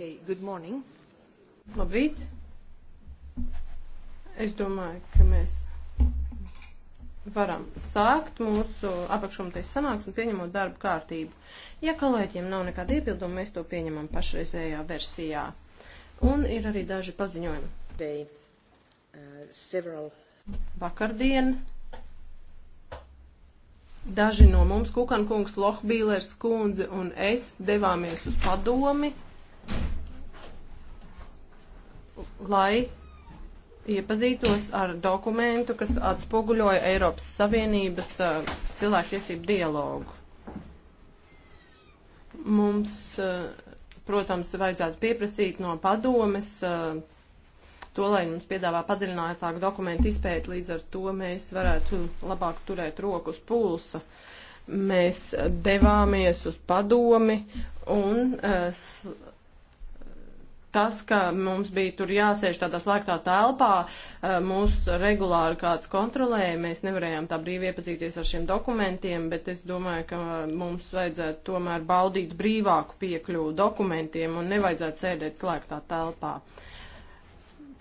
Okay, good morning. Labrīt. Es domāju, ka mēs varam sākt mūsu apakškomitejas sanāksmi pieņemot darbu kārtību. Ja kolēģiem nav nekāda iebilduma, mēs to pieņemam pašreizējā versijā. Un ir arī daži paziņojumi. They, uh, several... Vakardien daži no mums, Kukankungs, Lohbīlers kundze un es devāmies uz padomi lai iepazītos ar dokumentu, kas atspoguļoja Eiropas Savienības uh, cilvēktiesību dialogu. Mums, uh, protams, vajadzētu pieprasīt no padomes uh, to, lai mums piedāvā padziļinātāku dokumentu izpēti, līdz ar to mēs varētu labāk turēt rokas pulsa. Mēs devāmies uz padomi un uh, tas, ka mums bija tur jāsēž tādā slēgtā telpā, eh, mūs regulāri kāds kontrolēja, mēs nevarējām tā brīvi iepazīties ar šiem dokumentiem, bet es domāju, ka eh, mums vajadzētu tomēr baudīt brīvāku piekļuvu dokumentiem un nevajadzētu sēdēt slēgtā telpā.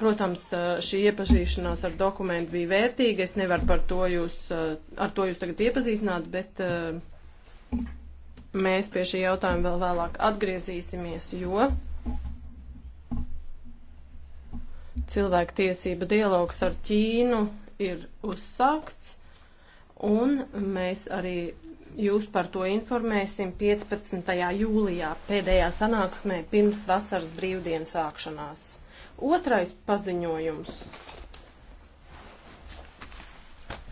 Protams, eh, šī iepazīšanās ar dokumentu bija vērtīga, es nevaru par to jūs, ar to jūs tagad iepazīstināt, bet mēs pie šī jautājuma vēl vēlāk atgriezīsimies, jo cilvēktiesību dialogs ar Ķīnu ir uzsākts, un mēs arī jūs par to informēsim 15. jūlijā pēdējā sanāksmē pirms vasaras brīvdienas sākšanās. Otrais paziņojums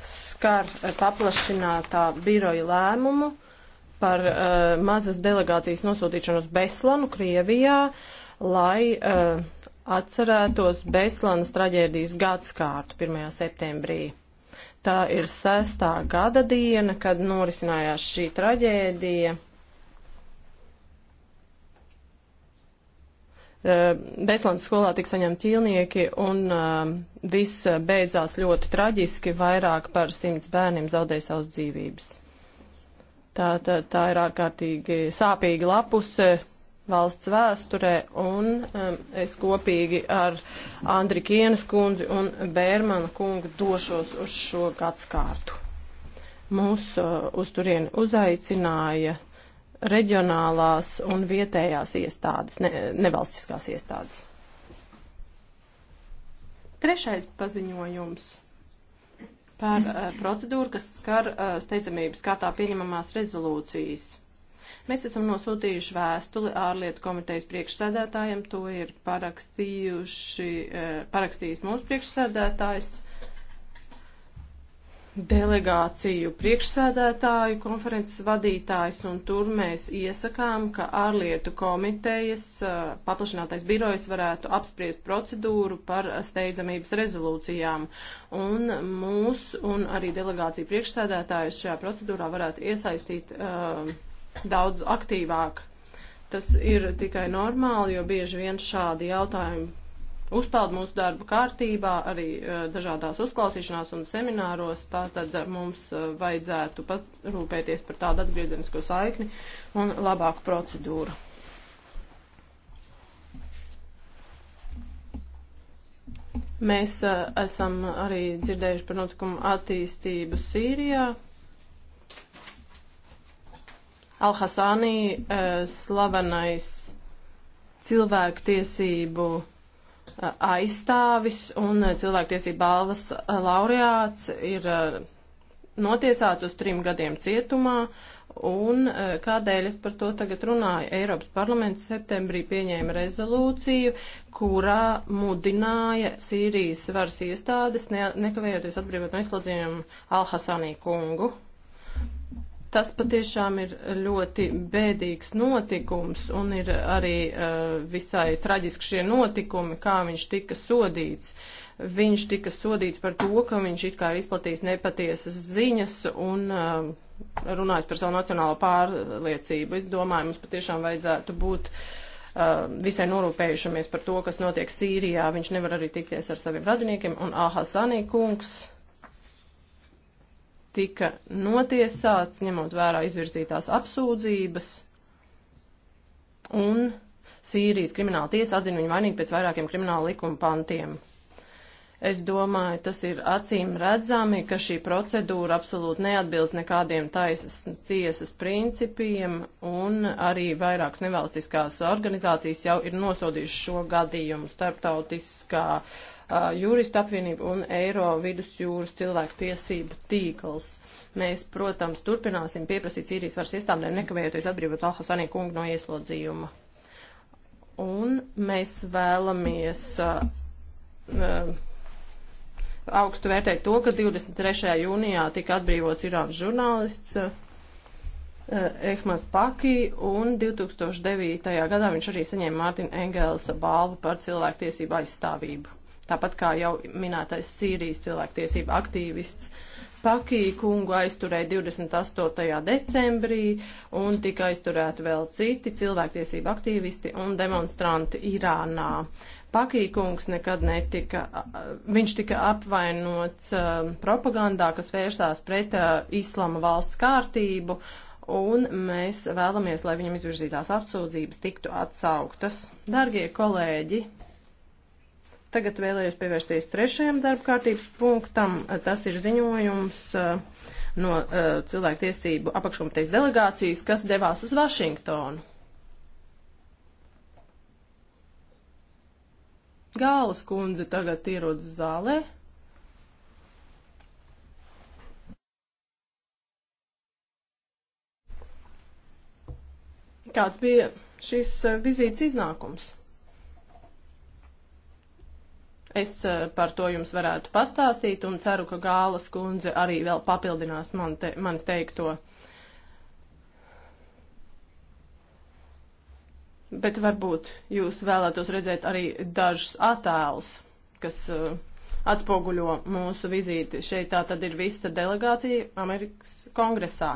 skar paplašinātā biroja lēmumu par uh, mazas delegācijas nosūtīšanu uz Beslanu, Krievijā, lai uh, atcerētos Beslanas traģēdijas gadskārtu 1. septembrī. Tā ir sestā gada diena, kad norisinājās šī traģēdija. Beslānas skolā tika saņemti ķīlnieki un uh, viss beidzās ļoti traģiski, vairāk par simts bērniem zaudēja savas dzīvības. Tā, tā, tā ir ārkārtīgi sāpīga lapuse, valsts vēsturē, un um, es kopīgi ar Andri Kienas kundzi un Bērmana kungu došos uz šo gadskārtu. Mūs uh, uz turieni uzaicināja reģionālās un vietējās iestādes, ne, nevalstiskās iestādes. Trešais paziņojums par uh, procedūru, kas skar uh, steidzamības kārtā pieņemamās rezolūcijas. Mēs esam nosūtījuši vēstuli ārlietu komitejas priekšsēdētājiem, to ir parakstījuši, eh, parakstījis mūsu priekšsēdētājs, delegāciju priekšsēdētāju konferences vadītājs, un tur mēs iesakām, ka ārlietu komitejas eh, paplašinātais birojs varētu apspriest procedūru par steidzamības rezolūcijām, un mūs un arī delegāciju priekšsēdētājus šajā procedūrā varētu iesaistīt. Uh, daudz aktīvāk. Tas ir tikai normāli, jo bieži vien šādi jautājumi uzpeld mūsu darba kārtībā, arī uh, dažādās uzklausīšanās un semināros. Tātad e, mums uh, vajadzētu pat rūpēties par tādu atgriezenisko saikni un labāku procedūru. Mēs uh, esam arī dzirdējuši par notikumu attīstību Sīrijā. Al-Hasani, eh, slavenais cilvēku tiesību eh, aizstāvis un eh, cilvēktiesība balvas laureāts ir notiesāts uz trim gadiem cietumā. Un kādēļ es par to tagad runāju? Eiropas parlaments septembrī pieņēma rezolūciju, kurā mudināja Sīrijas varas iestādes ne, nekavējoties atbrīvot no ieslodzījuma Al-Hasanī kungu. Tas patiešām ir ļoti bēdīgs notikums un ir arī uh, visai traģiski šie notikumi, kā viņš tika sodīts. Viņš tika sodīts par to, ka viņš it kā ir izplatījis nepatiesas ziņas un uh, runājis par savu nacionālo pārliecību. Es domāju, mums patiešām vajadzētu būt uh, visai norūpējušamies par to, kas notiek Sīrijā. Viņš nevar arī tikties ar saviem radiniekiem un Ahasanī kungs. Uh, tika notiesāts, ņemot vērā izvirzītās apsūdzības, un Sīrijas krimināla tiesa atzina viņu vainīgu pēc vairākiem krimināla likuma pantiem. Es domāju, tas ir acīm redzami, ka šī procedūra absolūti neatbilst nekādiem taisas tiesas principiem, un arī vairākas nevalstiskās organizācijas jau ir nosodījušas šo gadījumu starptautiskā uh, uh, Juristu apvienība un Eiro vidusjūras cilvēku tiesību tīkls. Mēs, protams, turpināsim pieprasīt Sīrijas varas iestādēm nekavējoties atbrīvot Alhasanī kungu no ieslodzījuma. Un mēs vēlamies. Uh, uh, augstu vērtēt to, ka 23. jūnijā tika atbrīvots Irānas žurnālists eh, uh, Ehmas Paki, un 2009. gadā viņš arī saņēma Mārtiņa Engelsa balvu par cilvēktiesību aizstāvību tāpat kā jau minētais Sīrijas cilvēktiesība aktīvists. Pakī kungu aizturēja 28. decembrī un tika aizturēti vēl citi cilvēktiesība aktīvisti un demonstranti Irānā. Pakīkungs nekad netika, viņš tika apvainots um, propagandā, kas vērstās pret uh, islama valsts kārtību, un mēs vēlamies, lai viņam izvirzītās apsūdzības tiktu atsauktas. Dargie kolēģi, Tagad vēlējos pievērsties trešajam darbkārtības punktam. Tas ir ziņojums uh, no uh, cilvēktiesību apakškomitejas delegācijas, kas devās uz Vašingtonu. Gāles kundze tagad ierodas zālē. Kāds bija šīs uh, vizītes iznākums? Es eh, par to jums varētu pastāstīt un ceru, ka Gālas kundze arī vēl papildinās man te, manis teikto. Bet varbūt jūs vēlētos redzēt arī dažus attēlus, kas uh, atspoguļo mūsu vizīti. Šeit tā tad ir visa delegācija Amerikas kongresā.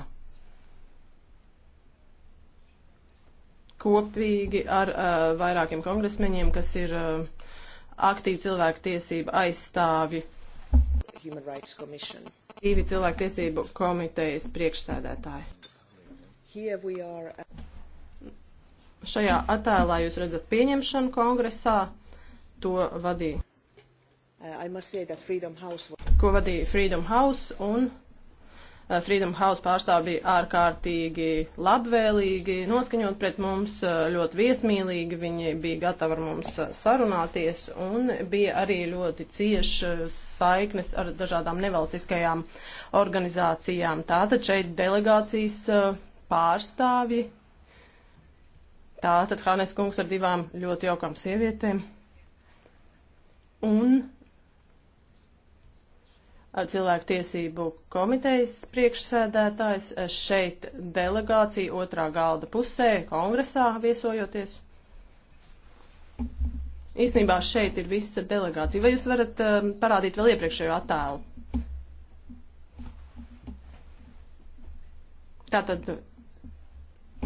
Kopīgi ar uh, vairākiem kongresmeņiem, kas ir uh, aktīvi cilvēku tiesību aizstāvji. Divi cilvēku tiesību komitejas priekšsēdētāji. Šajā attēlā jūs redzat pieņemšanu kongresā, to vadīja. Uh, ko vadīja Freedom House un Eh, Freedom House pārstāvji bija ārkārtīgi labvēlīgi, noskaņot pret mums eh, ļoti viesmīlīgi, viņi bija gatavi ar mums eh, sarunāties un bija arī ļoti cieši saiknes ar dažādām nevalstiskajām organizācijām. Tātad šeit delegācijas pārstāvji. Tātad Hānes kungs ar divām ļoti jaukām sievietēm. Un cilvēktiesību komitejas priekšsēdētājs eh, šeit delegācija otrā galda pusē kongresā viesojoties. Īsnībā šeit ir visa delegācija. Vai jūs varat um, parādīt vēl iepriekšējo attēlu? Tātad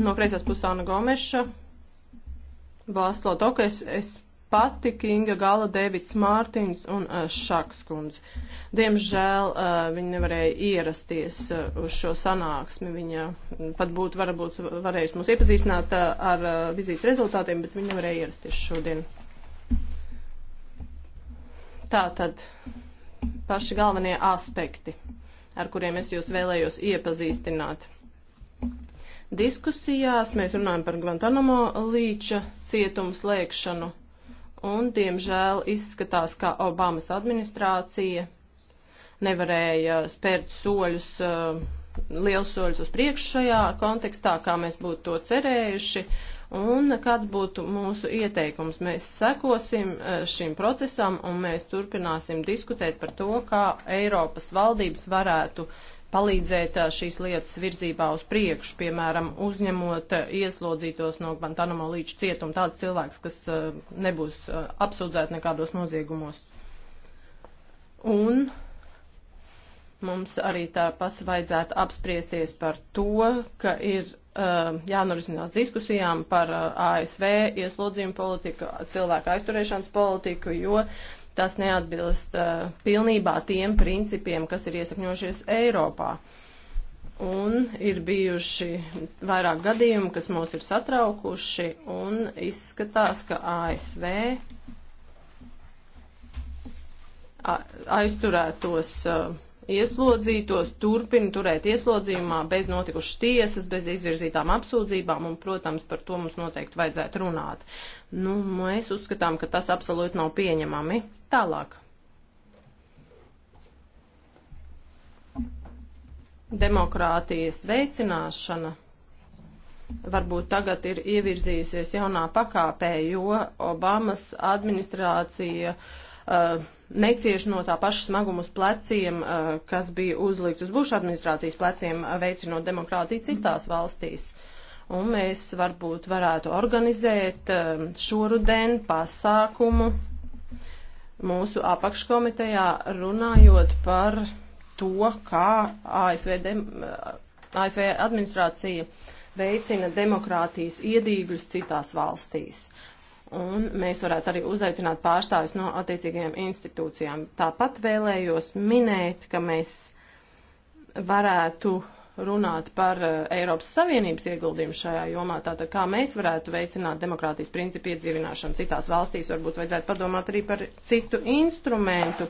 no kreisās pusē Ana Gomeša, Vāslo Toka, es, es pati, Kinga, Gala, Devits, Mārtiņš un uh, Šakskundze. Diemžēl uh, viņi nevarēja ierasties uh, uz šo sanāksmi. Viņa mm, pat būtu varbūt varējusi mūs iepazīstināt ar vizītes rezultātiem, bet viņi nevarēja ierasties šodien. Tā tad paši galvenie aspekti, ar kuriem es jūs vēlējos iepazīstināt. Diskusijās mēs runājam par Guantanamo līča cietumu slēgšanu un, diemžēl, izskatās, ka Obamas administrācija nevarēja spērt soļus, eh, liels soļus uz priekšu šajā kontekstā, kā mēs būtu to cerējuši. Un kāds būtu mūsu ieteikums? Mēs sekosim eh, šim procesam un mēs turpināsim diskutēt par to, kā Eiropas valdības varētu uh, palīdzēt šīs lietas virzībā uz priekšu, piemēram, uzņemot ieslodzītos no Guantanamo līdz cietuma tāds cilvēks, kas nebūs apsūdzēts nekādos noziegumos. Un mums arī tāpat vajadzētu apspriesties par to, ka ir uh, jānorisinās diskusijām par uh, ASV ieslodzījumu politiku, cilvēku aizturēšanas politiku, jo tas neatbilst uh, pilnībā tiem principiem, kas ir iesakņojušies Eiropā. Un ir bijuši vairāk gadījumi, kas mūs ir satraukuši, un izskatās, ka ASV aizturētos uh, ieslodzītos, turpina turēt ieslodzījumā bez notikušas tiesas, bez izvirzītām apsūdzībām, un, protams, par to mums noteikti vajadzētu runāt. Nu, mēs uzskatām, ka tas absolūti nav pieņemami. Tālāk. Demokrātijas veicināšana varbūt tagad ir ievirzījusies jaunā pakāpē, jo Obamas administrācija uh, necieš no tā paša smaguma uz pleciem, uh, kas bija uzlikts uz Buša administrācijas pleciem, uh, veicinot demokrātiju citās valstīs. Un mēs varbūt varētu organizēt uh, šoruden pasākumu mūsu apakškomitejā runājot par to, kā ASV, dem, ASV administrācija veicina demokrātijas iedīgļus citās valstīs. Un mēs varētu arī uzaicināt pārstāvis no attiecīgajām institūcijām. Tāpat vēlējos minēt, ka mēs varētu uh, runāt par eh, Eiropas Savienības ieguldījumu šajā jomā, tātad kā mēs varētu veicināt demokrātijas principu iedzīvināšanu citās valstīs, varbūt vajadzētu padomāt arī par citu instrumentu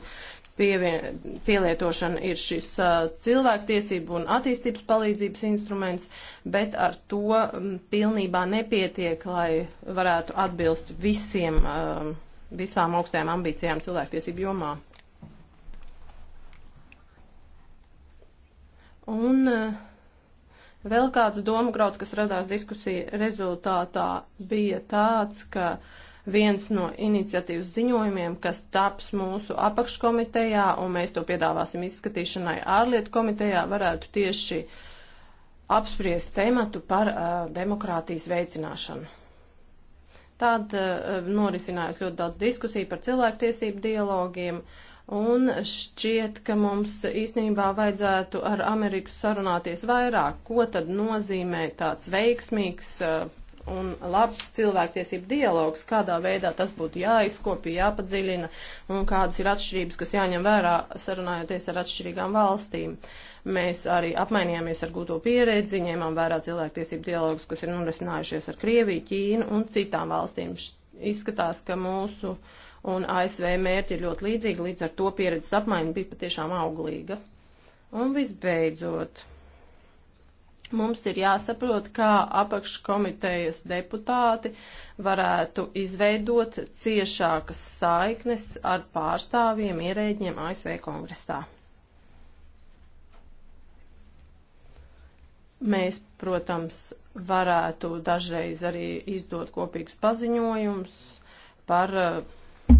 pievien, pielietošana ir šis uh, cilvēktiesību un attīstības palīdzības instruments, bet ar to um, pilnībā nepietiek, lai varētu atbilst visiem, uh, visām augstajām ambīcijām cilvēktiesību jomā. Un eh, vēl kāds domu grauds, kas radās diskusija rezultātā, bija tāds, ka viens no iniciatīvas ziņojumiem, kas taps mūsu apakškomitejā, un mēs to piedāvāsim izskatīšanai ārlietu komitejā, varētu tieši apspriest tematu par uh, demokrātijas veicināšanu. Tad uh, norisinājās ļoti daudz diskusiju par cilvēktiesību dialogiem. Uh, Un šķiet, ka mums īstenībā vajadzētu ar Ameriku sarunāties vairāk, ko tad nozīmē tāds veiksmīgs uh, un labs cilvēktiesību dialogs, kādā veidā tas būtu jāizkopja, jāpadziļina un kādas ir atšķirības, kas jāņem vērā sarunājoties ar atšķirīgām valstīm. Mēs arī apmainījāmies ar gūto pieredzi, ņēmām vērā cilvēktiesību dialogus, kas ir norisinājušies ar Krieviju, Ķīnu un citām valstīm. Izskatās, ka mūsu uh, un ASV mērķi ir ļoti līdzīgi, līdz ar to pieredzes apmaiņa bija patiešām auglīga. Un visbeidzot, mums ir jāsaprot, kā apakškomitejas deputāti varētu izveidot ciešākas saiknes ar pārstāvjiem ierēģiem ASV kongresā. Mēs, protams, varētu dažreiz arī izdot kopīgus paziņojumus par uh,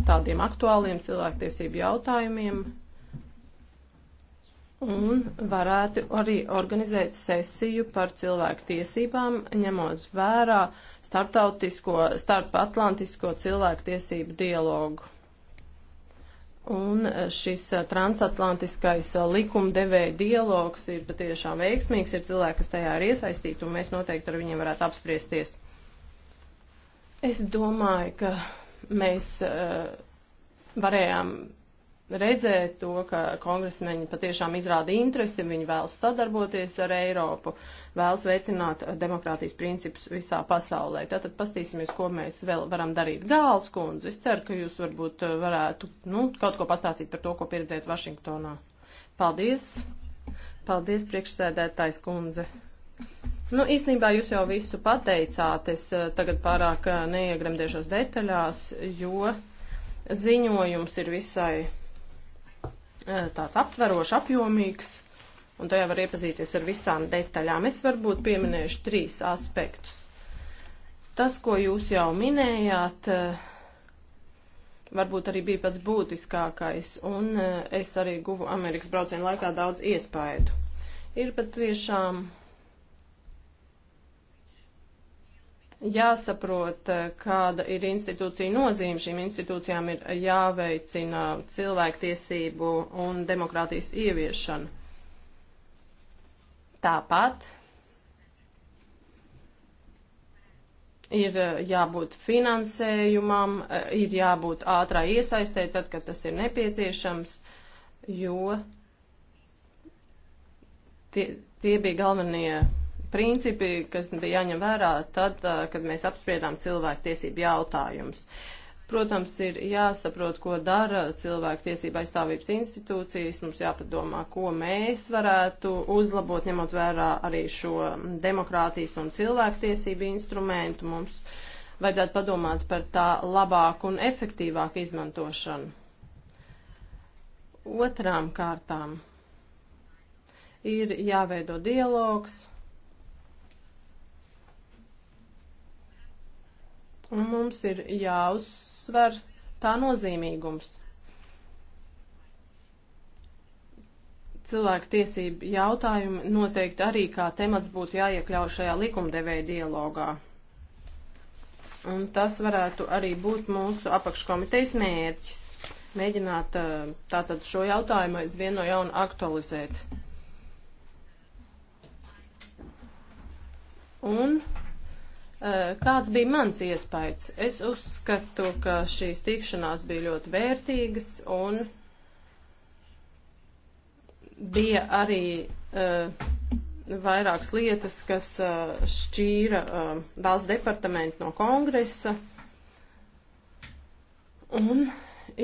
tādiem aktuāliem cilvēktiesību jautājumiem un varētu arī organizēt sesiju par cilvēku tiesībām, ņemot vērā starptautisko, starpatlantisko cilvēku tiesību dialogu. Un šis eh, transatlantiskais eh, likumdevēja dialogs ir patiešām veiksmīgs, ir cilvēki, kas tajā ir iesaistīti, un mēs noteikti ar viņiem varētu apspriesties. Es domāju, ka mēs uh, varējām redzēt to, ka kongresmeņi patiešām izrāda interesi, viņi vēlas sadarboties ar Eiropu, vēlas veicināt eh, demokrātijas principus visā pasaulē. Tātad pastīsimies, ko mēs vēl varam darīt. Gāls kundze, es ceru, ka jūs varbūt eh, varētu nu, kaut ko pastāstīt par to, ko pieredzēt Vašingtonā. Paldies! Paldies, priekšsēdētājs kundze! Nu, īstenībā jūs jau visu pateicāt, es eh, tagad pārāk eh, neiegremdēšos detaļās, jo ziņojums ir visai eh, tāds aptverošs, apjomīgs, un tajā var iepazīties ar visām detaļām. Es varbūt pieminēšu trīs aspektus. Tas, ko jūs jau minējāt, varbūt arī bija pats būtiskākais, un es arī guvu Amerikas braucienu laikā daudz iespēju. Ir pat tiešām jāsaprot, eh, kāda ir institūcija nozīme. Šīm institūcijām ir jāveicina cilvēktiesību un demokrātijas ieviešana. Tāpat ir eh, jābūt finansējumam, eh, ir jābūt ātrā iesaistē tad, kad tas ir nepieciešams, jo tie, tie bija galvenie principi, kas bija jāņem vērā tad, kad mēs apspriedām cilvēku tiesību jautājumus. Protams, ir jāsaprot, ko dara cilvēku tiesība aizstāvības institūcijas, mums jāpadomā, ko mēs varētu uzlabot, ņemot vērā arī šo demokrātijas un cilvēku tiesību instrumentu. Mums vajadzētu padomāt par tā labāku un efektīvāku izmantošanu. Otrām kārtām ir jāveido dialogs un mums ir jāuzsver tā nozīmīgums. Cilvēku tiesību jautājumi noteikti arī kā temats būtu jāiekļauj šajā likumdevēja dialogā. Un tas varētu arī būt mūsu apakškomitejas mērķis - mēģināt eh, tātad šo jautājumu aizvien no jauna aktualizēt. Un Eh, kāds bija mans iespējas? Es uzskatu, ka šīs tikšanās bija ļoti vērtīgas un bija arī uh, vairākas lietas, kas uh, šķīra uh, valsts departamentu no kongresa. Un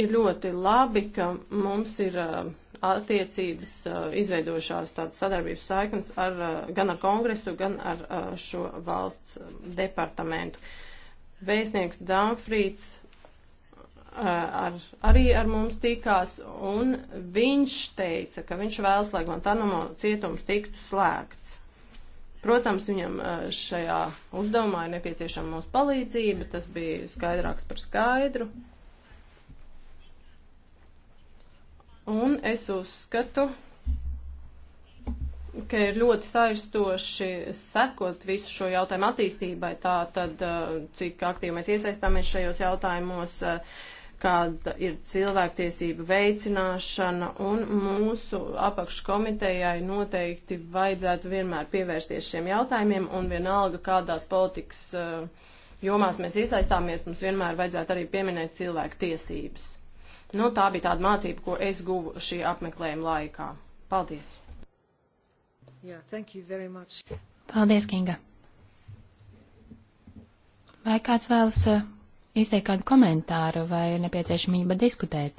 ir ļoti labi, ka mums ir uh, attiecības uh, izveidojušās tādas sadarbības saiknes ar, uh, gan ar kongresu, gan ar uh, šo valsts um, departamentu. Vēstnieks Danfrīds ar, arī ar mums tikās, un viņš teica, ka viņš vēlas, lai Guantanamo cietums tiktu slēgts. Protams, viņam šajā uzdevumā ir nepieciešama mūsu palīdzība, tas bija skaidrāks par skaidru. Mm. Un es uzskatu, ka ir ļoti saistoši sekot visu šo jautājumu attīstībai, tā tad, eh, cik aktīvi mēs iesaistāmies šajos jautājumos, eh, kāda ir cilvēktiesība veicināšana, un mūsu apakškomitejai noteikti vajadzētu vienmēr pievērsties šiem jautājumiem, un vienalga, kādās politikas eh, jomās mēs iesaistāmies, mums vienmēr vajadzētu arī pieminēt cilvēku tiesības. Nu, tā bija tāda mācība, ko es guvu šī apmeklējuma laikā. Paldies! Yeah, thank you very much. Paldies, Kinga! Vai kāds vēlas uh, izteikt kādu komentāru vai nepieciešamība diskutēt?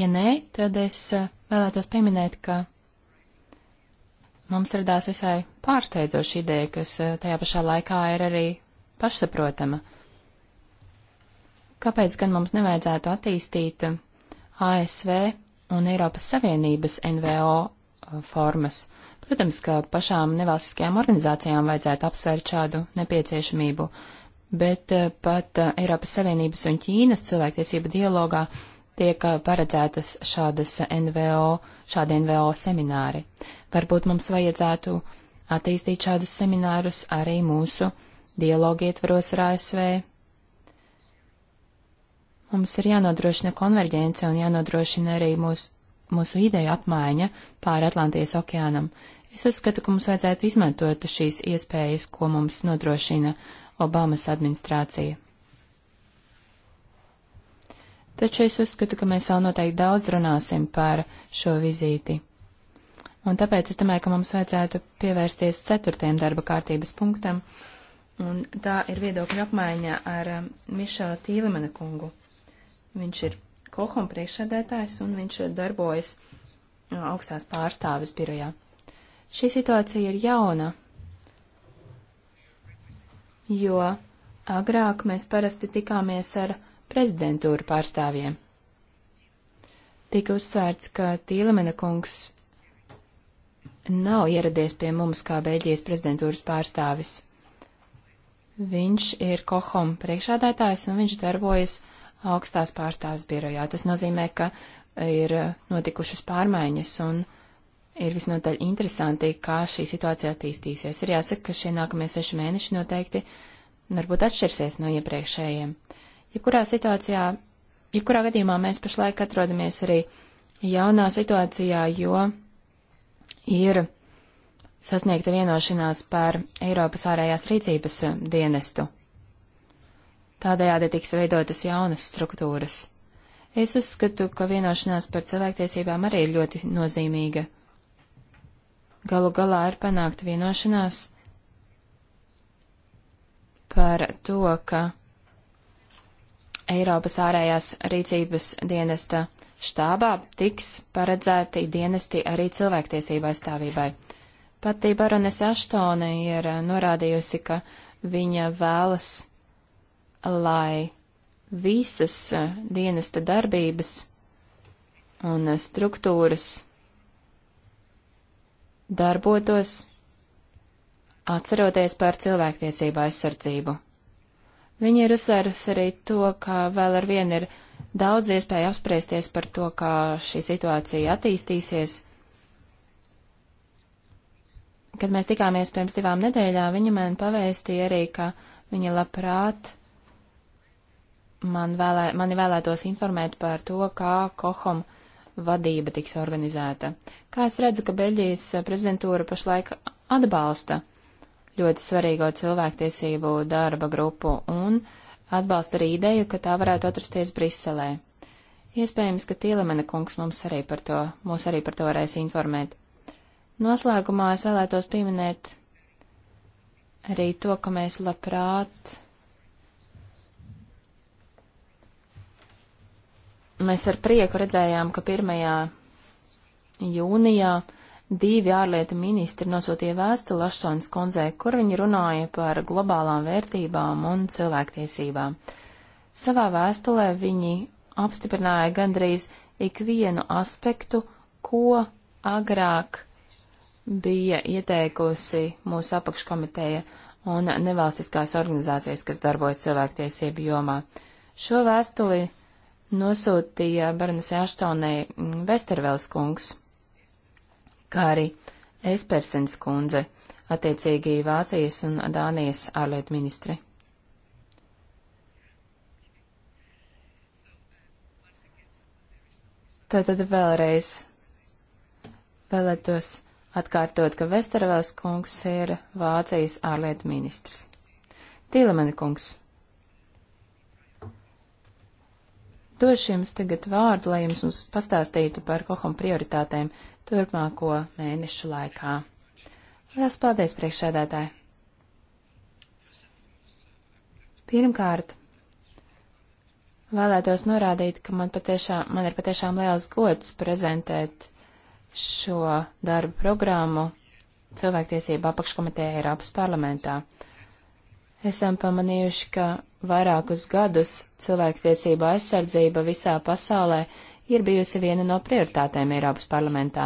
Ja nē, tad es uh, vēlētos pieminēt, ka mums radās visai pārsteidzoša ideja, kas uh, tajā pašā laikā ir arī pašsaprotama. Kāpēc gan mums nevajadzētu attīstīt ASV un Eiropas Savienības NVO uh, formas. Protams, ka pašām nevalstiskajām organizācijām vajadzētu apsvērt šādu nepieciešamību, bet uh, pat uh, Eiropas Savienības un Ķīnas cilvēktiesību dialogā tiek paredzētas šādas NVO, šādi NVO semināri. Varbūt mums vajadzētu attīstīt šādus seminārus arī mūsu dialogu ietvaros ar ASV, Mums ir jānodrošina konverģence un jānodrošina arī mūs, mūsu ideja apmaiņa pāri Atlantijas okeānam. Es uzskatu, ka mums vajadzētu izmantot šīs iespējas, ko mums nodrošina Obamas administrācija. Taču es uzskatu, ka mēs vēl noteikti daudz runāsim par šo vizīti. Un tāpēc es domāju, ka mums vajadzētu pievērsties ceturtajam darba kārtības punktam, un tā ir viedokļa apmaiņa ar um, Mišela Tīlimana kungu. Viņš ir Kohom priekšsēdētājs un viņš darbojas uh, augstās pārstāvis birojā. Šī situācija ir jauna, jo agrāk mēs parasti tikāmies ar prezidentūru pārstāvjiem. Tika uzsvērts, ka Tīlemena kungs nav ieradies pie mums kā Beļģijas prezidentūras pārstāvis. Viņš ir Kohom priekšādātājs un viņš darbojas augstās pārstāvs birojā. Tas nozīmē, ka ir notikušas pārmaiņas un ir visnotaļ interesanti, kā šī situācija attīstīsies. Ir jāsaka, ka šie nākamie seši mēneši noteikti varbūt atšķirsies no iepriekšējiem. Jebkurā situācijā, jebkurā gadījumā mēs pašlaik atrodamies arī jaunā situācijā, jo ir sasniegta vienošanās par Eiropas ārējās rīcības dienestu Tādējādi tiks veidotas jaunas struktūras. Es uzskatu, ka vienošanās par cilvēktiesībām arī ir ļoti nozīmīga. Galu galā ir panākta vienošanās par to, ka Eiropas ārējās rīcības dienesta štābā tiks paredzēti dienesti arī cilvēktiesību aizstāvībai. Pati baronese Aštone ir norādījusi, ka viņa vēlas lai visas eh, dienesta darbības un eh, struktūras darbotos atceroties par cilvēktiesību aizsardzību. Viņa ir uzsvērusi arī to, ka vēl ar vienu ir daudz iespēju apspriesties par to, kā šī situācija attīstīsies. Kad mēs tikāmies pirms divām nedēļām, viņa man pavēstīja arī, ka viņa labprāt man vēlē, mani vēlētos informēt par to, kā Kohom vadība tiks organizēta. Kā es redzu, ka Beļģijas prezidentūra pašlaik atbalsta ļoti svarīgo cilvēktiesību darba grupu un atbalsta arī ideju, ka tā varētu atrasties Briselē. Iespējams, ka Tīlemena kungs mums arī par to, mūs arī par to varēs informēt. Noslēgumā es vēlētos pieminēt arī to, ka mēs labprāt Mēs ar prieku redzējām, ka 1. jūnijā divi ārlietu ministri nosūtīja vēstuli Ašsonas kundzei, kur viņi runāja par globālām vērtībām un cilvēktiesībām. Savā vēstulē viņi apstiprināja gandrīz ikvienu aspektu, ko agrāk bija ieteikusi mūsu apakškomiteja un nevalstiskās organizācijas, kas darbojas cilvēktiesību jomā. Šo vēstuli nosūtīja Baronisai Aštonai Vestervels kungs, kā arī Espersens kundze, attiecīgi Vācijas un Dānijas ārlietu ministri. Tātad vēlreiz vēlētos atkārtot, ka Vestervēls kungs ir Vācijas ārlietu ministrs. Tīlemani kungs. Došu jums tagad vārdu, lai jums, jums pastāstītu par kohom prioritātēm turpmāko mēnešu laikā. Lielas paldies, priekšsēdētāji! Pirmkārt, vēlētos norādīt, ka man, patiešām, man ir patiešām liels gods prezentēt šo darbu programmu cilvēktiesību apakškomiteja Eiropas parlamentā esam pamanījuši, ka vairākus gadus cilvēktiesība aizsardzība visā pasaulē ir bijusi viena no prioritātēm Eiropas parlamentā,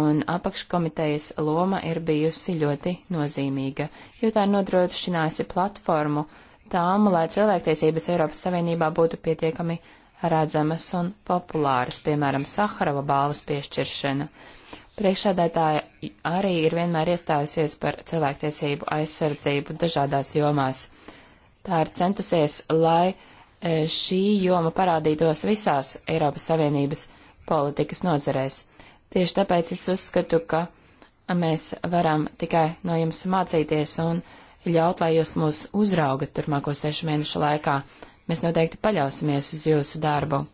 un apakškomitejas loma ir bijusi ļoti nozīmīga, jo tā ir nodrošinājusi platformu tām, lai cilvēktiesības Eiropas Savienībā būtu pietiekami redzamas un populāras, piemēram, Saharova balvas piešķiršana. Priekšādētāja arī ir vienmēr iestājusies par cilvēktiesību aizsardzību dažādās jomās. Tā ir centusies, lai e, šī joma parādītos visās Eiropas Savienības politikas nozarēs. Tieši tāpēc es uzskatu, ka mēs varam tikai no jums mācīties un ļaut, lai jūs mūs uzraugat turmāko sešu mēnešu laikā. Mēs noteikti paļausimies uz jūsu darbu.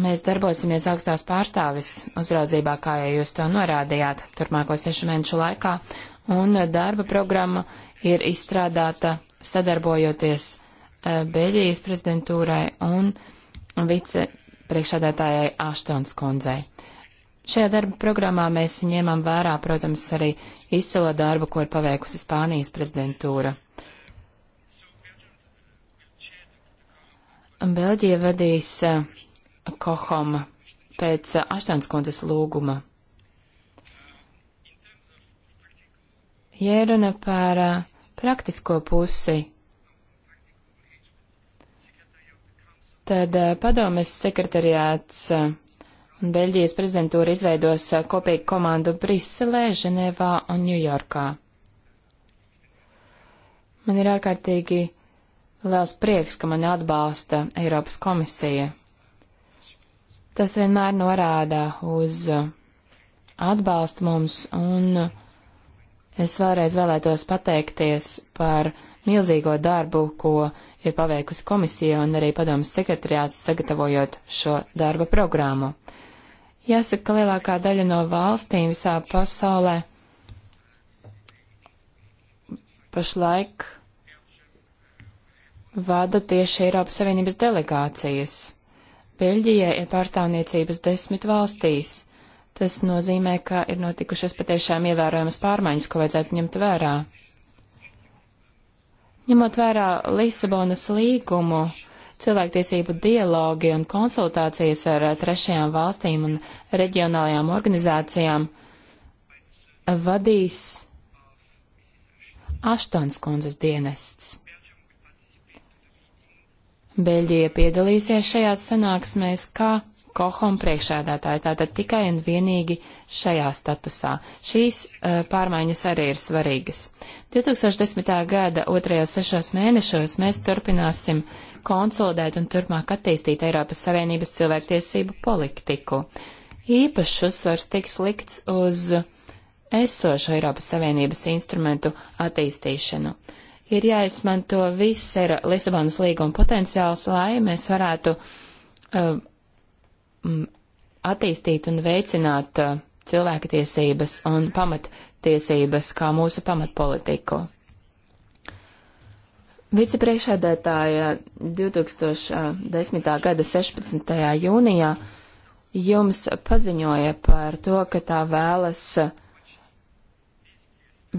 Mēs darbosimies augstās pārstāvis uzraudzībā, kā jau jūs to norādījāt, turpmāko sešu mēnešu laikā, un darba programma ir izstrādāta sadarbojoties eh, Beļģijas prezidentūrai un vicepriekšādātājai Aštons kundzei. Šajā darba programmā mēs ņēmām vērā, protams, arī izcilo darbu, ko ir paveikusi Spānijas prezidentūra. Belģija vadīs eh, Kohom pēc Aštāns kundzes lūguma. Jēruna par uh, praktisko pusi. Tad uh, padomes sekretariāts uh, un Beļģijas prezidentūra izveidos kopīgu komandu Briselē, Ženēvā un Ņujorkā. Man ir ārkārtīgi liels prieks, ka mani atbalsta Eiropas komisija. Tas vienmēr norāda uz atbalstu mums, un es vēlreiz vēlētos pateikties par milzīgo darbu, ko ir paveikusi komisija un arī padomas sekretariāts sagatavojot šo darba programmu. Jāsaka, ka lielākā daļa no valstīm visā pasaulē pašlaik vada tieši Eiropas Savienības delegācijas. Beļģijai ir pārstāvniecības desmit valstīs. Tas nozīmē, ka ir notikušas patiešām ievērojamas pārmaiņas, ko vajadzētu ņemt vērā. Ņemot vērā Lisabonas līgumu, cilvēktiesību dialogi un konsultācijas ar trešajām valstīm un reģionālajām organizācijām vadīs Aštons kundzes dienests. Beļģija piedalīsies šajās sanāksmēs kā kohom priekšēdētāji, tātad tikai un vienīgi šajā statusā. Šīs uh, pārmaiņas arī ir svarīgas. 2010. gada otrajos sešos mēnešos mēs turpināsim konsolidēt un turpmāk attīstīt Eiropas Savienības cilvēktiesību politiku. Īpašs uzsvars tiks likts uz esošu Eiropas Savienības instrumentu attīstīšanu ir jāizmanto viss ir Lisabonas līguma potenciāls, lai mēs varētu uh, attīstīt un veicināt uh, cilvēktiesības un pamattiesības kā mūsu pamatpolitiku. Vicepriekšēdētāja 2010. gada 16. jūnijā jums paziņoja par to, ka tā vēlas uh,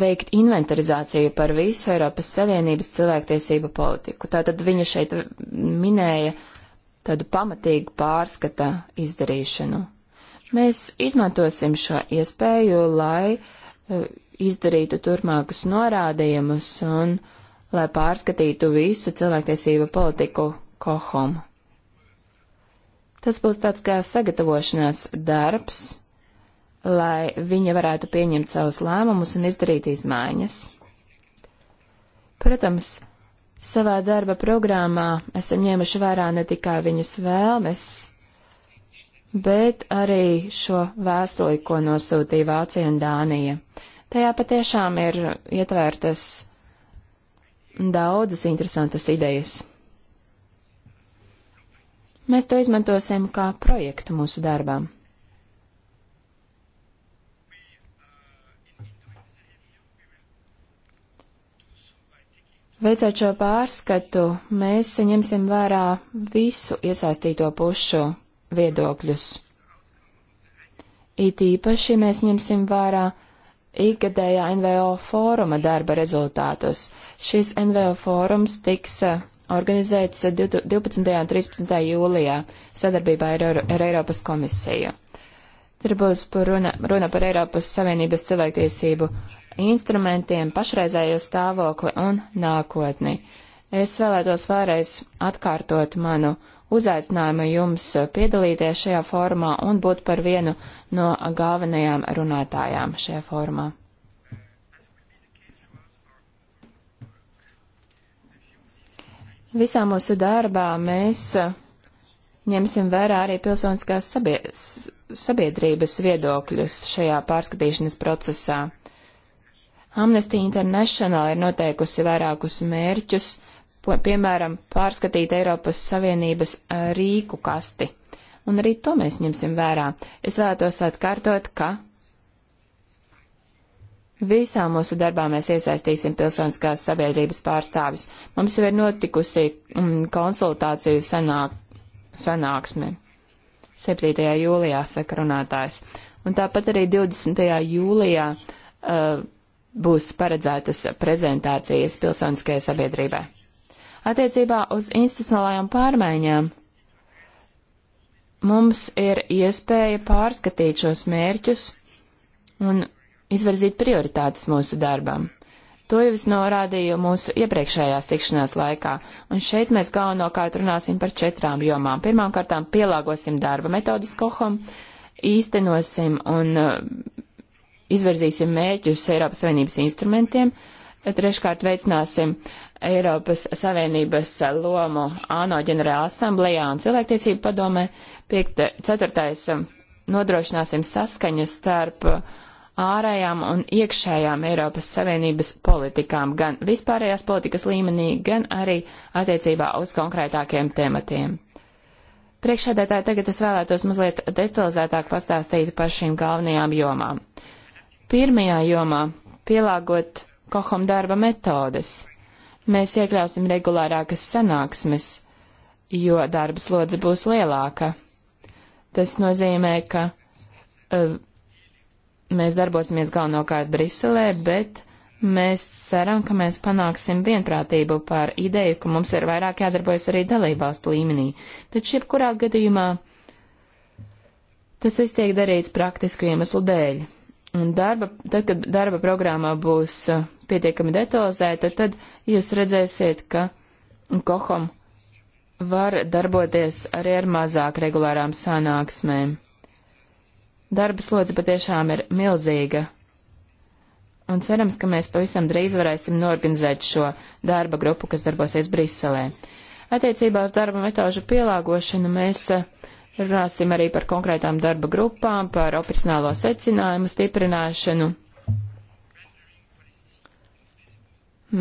veikt inventarizāciju par visu Eiropas Savienības cilvēktiesību politiku. Tātad viņa šeit minēja tādu pamatīgu pārskata izdarīšanu. Mēs izmantosim šo iespēju, lai eh, izdarītu turpmākus norādījumus un lai pārskatītu visu cilvēktiesību politiku kohumu. Tas būs tāds kā sagatavošanās darbs lai viņa varētu pieņemt savus lēmumus un izdarīt izmaiņas. Protams, savā darba programmā esam ņēmuši vērā ne tikai viņas vēlmes, bet arī šo vēstuli, ko nosūtīja Vācija un Dānija. Tajā patiešām ir ietvērtas daudzas interesantas idejas. Mēs to izmantosim kā projektu mūsu darbām. Veicot šo pārskatu, mēs ņemsim vērā visu iesaistīto pušu viedokļus. It īpaši mēs ņemsim vērā ikgadējā NVO fóruma darba rezultātus. Šis NVO fórums tiks eh, organizēts 12. un 13. jūlijā sadarbībā ar, ar Eiropas komisiju. Tur būs runa, runa par Eiropas Savienības cilvēktiesību instrumentiem, pašreizējo stāvokli un nākotni. Es vēlētos vēlreiz atkārtot manu uzaicinājumu jums piedalīties šajā formā un būt par vienu no galvenajām runātājām šajā formā. Visā mūsu darbā mēs ņemsim vērā arī pilsoniskās sabiedrības viedokļus šajā pārskatīšanas procesā. Amnesty International ir noteikusi vairākus mērķus, piemēram, pārskatīt Eiropas Savienības rīku kasti. Un arī to mēs ņemsim vērā. Es vēlētos atkārtot, ka Visā mūsu darbā mēs iesaistīsim pilsoniskās sabiedrības pārstāvis. Mums jau ir notikusi mm, konsultāciju sanāk, sanāksme 7. jūlijā sakarunātājs. Un tāpat arī 20. jūlijā uh, būs paredzētas prezentācijas pilsoniskajai sabiedrībai. Attiecībā uz institucionālajām pārmaiņām mums ir iespēja pārskatīt šos mērķus un izvirzīt prioritātes mūsu darbam. To jau es norādīju mūsu iepriekšējās tikšanās laikā, un šeit mēs galvenokārt runāsim par četrām jomām. Pirmām kārtām pielāgosim darba metodus kohom, īstenosim un izvirzīsim mēķus Eiropas Savienības instrumentiem, treškārt veicināsim Eiropas Savienības lomu ANO ģenerāla asamblējā un cilvēktiesību padomē, piekta, ceturtais nodrošināsim saskaņu starp ārējām un iekšējām Eiropas Savienības politikām, gan vispārējās politikas līmenī, gan arī attiecībā uz konkrētākiem tematiem. Priekšsēdētāji, tagad es vēlētos mazliet detalizētāk pastāstīt par šīm galvenajām jomām. Pirmajā jomā pielāgot kohom darba metodes. Mēs iekļausim regulārākas sanāksmes, jo darba slodze būs lielāka. Tas nozīmē, ka uh, mēs darbosimies galvenokārt Briselē, bet mēs ceram, ka mēs panāksim vienprātību par ideju, ka mums ir vairāk jādarbojas arī dalībvalstu līmenī. Taču jebkurā gadījumā tas viss tiek darīts praktisku iemeslu dēļ. Un darba, tad, kad darba programmā būs uh, pietiekami detalizēta, tad jūs redzēsiet, ka Kohom var darboties arī ar mazāk regulārām sanāksmēm. Darba slodze patiešām ir milzīga. Un cerams, ka mēs pavisam drīz varēsim norganizēt šo darba grupu, kas darbosies Briselē. Attiecībā uz darba metožu pielāgošanu mēs uh, Runāsim arī par konkrētām darba grupām, par operacionālo secinājumu stiprināšanu.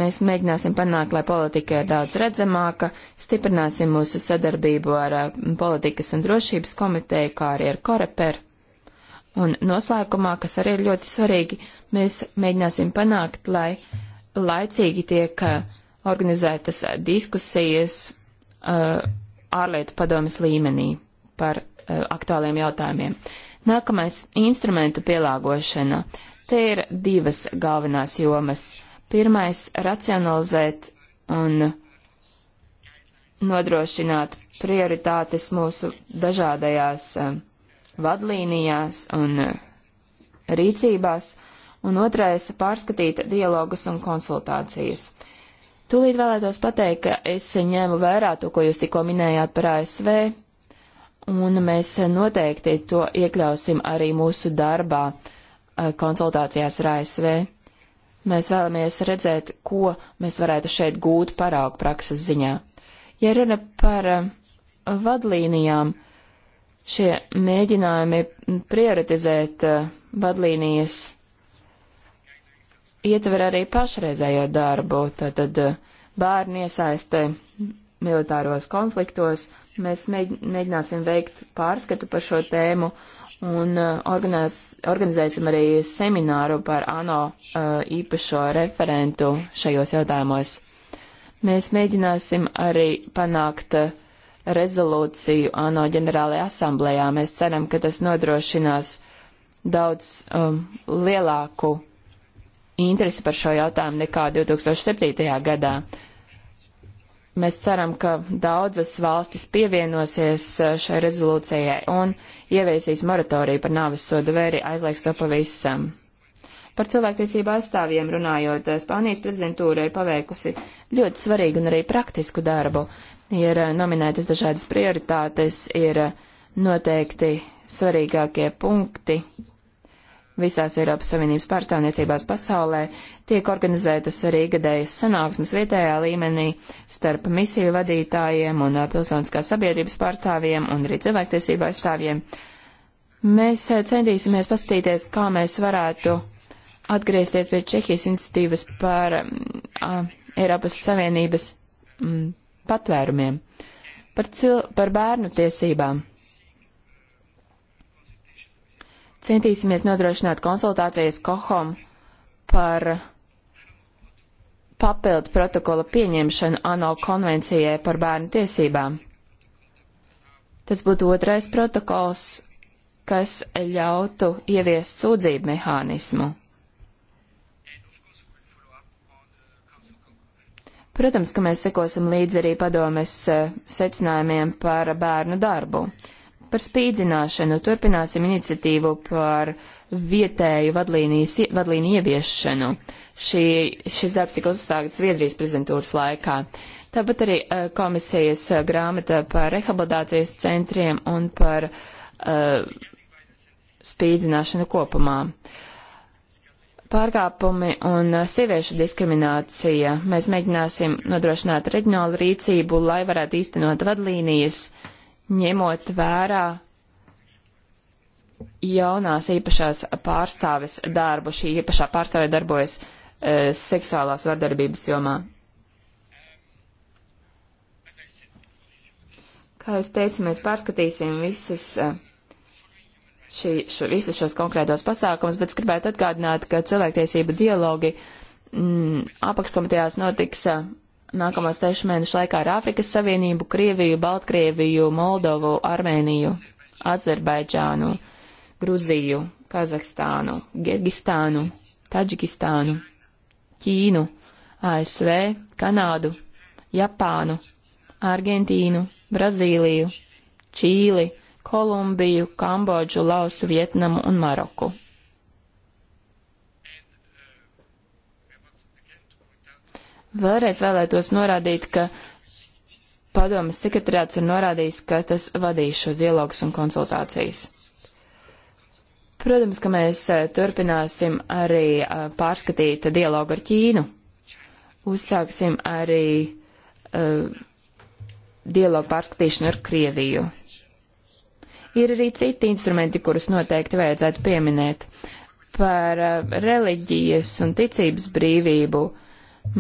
Mēs mēģināsim panākt, lai politika ir daudz redzamāka, stiprināsim mūsu sadarbību ar eh, politikas un drošības komiteju, kā arī ar Koreper. Un noslēgumā, kas arī ir ļoti svarīgi, mēs mēģināsim panākt, lai laicīgi tiek eh, organizētas diskusijas uh, ārlietu padomas līmenī par uh, aktuāliem jautājumiem. Nākamais - instrumentu pielāgošana. Te ir divas galvenās jomas. Pirmais - racionalizēt un nodrošināt prioritātes mūsu dažādajās uh, vadlīnijās un uh, rīcībās, un otrais - pārskatīt dialogus un konsultācijas. Tūlīt vēlētos pateikt, ka es ņēmu vērā to, ko jūs tikko minējāt par ASV, un mēs noteikti to iekļausim arī mūsu darbā eh, konsultācijās ar ASV. Mēs vēlamies redzēt, ko mēs varētu šeit gūt paraugu prakses ziņā. Ja runa par eh, vadlīnijām, šie mēģinājumi prioritizēt eh, vadlīnijas ietver arī pašreizējo darbu, tātad bērnu iesaiste militāros konfliktos, Mēs mēģināsim veikt pārskatu par šo tēmu un uh, organiz, organizēsim arī semināru par ANO uh, īpašo referentu šajos jautājumos. Mēs mēģināsim arī panākt uh, rezolūciju ANO ģenerālajā asamblējā. Mēs ceram, ka tas nodrošinās daudz um, lielāku interesi par šo jautājumu nekā 2007. gadā. Mēs ceram, ka daudzas valstis pievienosies eh, šai rezolūcijai un ieviesīs moratoriju par nāves sodu vai arī aizliegs to pavisam. Par cilvēktiesību aizstāvjiem runājot, eh, Spānijas prezidentūra ir paveikusi ļoti svarīgu un arī praktisku darbu. Ir eh, nominētas dažādas prioritātes, ir noteikti svarīgākie punkti, Visās Eiropas Savienības pārstāvniecībās pasaulē tiek organizētas arī gadējas sanāksmes vietējā līmenī starp misiju vadītājiem un uh, pilsoniskās sabiedrības pārstāvjiem un arī cilvēktiesību aizstāvjiem. Mēs uh, centīsimies paskatīties, kā mēs varētu atgriezties pie Čehijas iniciatīvas par um, a, Eiropas Savienības m, mm, patvērumiem, par, cil, par bērnu tiesībām. Centīsimies nodrošināt konsultācijas kohom par papildu protokola pieņemšanu ANO konvencijai par bērnu tiesībām. Tas būtu otrais protokols, kas ļautu ieviest sūdzību mehānismu. Protams, ka mēs sekosim līdzi arī padomes eh, secinājumiem par bērnu darbu. Par spīdzināšanu turpināsim iniciatīvu par vietēju vadlīniju, vadlīniju ieviešanu. Šī, šis darbs tika uzsākts Zviedrijas prezidentūras laikā. Tāpat arī eh, komisijas eh, grāmata par rehabilitācijas centriem un par uh, spīdzināšanu kopumā. Pārkāpumi un sieviešu diskriminācija. Mēs mēģināsim nodrošināt reģionālu rīcību, lai varētu īstenot vadlīnijas uh, ņemot vērā jaunās īpašās pārstāves darbu. Šī īpašā pārstāve darbojas e, seksuālās vardarbības jomā. Kā jūs teicu, mēs pārskatīsim visas, e, šī, šo, visus šos konkrētos pasākumus, bet es gribētu atgādināt, ka cilvēktiesību dialogi m, mm, apakškomitejās notiks e, nākamo sešu mēnešu laikā ar Āfrikas Savienību, Krieviju, Baltkrieviju, Moldovu, Armēniju, Azerbaidžānu, Gruziju, Kazahstānu, Kirgistānu, Taģikistānu, Ķīnu, ASV, Kanādu, Japānu, Argentīnu, Brazīliju, Čīli, Kolumbiju, Kambodžu, Lausu, Vietnamu un Maroku. Vēlreiz vēlētos norādīt, ka padomas sekretariāts ir norādījis, ka tas vadīs šos dialogus un konsultācijas. Protams, ka mēs eh, turpināsim arī eh, pārskatīt dialogu ar Ķīnu. Uzsāksim arī uh, dialogu pārskatīšanu ar Krieviju. Ir arī citi instrumenti, kurus noteikti vajadzētu pieminēt par uh, reliģijas un ticības brīvību. Uh,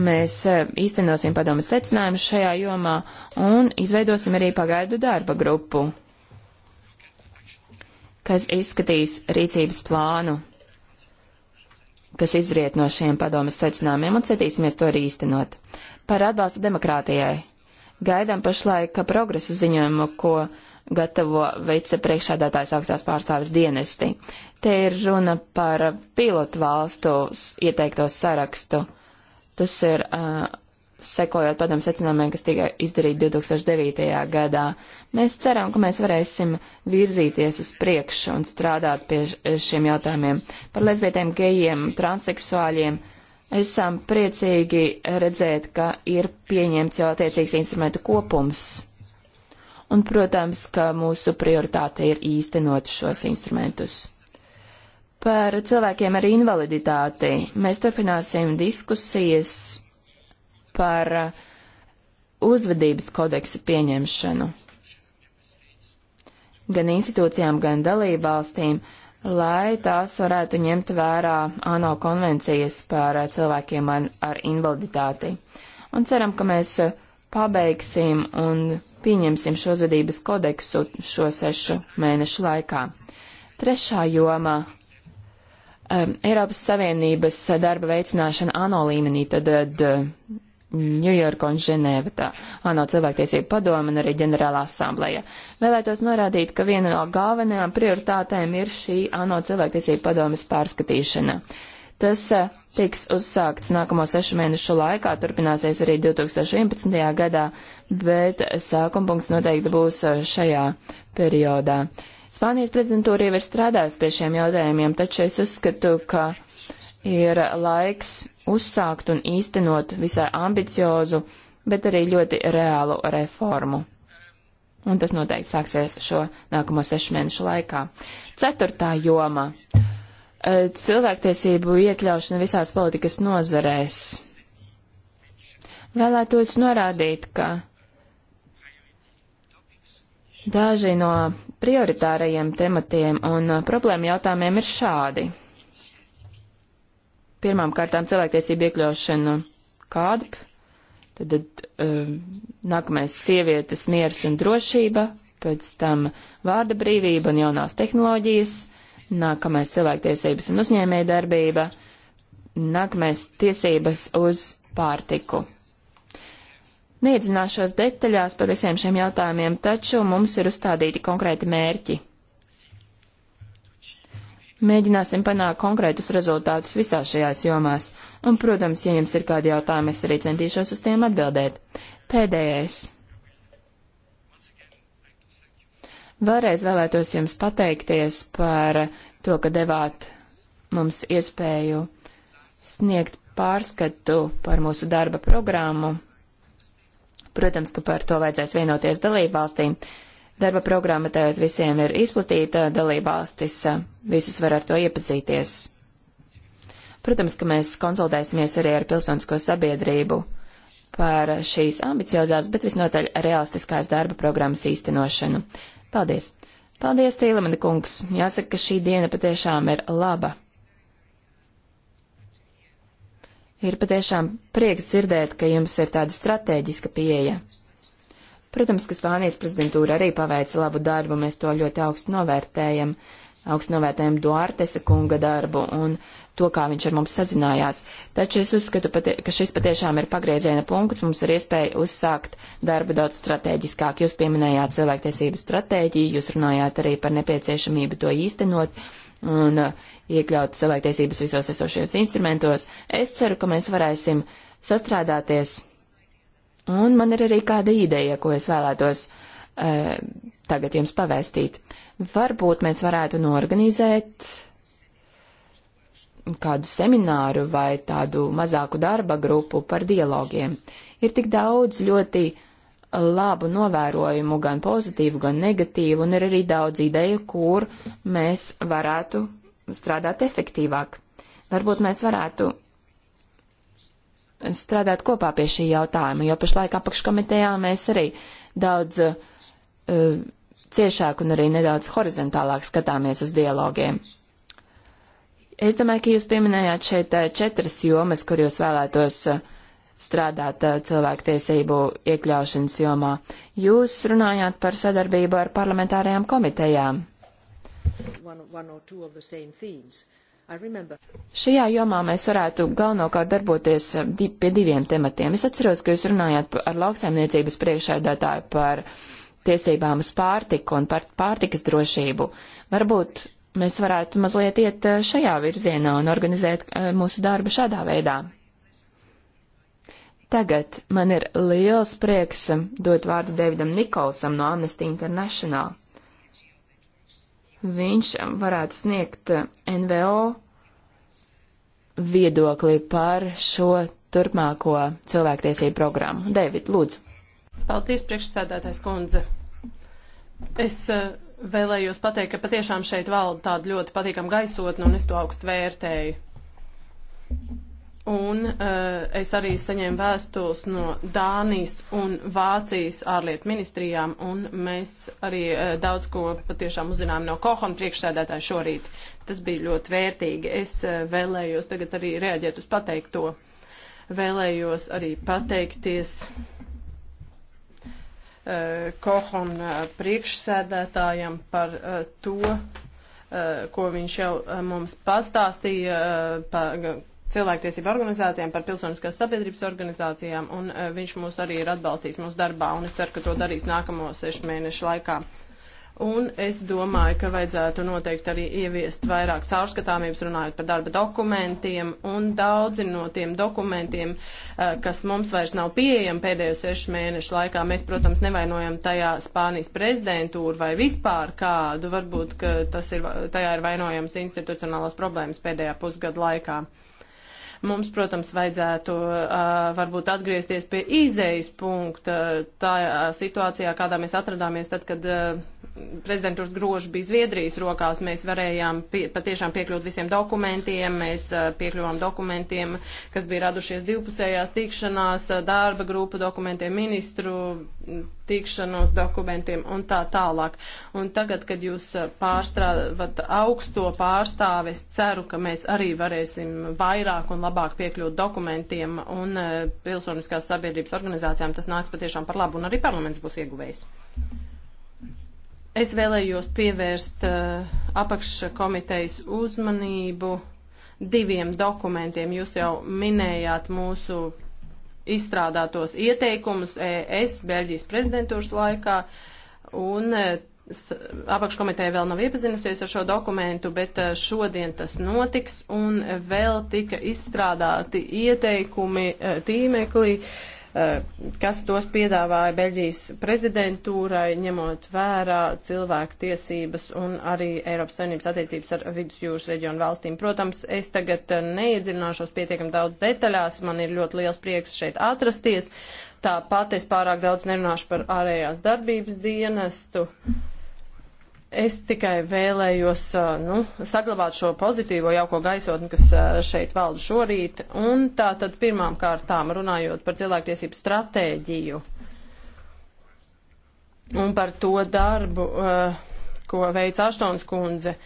Mēs e, īstenosim padomas secinājumus šajā jomā un izveidosim arī pagaidu darba grupu, kas izskatīs rīcības plānu, kas izriet no šiem padomas secinājumiem un centīsimies to arī īstenot. Par atbalstu demokrātijai. Gaidām pašlaik progresa ziņojumu, ko gatavo vicepriekšādātājs augstās pārstāvis dienesti. Te ir runa par pilotu valstu ieteikto sarakstu. Tas ir uh, sekojot padomu secinājumiem, kas tika izdarīti 2009. gadā. Mēs ceram, ka mēs varēsim virzīties uz priekšu un strādāt pie šiem jautājumiem. Par lesbietiem, gejiem, transseksuāļiem esam priecīgi redzēt, ka ir pieņemts jau attiecīgs instrumentu kopums. Un, protams, ka mūsu prioritāte ir īstenot šos instrumentus. Par cilvēkiem ar invaliditāti mēs turpināsim diskusijas par uh, uzvedības kodeksa pieņemšanu gan institūcijām, gan dalībvalstīm, lai tās varētu ņemt vērā ANO konvencijas par uh, cilvēkiem ar, ar invaliditāti. Un ceram, ka mēs uh, pabeigsim un pieņemsim šo uzvedības kodeksu šo sešu mēnešu laikā. Trešā joma um, Eiropas Savienības darba veicināšana ANO līmenī, tad Ņujorka uh, un Ženēva, tā ANO cilvēktiesība padoma un arī ģenerālā asambleja. Vēlētos norādīt, ka viena no galvenajām prioritātēm ir šī ANO cilvēktiesība padomas pārskatīšana. Tas uh, tiks uzsākts nākamo sešu mēnešu laikā, turpināsies arī 2011. gadā, bet sākumpunkts noteikti būs uh, šajā periodā. Uh, Spānijas prezidentūra jau ir strādājusi pie šiem jautājumiem, taču es uzskatu, ka ir laiks uzsākt un īstenot visai ambiciozu, bet arī ļoti reālu reformu. Un tas noteikti sāksies šo nākamo sešu mēnešu laikā. Ceturtā joma e, - cilvēktiesību iekļaušana visās politikas nozarēs. Vēlētos norādīt, ka Daži no prioritārajiem tematiem un uh, problēma jautājumiem ir šādi. Pirmām kārtām cilvēktiesību iekļaušanu KADP, tad, tad um, nākamais sievietes miers un drošība, pēc tam vārda brīvība un jaunās tehnoloģijas, nākamais cilvēktiesības un uzņēmējdarbība, nākamais tiesības uz pārtiku. Neiedzināšos detaļās par visiem šiem jautājumiem, taču mums ir uzstādīti konkrēti mērķi. Mēģināsim panākt konkrētus rezultātus visās šajās jomās, un, protams, ja jums ir kādi jautājumi, es arī centīšos uz tiem atbildēt. Pēdējais. Vēlreiz vēlētos jums pateikties par to, ka devāt mums iespēju sniegt pārskatu par mūsu darba programmu Protams, ka par to vajadzēs vienoties dalību valstīm. Darba programma tagad visiem ir izplatīta, dalībvalstis eh, visas var ar to iepazīties. Protams, ka mēs konsultēsimies arī ar pilsonisko sabiedrību par šīs ambiciozās, bet visnotaļ realistiskās darba programmas īstenošanu. Paldies! Paldies, Tīlemani kungs! Jāsaka, ka šī diena patiešām ir laba. Ir patiešām prieks dzirdēt, ka jums ir tāda strateģiska pieeja. Protams, ka Spānijas prezidentūra arī paveica labu darbu, mēs to ļoti augstu novērtējam, augstu novērtējam Duartesa kunga darbu un to, kā viņš ar mums sazinājās. Taču es uzskatu, ka šis patiešām ir pagrieziena punkts, mums ir iespēja uzsākt darbu daudz strateģiskāk. Jūs pieminējāt cilvēktiesību stratēģiju, jūs runājāt arī par nepieciešamību to īstenot un uh, iekļaut cilvēktiesības visos esošajos instrumentos. Es ceru, ka mēs varēsim sastrādāties. Un man ir arī kāda ideja, ko es vēlētos eh, tagad jums pavēstīt. Varbūt mēs varētu norganizēt kādu semināru vai tādu mazāku darba grupu par dialogiem. Ir tik daudz ļoti labu novērojumu, gan pozitīvu, gan negatīvu, un ir arī daudz ideju, kur mēs varētu strādāt efektīvāk. Varbūt mēs varētu strādāt kopā pie šī jautājuma, jo pašlaik apakškomitejā mēs arī daudz uh, ciešāk un arī nedaudz horizontālāk skatāmies uz dialogiem. Es domāju, ka jūs pieminējāt šeit eh, četras jomas, kur jūs vēlētos uh, strādāt eh, cilvēktiesību iekļaušanas jomā. Jūs runājāt par sadarbību ar parlamentārajām komitejām. One, one Šajā jomā mēs varētu galvenokārt darboties eh, di pie diviem tematiem. Es atceros, ka jūs runājāt ar lauksaimniecības priekšēdētāju par tiesībām uz pārtiku un par pārtikas drošību. Varbūt mēs varētu mazliet iet eh, šajā virzienā un organizēt mūsu darbu šādā veidā. Tagad man ir liels prieks dot vārdu Davidam Nikolsam no Amnesty International. Viņš varētu sniegt NVO viedokli par šo turpmāko cilvēktiesību programmu. David, lūdzu. Paldies, priekšsēdētājs kundze. Es eh, vēlējos pateikt, ka patiešām šeit valda tāda ļoti patīkama gaisotne, un es to augstu vērtēju. Un uh, es arī saņēmu vēstules no Dānijas un Vācijas ārlietu ministrijām, un mēs arī uh, daudz ko patiešām uzzinājām no Kohona priekšsēdētāja šorīt. Tas bija ļoti vērtīgi. Es uh, vēlējos tagad arī reaģēt uz pateikto. Vēlējos arī pateikties uh, Kohona priekšsēdētājam par uh, to, uh, ko viņš jau uh, mums pastāstīja. Uh, par, uh, cilvēktiesību organizācijām, par pilsoniskās sabiedrības organizācijām, un eh, viņš mūs arī ir atbalstījis mūsu darbā, un es ceru, ka to darīs nākamo sešu mēnešu laikā. Un es domāju, ka vajadzētu noteikti arī ieviest vairāk caurskatāmības, runājot par darba dokumentiem. Un daudzi no tiem dokumentiem, eh, kas mums vairs nav pieejami pēdējo sešu mēnešu laikā, mēs, protams, nevainojam tajā Spānijas prezidentūru vai vispār kādu. Varbūt, ka tas ir, tajā ir vainojams institucionālās problēmas pēdējā pusgada laikā. Mums, protams, vajadzētu uh, varbūt atgriezties pie izējas punkta tajā situācijā, kādā mēs atradāmies tad, kad uh, prezidentūras grožu bija Zviedrijas rokās, mēs varējām pie, patiešām piekļūt visiem dokumentiem, mēs piekļuvām dokumentiem, kas bija radušies divpusējās tikšanās, darba grupu dokumentiem, ministru tikšanos dokumentiem un tā tālāk. Un tagad, kad jūs pārstrāvat augsto pārstāvi, es ceru, ka mēs arī varēsim vairāk un labāk piekļūt dokumentiem un pilsoniskās sabiedrības organizācijām. Tas nāks patiešām par labu un arī parlaments būs ieguvējis. Es vēlējos pievērst uh, apakškomitejas uzmanību diviem dokumentiem. Jūs jau minējāt mūsu izstrādātos ieteikumus ES Beļģijas prezidentūras laikā, un uh, apakškomiteja vēl nav iepazinusies ar šo dokumentu, bet uh, šodien tas notiks, un vēl tika izstrādāti ieteikumi tīmeklī Eh, kas tos piedāvāja Beļģijas prezidentūrai, ņemot vērā cilvēku tiesības un arī Eiropas saimnības attiecības ar vidusjūras reģionu valstīm. Protams, es tagad eh, neiedzināšos pietiekam daudz detaļās, man ir ļoti liels prieks šeit atrasties, tāpat es pārāk daudz nerunāšu par ārējās darbības dienestu. Uh, Es tikai vēlējos nu, saglabāt šo pozitīvo jauko gaisotni, kas šeit valda šorīt. Un tā tad pirmām kārtām runājot par cilvēktiesību stratēģiju un par to darbu, ko veic Aštons kundze.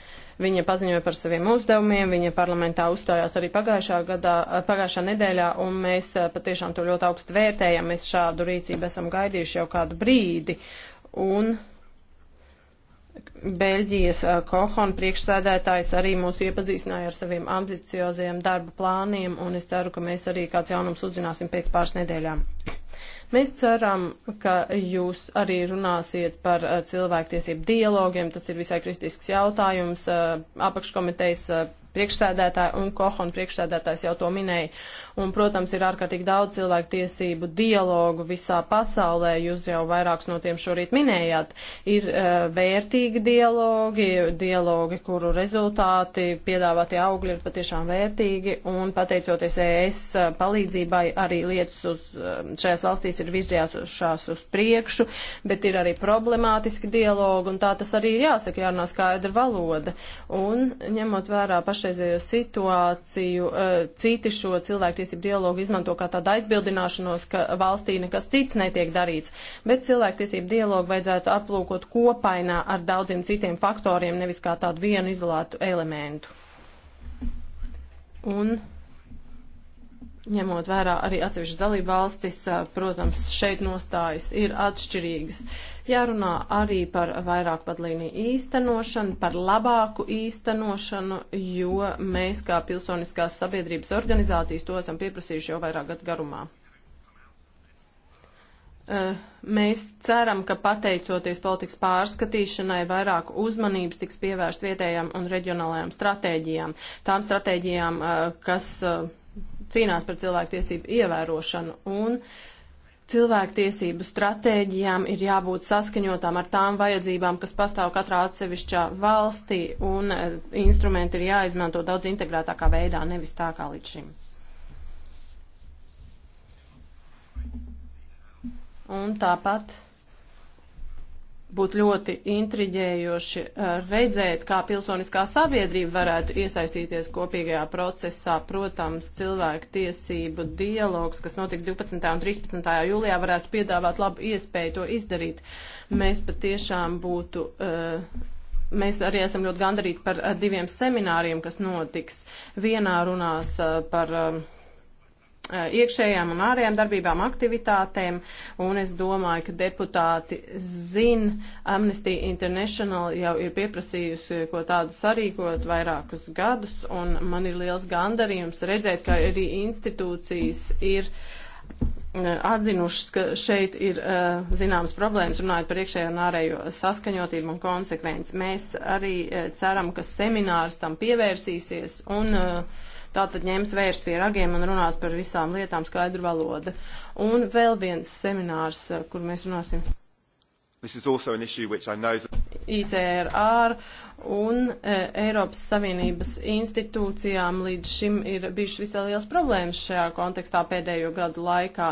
Viņa paziņoja par saviem uzdevumiem, viņa parlamentā uzstājās arī pagājušā, gadā, pagājušā nedēļā, un mēs patiešām to ļoti augstu vērtējam. Mēs šādu rīcību esam gaidījuši jau kādu brīdi. Un Beļģijas eh, Kohona priekšsēdētājs arī mūs iepazīstināja ar saviem ambiciozajiem darba plāniem, un es ceru, ka mēs arī kāds jaunums uzzināsim pēc pāris nedēļām. Mēs ceram, ka jūs arī runāsiet par eh, cilvēktiesību dialogiem, tas ir visai kristisks jautājums. Eh, apakškomitejas priekšsēdētāja un Kohona priekšsēdētājs jau to minēja. Un, protams, ir ārkārtīgi daudz cilvēku tiesību dialogu visā pasaulē, jūs jau vairākus no tiem šorīt minējāt. Ir uh, vērtīgi dialogi, dialogi, kuru rezultāti piedāvātie augļi ir patiešām vērtīgi, un pateicoties ES eh, palīdzībai arī lietas uz, eh, šajās valstīs ir virzījās uz priekšu, bet ir arī problemātiski dialogi, un tā tas arī ir jāsaka, jārunā skaidra valoda. Un, ņemot vērā paši pašreizējo situāciju, eh, citi šo cilvēktiesību dialogu izmanto kā tādu aizbildināšanos, ka valstī nekas cits netiek darīts, bet cilvēktiesību dialogu vajadzētu aplūkot kopainā ar daudziem citiem faktoriem, nevis kā tādu vienu izolētu elementu. Un ņemot vērā arī atsevišķas dalību valstis, eh, protams, šeit nostājas ir atšķirīgas. Uh, Jārunā arī par vairāk padlīniju īstenošanu, par labāku īstenošanu, jo mēs kā pilsoniskās sabiedrības organizācijas to esam pieprasījuši jau vairāk gadu garumā eh, mēs ceram, ka pateicoties politikas pārskatīšanai, vairāk uzmanības tiks pievērst vietējām un reģionālajām stratēģijām. Tām stratēģijām, eh, kas eh, cīnās par cilvēku tiesību ievērošanu. Un cilvēktiesību stratēģijām ir jābūt saskaņotām ar tām vajadzībām, kas pastāv katrā atsevišķā valstī, un e, instrumenti ir jāizmanto daudz integrētākā veidā, nevis tā kā līdz šim. Un tāpat būtu ļoti intriģējoši uh, redzēt, kā pilsoniskā sabiedrība varētu iesaistīties kopīgajā procesā. Protams, cilvēku tiesību dialogs, kas notiks 12. un 13. jūlijā, varētu piedāvāt labu iespēju to izdarīt. Mēs patiešām būtu. Uh, mēs arī esam ļoti gandarīti par uh, diviem semināriem, kas notiks. Vienā runās par um, Eh, iekšējām un ārējām darbībām, aktivitātēm, un es domāju, ka deputāti zin, Amnesty International jau ir pieprasījusi, eh, ko tādu sarīkot vairākus gadus, un man ir liels gandarījums redzēt, ka arī institūcijas ir eh, atzinušas, ka šeit ir zināmas problēmas, runājot par iekšējo un ārējo saskaņotību un konsekvenci. Mēs arī ceram, ka seminārs tam pievērsīsies un uh, tā tad ņems vērs pie ragiem un runās par visām lietām skaidru valodu. Un vēl viens seminārs, kur mēs runāsim. This is also an issue which I know that... ICRR un e, Eiropas Savienības institūcijām līdz šim ir bijušas visai liels problēmas šajā kontekstā pēdējo gadu laikā.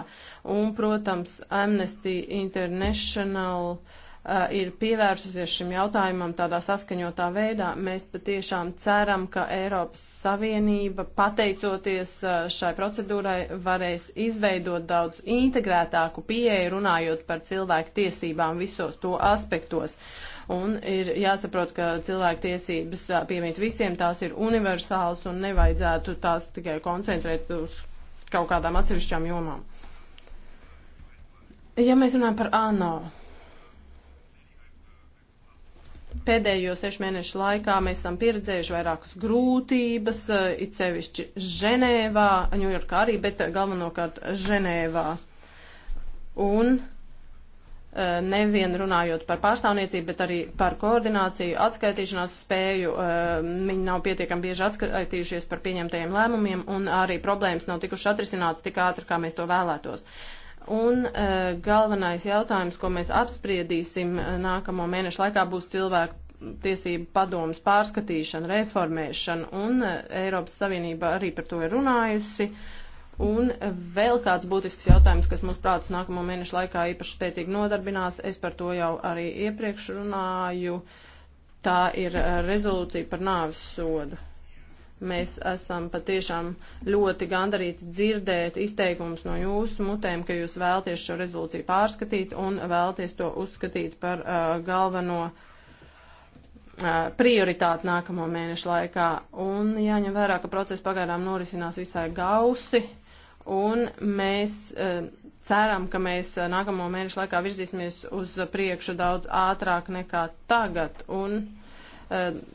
Un, protams, Amnesty International uh, Uh, ir pievērsusies šim jautājumam tādā saskaņotā veidā. Mēs patiešām ceram, ka Eiropas Savienība, pateicoties uh, šai procedūrai, varēs izveidot daudz integrētāku pieeju runājot par cilvēku tiesībām visos to aspektos. Un ir jāsaprot, ka cilvēku tiesības uh, piemīt visiem, tās ir universālas un nevajadzētu tās tikai koncentrēt uz kaut kādām atsevišķām jomām. Ja mēs runājam par ANO, Pēdējo sešu mēnešu laikā mēs esam pieredzējuši vairākas grūtības, eh, it sevišķi Ženēvā, Ņujorkā arī, bet eh, galvenokārt Ženēvā. Un eh, nevien runājot par pārstāvniecību, bet arī par koordināciju, atskaitīšanās spēju. Viņi nav pietiekami bieži atskaitījušies par pieņemtajiem lēmumiem, un arī problēmas nav tikušas atrisinātas tik ātri, kā mēs to vēlētos. Un uh, galvenais jautājums, ko mēs apspriedīsim e, nākamo mēnešu laikā, būs cilvēku tiesību padomus pārskatīšana, reformēšana, un e, Eiropas Savienība arī par to ir runājusi. Un vēl kāds būtisks jautājums, kas mums prātus nākamo mēnešu laikā īpaši spēcīgi nodarbinās, es par to jau arī iepriekš runāju, tā ir rezolūcija par nāvis sodu. Mēs esam patiešām ļoti gandarīti dzirdēt izteikumus no jūsu mutēm, ka jūs vēlties šo rezolūciju pārskatīt un vēlties to uzskatīt par uh, galveno uh, prioritāti nākamo mēnešu laikā. Un jāņem vērā, ka process pagaidām norisinās visai gausi, un mēs uh, ceram, ka mēs uh, nākamo mēnešu laikā virzīsimies uz priekšu daudz ātrāk nekā tagad. Un, uh,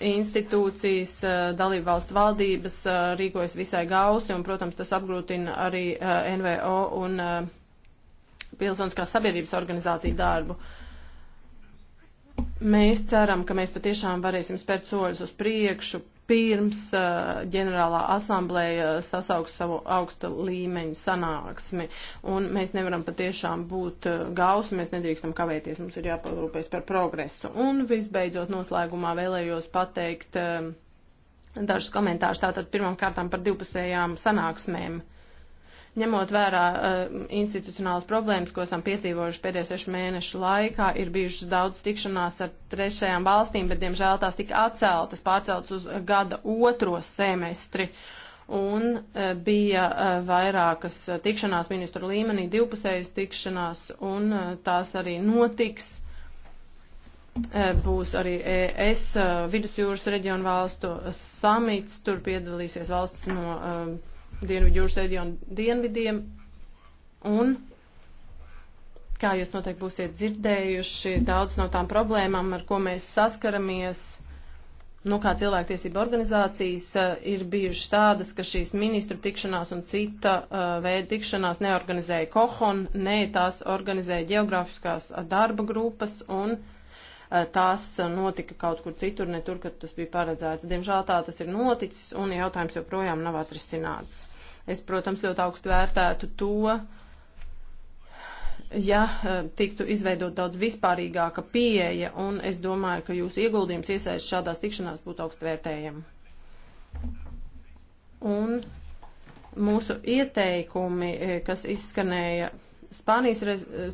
institūcijas, eh, dalību valstu valdības eh, rīkojas visai gausi, un, protams, tas apgrūtina arī eh, NVO un pilsoniskās sabiedrības organizāciju darbu. Mēs ceram, ka mēs patiešām varēsim spērt soļus uz priekšu, pirms uh, ģenerālā asamblēja sasauks savu augsta līmeņa sanāksmi. Un mēs nevaram patiešām būt uh, gausi, mēs nedrīkstam kavēties, mums ir jāparūpēs par progresu. Un visbeidzot noslēgumā vēlējos pateikt uh, dažus komentārus tātad pirmam kārtām par divpusējām sanāksmēm. Uh, Ņemot vērā uh, institucionālas problēmas, ko esam piedzīvojuši pēdējo sešu mēnešu laikā, ir bijušas daudz tikšanās ar trešajām valstīm, bet, diemžēl, tās tika atceltas, pārceltas uz gada otro semestri. Un uh, bija uh, vairākas tikšanās ministru līmenī, divpusējas tikšanās, un uh, tās arī notiks būs arī ES vidusjūras reģionu valstu samits, tur piedalīsies valsts no Dienvidu jūras reģionu dienvidiem. Un, kā jūs noteikti būsiet dzirdējuši, daudz no tām problēmām, ar ko mēs saskaramies, nu, kā cilvēktiesība organizācijas, eh, ir bijušas tādas, ka šīs ministru tikšanās un cita uh, veida tikšanās neorganizēja Kohon, ne tās organizēja geogrāfiskās eh, darba grupas un uh, tās notika kaut kur citur, ne tur, kad tas bija paredzēts. Diemžēl tā tas ir noticis un jautājums joprojām nav atrisināts. Es, protams, ļoti augstu vērtētu to, ja eh, tiktu izveidot daudz vispārīgāka pieeja, un es domāju, ka jūsu ieguldījums iesaist šādās tikšanās būtu augstu vērtējama. Un mūsu ieteikumi, eh, kas izskanēja Spānijas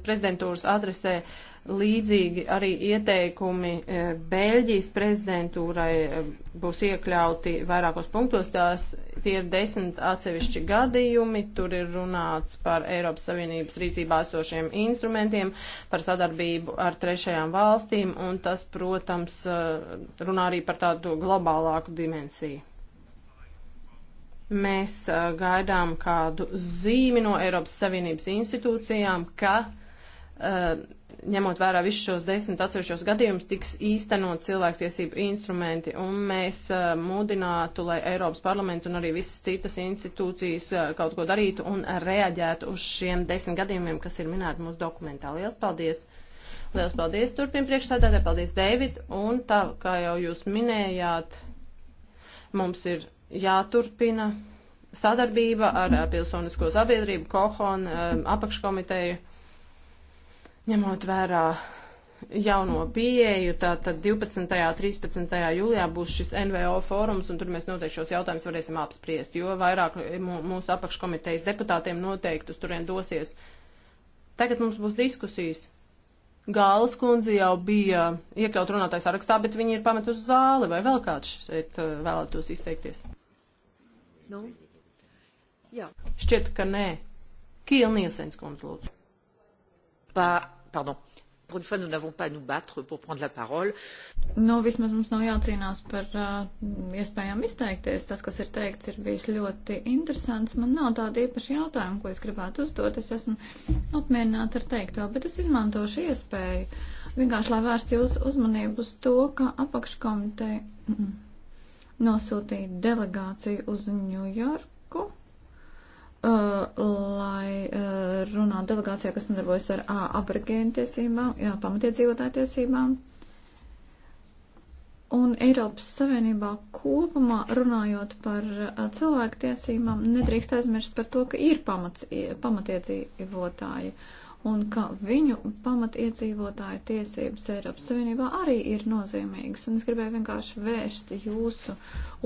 prezidentūras adresē, uh, Līdzīgi arī ieteikumi e, Beļģijas prezidentūrai e, būs iekļauti vairākos punktos. Tās tie ir desmit atsevišķi gadījumi. Tur ir runāts par Eiropas Savienības rīcībā esošiem instrumentiem, par sadarbību ar trešajām valstīm, un tas, protams, e, runā arī par tādu globālāku dimensiju. Mēs gaidām kādu zīmi no Eiropas Savienības institūcijām, ka ņemot vērā visus šos desmit atsevišķos gadījumus, tiks īstenot cilvēktiesību instrumenti, un mēs uh, mudinātu, lai Eiropas parlaments un arī visas citas institūcijas uh, kaut ko darītu un reaģētu uz šiem desmit gadījumiem, kas ir minēti mūsu dokumentā. Lielas paldies! Lielas paldies! Turpin priekšsēdētāji, paldies, David! Un tā, kā jau jūs minējāt, mums ir jāturpina sadarbība ar pilsonisko sabiedrību, Kohon, apakškomiteju Ņemot vērā jauno pieeju, tātad 12. un 13. jūlijā būs šis NVO fórums, un tur mēs noteikti šos jautājumus varēsim apspriest, jo vairāk mūsu apakškomitejas deputātiem noteikti uz turien dosies. Tagad mums būs diskusijas. Gāles kundze jau bija iekļaut runātājs sarakstā, bet viņi ir pamet uz zāli, vai vēl kāds šeit eh, vēlētos izteikties? Nu, jā. Šķiet, ka nē. Kīl Nielsens kundze, lūdzu. Pā, Pardon. Pour une fois, nous n'avons pas à nous battre pour prendre la parole. Nu, vismaz mums nav jācīnās par uh, iespējām izteikties. Tas, kas ir teikts, ir bijis ļoti interesants. Man nav tāda īpaša jautājuma, ko es gribētu uzdot. Es esmu apmierināta ar teikto, bet es izmantošu iespēju. Vienkārši, lai vērst jūs uzmanību uz to, ka apakškomiteja nosūtīja delegāciju uz Ņujorku Uh, lai uh, runātu delegācijā, kas nodarbojas ar uh, aborigēnu tiesībām, pamatiedzīvotāju tiesībām. Un Eiropas Savienībā kopumā runājot par cilvēku tiesībām, nedrīkst aizmirst par to, ka ir pamats, pamatiedzīvotāji un ka viņu pamatiedzīvotāju tiesības Eiropas Savienībā arī ir nozīmīgas. Un es gribēju vienkārši vērst jūsu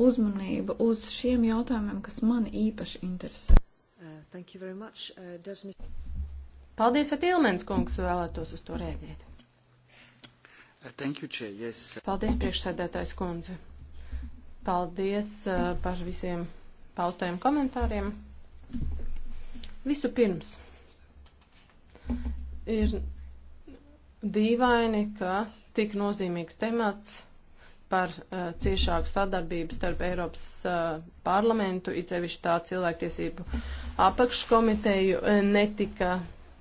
uzmanību uz šiem jautājumiem, kas mani īpaši interesē. Thank you very much. Uh, does... Paldies, vai Tilmens kungs vēlētos uz to rēģēt? Uh, thank you, Chair. Yes. Paldies, priekšsēdētājs kundze. Paldies uh, par visiem paustajiem komentāriem. Visu pirms ir dīvaini, ka tik nozīmīgs temats par uh, ciešāku sadarbību starp Eiropas uh, parlamentu, it sevišķi tā cilvēktiesību apakškomiteju, uh, netika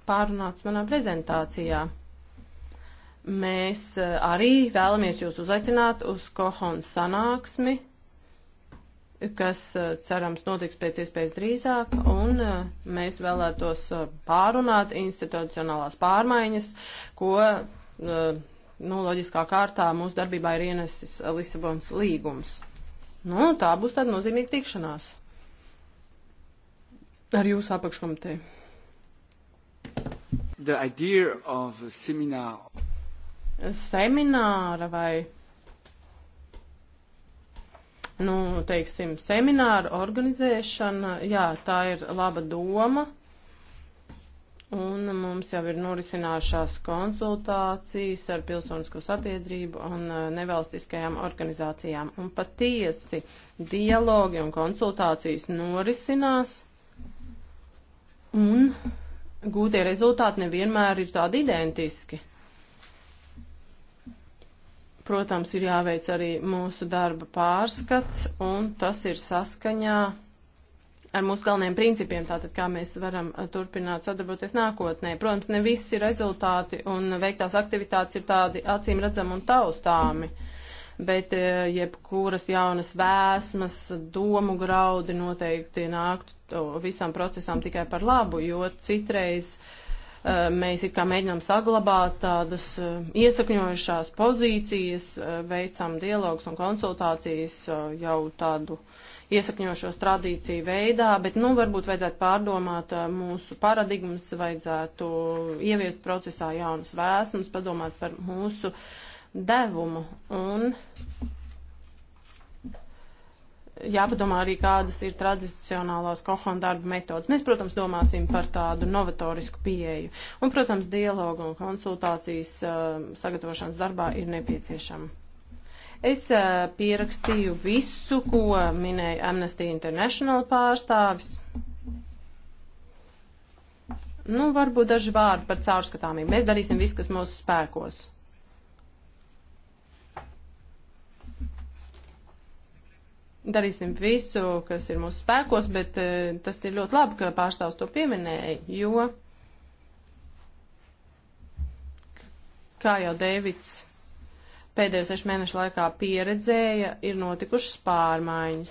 pārunāts manā prezentācijā. Mēs uh, arī vēlamies jūs uzaicināt uz Kohon sanāksmi, kas uh, cerams notiks pēc iespējas drīzāk, un uh, mēs vēlētos uh, pārunāt institucionālās pārmaiņas, ko. Uh, nu, loģiskā kārtā mūsu darbībā ir ienesis Lisabonas līgums. Nu, tā būs tāda nozīmīga tikšanās ar jūsu apakškomiteju. Semināra vai, nu, teiksim, semināra organizēšana, jā, tā ir laba doma. Un mums jau ir norisinājušās konsultācijas ar pilsonisko sabiedrību un eh, nevalstiskajām organizācijām. Un patiesi dialogi un konsultācijas norisinās. Un gūtie rezultāti nevienmēr ir tādi identiski. Protams, ir jāveic arī mūsu darba pārskats, un tas ir saskaņā ar mūsu galvenajiem principiem, tātad kā mēs varam uh, turpināt sadarboties nākotnē. Protams, ne visi rezultāti un veiktās aktivitātes ir tādi acīm redzami un taustāmi, bet uh, jebkuras jaunas vēsmas, domu graudi noteikti nāktu visām procesām tikai par labu, jo citreiz uh, mēs it kā mēģinām saglabāt tādas iesakņojušās pozīcijas, veicam dialogus un konsultācijas jau tādu iesakņošos tradīciju veidā, bet, nu, varbūt vajadzētu pārdomāt mūsu paradigmas, vajadzētu ieviest procesā jaunas vēsmas, padomāt par mūsu devumu un jāpadomā arī, kādas ir tradicionālās kohona darba metodas. Mēs, protams, domāsim par tādu novatorisku pieeju. Un, protams, dialogu un konsultācijas uh, sagatavošanas darbā ir nepieciešama. Es uh, pierakstīju visu, ko minēja Amnesty International pārstāvis. Nu, varbūt daži vārdi par caurskatāmību. Mēs darīsim visu, kas mūsu spēkos. darīsim visu, kas ir mūsu spēkos, bet tas ir ļoti labi, ka pārstāvs to pieminēja, jo, kā jau Dēvids pēdējo sešu mēnešu laikā pieredzēja, ir notikušas pārmaiņas.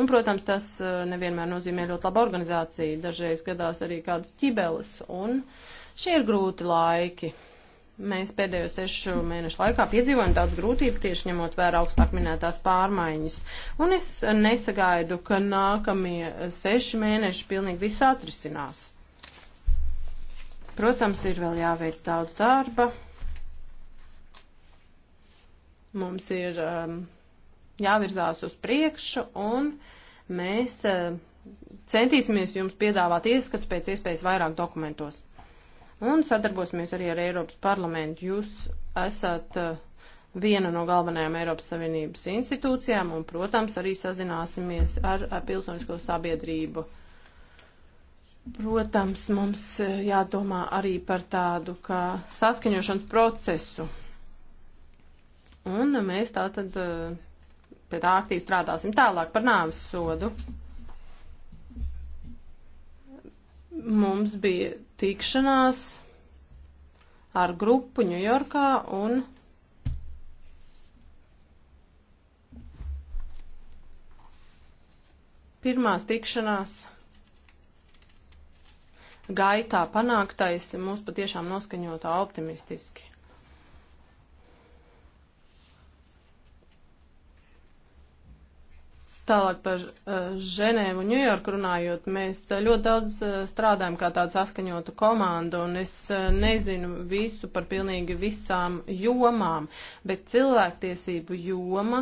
Un, protams, tas uh, nevienmēr nozīmē ļoti labu organizāciju. Dažreiz gadās arī kādas ķibeles, un šie ir grūti laiki. Mēs pēdējo sešu mēnešu laikā piedzīvojam daudz grūtību, tieši ņemot vērā augstāk minētās pārmaiņas. Un es nesagaidu, ka nākamie seši mēneši pilnīgi viss atrisinās. Protams, ir vēl jāveic daudz darba, Mums ir um, jāvirzās uz priekšu un mēs uh, centīsimies jums piedāvāt ieskatu pēc iespējas vairāk dokumentos. Un sadarbosimies arī ar Eiropas parlamentu. Jūs esat uh, viena no galvenajām Eiropas Savienības institūcijām un, protams, arī sazināsimies ar, ar pilsonisko sabiedrību. Protams, mums uh, jādomā arī par tādu kā saskaņošanas procesu. Un mēs tā tad eh, pie tā aktīvi strādāsim tālāk par nāvis sodu. Mums bija tikšanās ar grupu Ņujorkā un pirmās tikšanās gaitā panāktais mūs patiešām noskaņotā optimistiski. Tālāk par eh, Ženēvu un Ņujorku runājot, mēs eh, ļoti daudz eh, strādājam kā tāda saskaņota komanda, un es nezinu visu par pilnīgi visām jomām, bet cilvēktiesību joma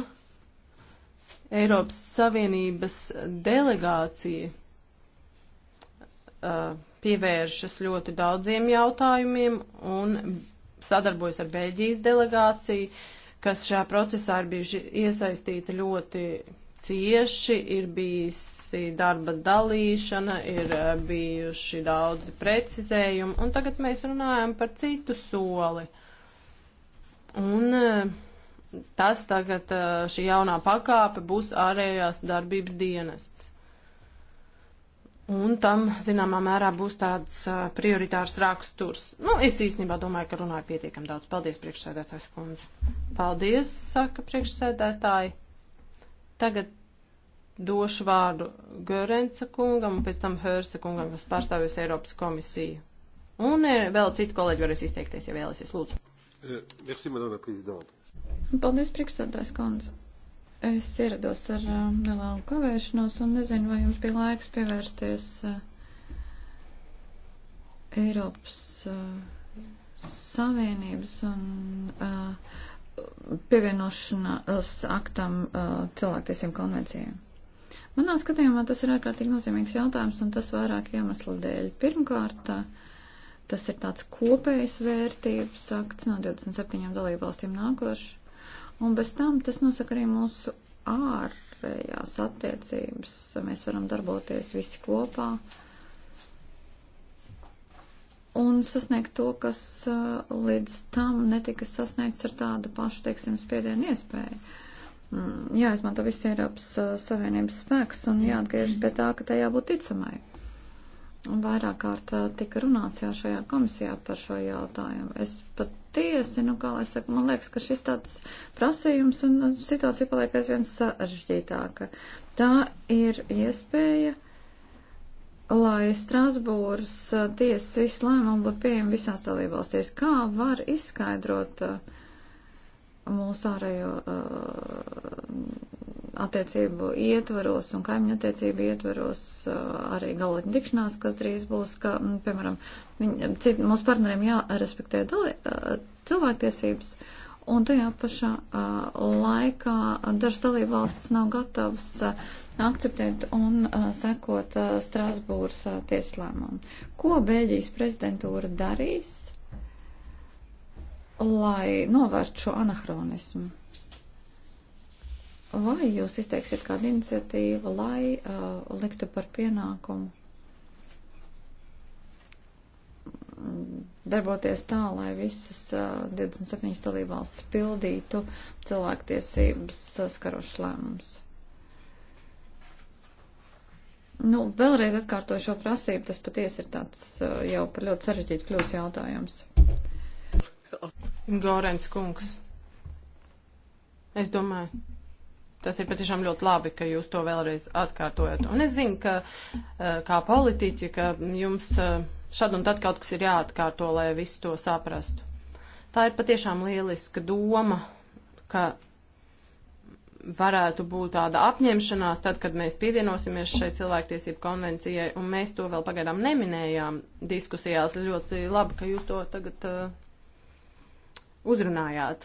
Eiropas Savienības delegācija pievēršas ļoti daudziem jautājumiem un sadarbojas ar Beļģijas delegāciju, kas šajā procesā ir bijuši iesaistīti ļoti cieši, ir bijusi darba dalīšana, ir eh, bijuši daudzi precizējumi, un tagad mēs runājam par citu soli. Un eh, tas tagad, eh, šī jaunā pakāpe būs ārējās darbības dienests. Un tam, zināmā mērā, būs tāds prioritārs raksturs. Nu, es īstenībā domāju, ka runāju pietiekami daudz. Paldies, priekšsēdētājs kundze. Paldies, saka priekšsēdētāji. Tagad došu vārdu Görenca kungam un pēc tam Hörsa kungam, kas pārstāvjas Eiropas komisiju. Un eh, vēl citi kolēģi varēs izteikties, ja vēlēsies. Lūdzu. Eh, merci, madame la présidente. Paldies, priekšsēdājs kundze. Es ierados ar um, nelielu kavēšanos un nezinu, vai jums bija laiks pievērsties uh, Eiropas uh, Savienības un uh, pievienošanās aktam uh, cilvēktiesiem konvencijiem. Manā skatījumā tas ir ārkārtīgi nozīmīgs jautājums, un tas vairāk iemeslu dēļ. Pirmkārt, tas ir tāds kopējs vērtības akts no 27 dalībvalstīm nākošs, un bez tam tas nosaka arī mūsu ārējās attiecības. Mēs varam darboties visi kopā un sasniegt to, kas uh, līdz tam netika sasniegts ar tādu pašu, teiksim, spiedienu iespēju. Mm, jāizmanto viss Eiropas uh, Savienības spēks un jāatgriežas pie tā, ka tajā būtu ticamai. Un vairāk kārt uh, tika runāts jā šajā komisijā par šo jautājumu. Es pat tiesi, nu kā lai saka, man liekas, ka šis tāds prasījums un uh, situācija paliek aizvien sarežģītāka. Tā ir iespēja, lai Strasbūras tiesas visu lēmumu būtu pieejama visās dalībvalstīs. Kā var izskaidrot uh, mūsu ārējo uh, attiecību ietvaros un kaimiņu attiecību ietvaros uh, arī galotņu tikšanās, kas drīz būs, ka, mm, piemēram, viņ, cit, mūsu partneriem jārespektē dali, uh, cilvēktiesības, un tajā pašā laikā dažas dalību valsts nav gatavas akceptēt un sekot Strasbūras tieslēmumu. Ko Bēļģijas prezidentūra darīs? lai novērstu šo anahronismu. Vai jūs izteiksiet kādu iniciatīvu, lai uh, liktu par pienākumu darboties tā, lai visas uh, 27 dalībvalstis pildītu cilvēktiesības uh, skarošas lēmumus? Nu, vēlreiz atkārtoju šo prasību, tas patiesi ir tāds uh, jau par ļoti sarežģītu kļūs jautājums. Gorens kungs. Es domāju, tas ir patiešām ļoti labi, ka jūs to vēlreiz atkārtojat. Un es zinu, ka eh, kā politiķi, ka jums eh, šad un tad kaut kas ir jāatkārto, lai visi to saprastu. Tā ir patiešām lieliska doma, ka varētu būt tāda apņemšanās, tad, kad mēs pievienosimies šai cilvēktiesību konvencijai, un mēs to vēl pagaidām neminējām diskusijās. Ļoti labi, ka jūs to tagad uh, uzrunājāt.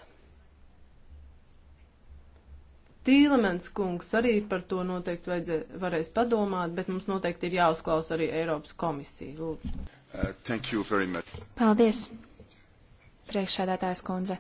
Tīlemens kungs arī par to noteikti vajadzē, varēs padomāt, bet mums noteikti ir jāuzklaus arī Eiropas komisija. Lūdzu. Uh, thank you very much. Paldies, priekšsēdētājs kundze.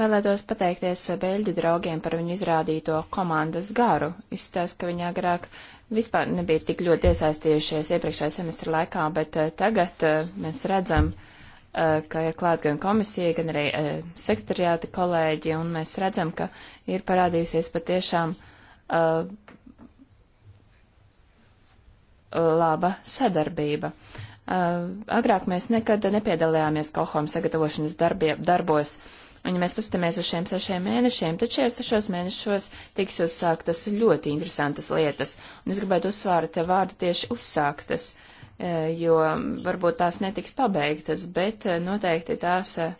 Vēlētos pateikties beļģu draugiem par viņu izrādīto komandas garu. Izstāst, ka viņi agrāk vispār nebija tik ļoti iesaistījušies iepriekšējā semestra laikā, bet eh, tagad eh, mēs redzam, eh, ka ir klāt gan komisija, gan arī sekretariāta kolēģi, un mēs redzam, ka ir parādījusies patiešām laba sadarbība. Agrāk mēs nekad nepiedalījāmies kolhom sagatavošanas darbie, darbos. Un, ja mēs paskatāmies uz šiem sešiem mēnešiem, tad šajos sešos mēnešos tiks uzsāktas ļoti interesantas lietas. Un es gribētu uzsvārt vārdu tieši uzsāktas, e, jo varbūt tās netiks pabeigtas, bet e, noteikti tās e,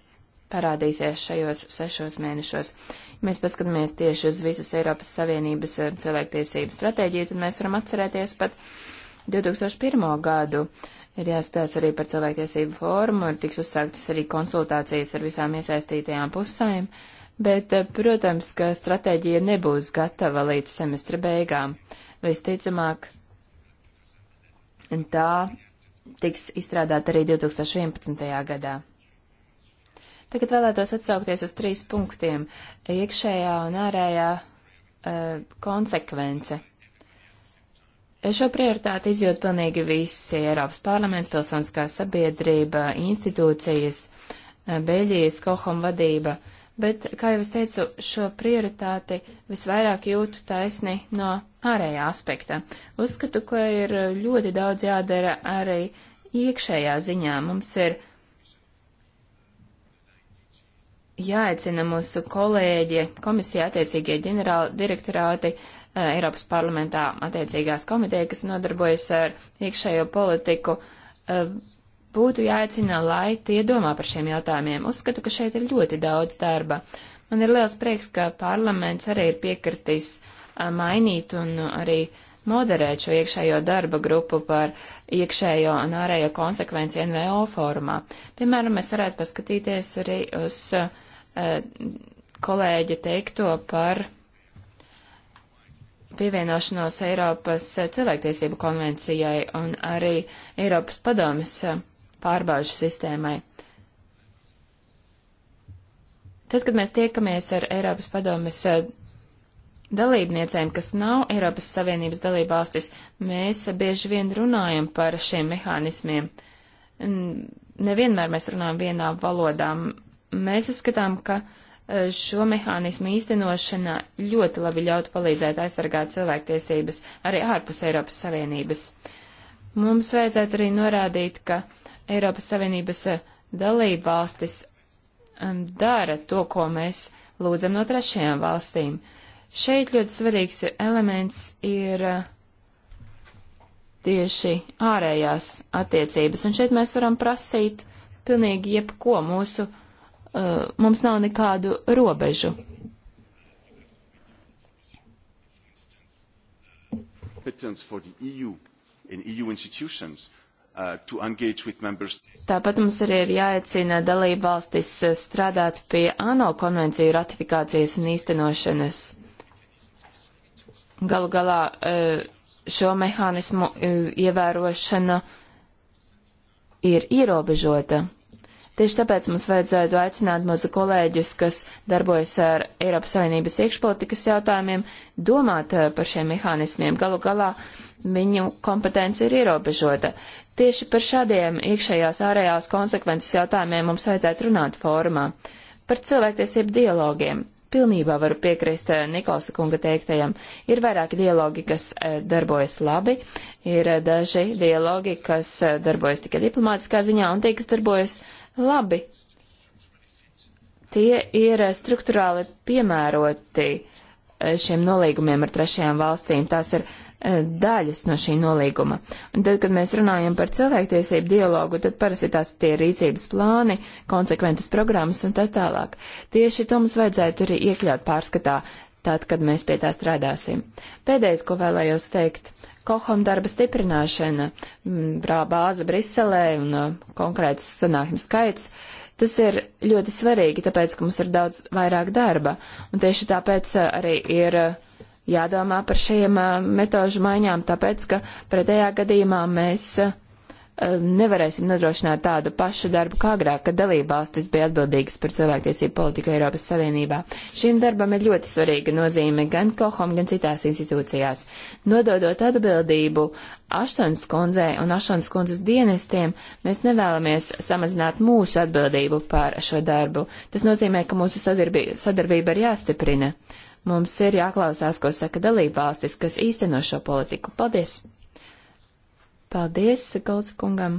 parādīsies šajos sešos mēnešos. Ja mēs paskatāmies tieši uz visas Eiropas Savienības cilvēktiesību stratēģiju, tad mēs varam atcerēties pat 2001. gadu. Uh, ir jāstāsta arī par cilvēktiesību formu, ir tiks uzsāktas arī konsultācijas ar visām iesaistītajām pusēm, bet, eh, protams, ka stratēģija nebūs gatava līdz semestra beigām. Visticamāk, tā tiks izstrādāta arī 2011. gadā. Tagad vēlētos atsaukties uz trīs punktiem - iekšējā un ārējā uh, konsekvence. Šo prioritāti izjūt pilnīgi visi Eiropas parlaments, pilsoniskā sabiedrība, institūcijas, eh, Beļģijas kohom vadība, bet, kā jau es teicu, šo prioritāti visvairāk jūtu taisni no ārējā aspekta. Uzskatu, ka ir ļoti daudz jādara arī iekšējā ziņā. Mums ir jāaicina mūsu kolēģi, komisija attiecīgie ģenerāli direktorāti, uh, Eh, Eiropas parlamentā attiecīgās komiteja, kas nodarbojas ar iekšējo politiku, eh, būtu jāicina, lai tie domā par šiem jautājumiem. Uzskatu, ka šeit ir ļoti daudz darba. Man ir liels prieks, ka parlaments arī ir piekritis eh, mainīt un arī moderēt šo iekšējo darba grupu par iekšējo un ārējo konsekvenci NVO fórumā. Piemēram, mēs varētu paskatīties arī uz uh, kolēģi teikto par uh, pievienošanos Eiropas eh, cilvēktiesību konvencijai un arī Eiropas padomis eh, pārbaužu sistēmai. Tad, kad mēs tiekamies ar Eiropas padomis eh, dalībniecēm, kas nav Eiropas Savienības dalībvalstis, mēs bieži vien runājam par šiem mehānismiem. Nevienmēr mēs runājam vienā valodā. Mēs uzskatām, ka uh, šo mehānismu īstenošana ļoti labi ļautu palīdzēt aizsargāt cilvēktiesības arī ārpus Eiropas Savienības. Mums vajadzētu arī norādīt, ka Eiropas Savienības eh, dalība valstis um, dara to, ko mēs lūdzam no trešajām valstīm. Šeit ļoti svarīgs elements ir eh, tieši ārējās attiecības, un šeit mēs varam prasīt pilnīgi jebko mūsu Eh, mums nav nekādu robežu. E e eh, Tāpat mums arī ir jāicina dalību valstis eh, strādāt pie ANO konvenciju ratifikācijas un īstenošanas. Galu galā šo mehānismu ievērošana ir ierobežota. Tieši tāpēc mums vajadzētu aicināt mūsu kolēģus, kas darbojas ar Eiropas Savienības iekšpolitikas jautājumiem, domāt eh, par šiem mehānismiem. Galu galā viņu kompetence ir ierobežota. Tieši par šādiem iekšējās ārējās konsekvences jautājumiem mums vajadzētu runāt fórumā. Par cilvēktiesību dialogiem. Pilnībā varu piekrist eh, Nikolsa kunga teiktajam. Ir vairāki dialogi, kas eh, darbojas labi, ir daži dialogi, kas darbojas tikai diplomātiskā ziņā un tie, kas darbojas labi. Tie ir struktūrāli piemēroti eh, šiem nolīgumiem ar trešajām valstīm. Tās ir eh, daļas no šī nolīguma. Un tad, kad mēs runājam par cilvēktiesību dialogu, tad parasti tās tie rīcības plāni, konsekventas programmas un tā tālāk. Tieši to mums vajadzētu arī iekļaut pārskatā, tad, kad mēs pie tā strādāsim. Pēdējais, ko vēlējos teikt, uh, Kohom darba stiprināšana, bāze Briselē un uh, konkrēts sanāksmes skaits, tas ir ļoti svarīgi, tāpēc, ka mums ir daudz vairāk darba. Un tieši tāpēc uh, arī ir uh, jādomā par šiem metožu maiņām, tāpēc, ka pretējā gadījumā mēs Um, nevarēsim nodrošināt tādu pašu darbu kā agrāk, kad dalībvalstis bija atbildīgas par cilvēktiesību politiku Eiropas Savienībā. Šim darbam ir ļoti svarīga nozīme gan Kohom, gan citās institūcijās. Nododot atbildību Aštons kundzei un Aštons kundzes dienestiem, mēs nevēlamies samazināt mūsu atbildību par šo darbu. Tas nozīmē, ka mūsu sadarbība, sadarbība ir jāstiprina. Mums ir jāklausās, ko saka dalībvalstis, kas īsteno šo politiku. Paldies! Paldies, Golds kungam!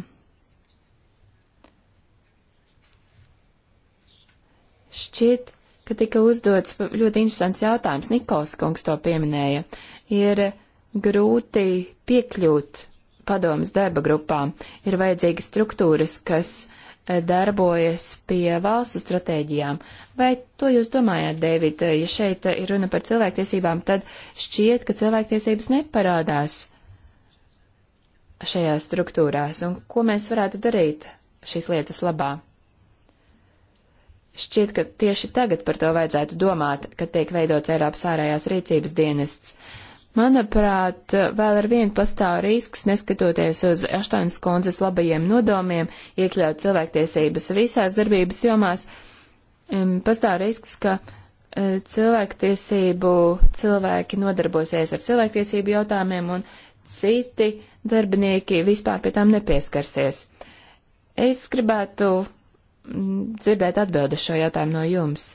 Šķiet, ka tika uzdots ļoti interesants jautājums. Nikols kungs to pieminēja. Ir grūti piekļūt padomas darba grupām. Ir vajadzīgas struktūras, kas eh, darbojas pie valstu stratēģijām. Vai to jūs domājāt, Dēvid? Ja šeit ir runa par cilvēktiesībām, tad šķiet, ka cilvēktiesības neparādās šajās struktūrās un ko mēs varētu darīt šīs lietas labā. Šķiet, ka tieši tagad par to vajadzētu domāt, kad tiek veidots Eiropas ārējās rīcības dienests. Manuprāt, vēl ar vienu pastāv risks, neskatoties uz aštuonas kundzes labajiem nodomiem, iekļaut cilvēktiesības visās darbības jomās, pastāv risks, ka e, cilvēktiesību cilvēki nodarbosies ar cilvēktiesību jautājumiem un citi darbinieki vispār pie tām nepieskarsies. Es gribētu mm, dzirdēt atbildi šo jautājumu no jums.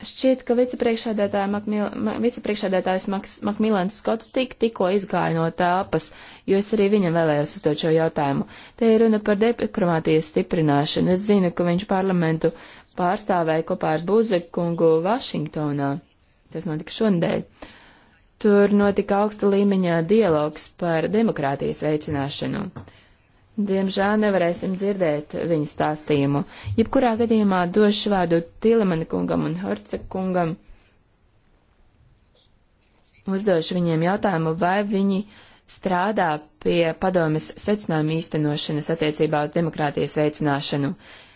Šķiet, ka vicepriekšādētājs Makmilans Skots tik, tikko izgāja no telpas, jo es arī viņam vēlējos uzdot šo jautājumu. Te ir runa par dekromātijas stiprināšanu. Es zinu, ka viņš parlamentu pārstāvēja kopā ar Buzekungu Vašingtonā. Tas notika šonadēļ. Tur notika augsta līmeņa dialogs par demokrātijas veicināšanu. Diemžēl nevarēsim dzirdēt viņa stāstījumu. Jebkurā gadījumā došu vārdu Tilemana kungam un Horca kungam. Uzdošu viņiem jautājumu, vai viņi strādā pie padomes secinājumu īstenošanas attiecībā uz demokrātijas veicināšanu. Uh,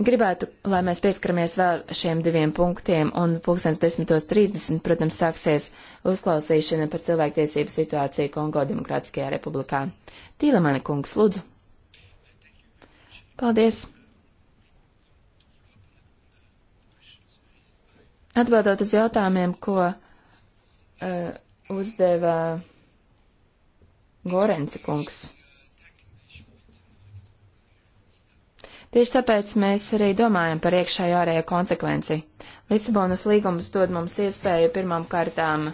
Gribētu, lai mēs pieskaramies vēl šiem diviem punktiem, un 10.30, protams, sāksies uzklausīšana par cilvēktiesību situāciju Kongo Demokrātiskajā republikā. Tīlemani kungs, lūdzu. Paldies. Atbildot uz jautājumiem, ko uh, uzdeva Gorence kungs. Tieši tāpēc mēs arī domājam par iekšējo ārējo konsekvenci. Lisabonas līgums dod mums iespēju pirmām kārtām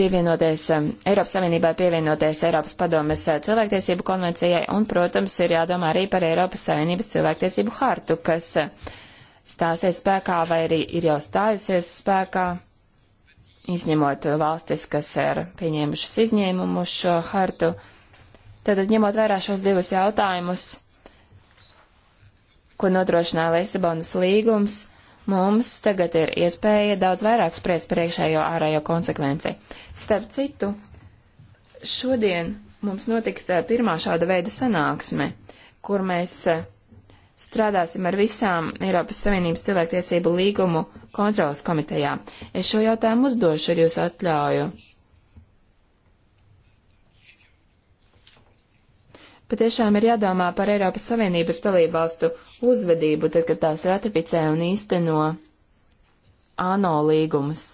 pievienoties um, Eiropas Savienībai, pievienoties Eiropas padomes uh, cilvēktiesību konvencijai, un, protams, ir jādomā arī par Eiropas Savienības cilvēktiesību hartu, kas uh, stāsies spēkā vai arī ir jau stājusies spēkā izņemot valstis, kas ir pieņēmušas izņēmumu šo hartu. Tātad, ņemot vērā šos divus jautājumus, ko nodrošināja Lisabonas līgums, mums tagad ir iespēja daudz vairāk spriest par iekšējo ārējo konsekvenci. Starp citu, šodien mums notiks eh, pirmā šāda veida sanāksme, kur mēs eh, strādāsim ar visām Eiropas Savienības cilvēktiesību līgumu kontrolas komitejā. Es šo jautājumu uzdošu ar jūsu atļauju. Patiešām ir jādomā par Eiropas Savienības dalībvalstu uzvedību, tad, kad tās ratificē un īsteno ANO līgumus,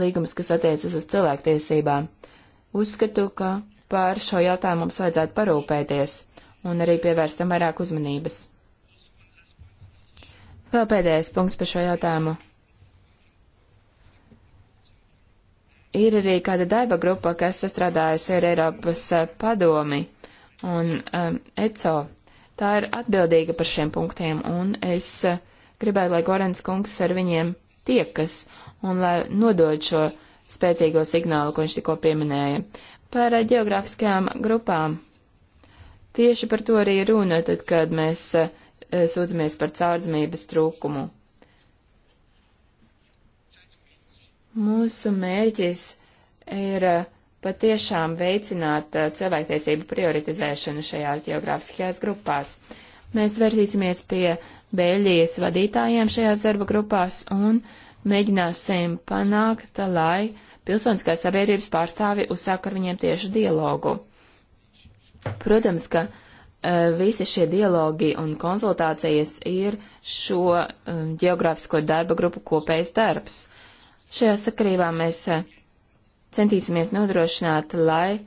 līgumus, kas attiecas uz cilvēktiesībām. Uzskatu, ka par šo jautājumu mums vajadzētu parūpēties un arī pievērstam vairāk uzmanības. Vēl pēdējais punkts par šo jautājumu. Ir arī kāda daiba grupa, kas sastrādājas ar Eiropas eh, padomi un um, ECO. Tā ir atbildīga par šiem punktiem, un es uh, gribētu, lai Gorens kungs ar viņiem tiekas un lai nodod šo spēcīgo signālu, ko viņš tikko pieminēja. Par uh, geogrāfiskajām grupām. Tieši par to arī runa, tad, kad mēs uh, sūdzamies par caurdzamības trūkumu. Mūsu mērķis ir patiešām veicināt uh, cilvēktiesību prioritizēšanu šajās geogrāfiskajās grupās. Mēs vērsīsimies pie Beļģijas vadītājiem šajās darba grupās un mēģināsim panākt, lai pilsoniskās sabiedrības pārstāvi uzsāk ar viņiem tieši dialogu. Protams, ka uh, Eh, visi šie dialogi un konsultācijas ir šo eh, geogrāfisko darba grupu kopējs darbs. Šajā sakarībā mēs eh, centīsimies nodrošināt, lai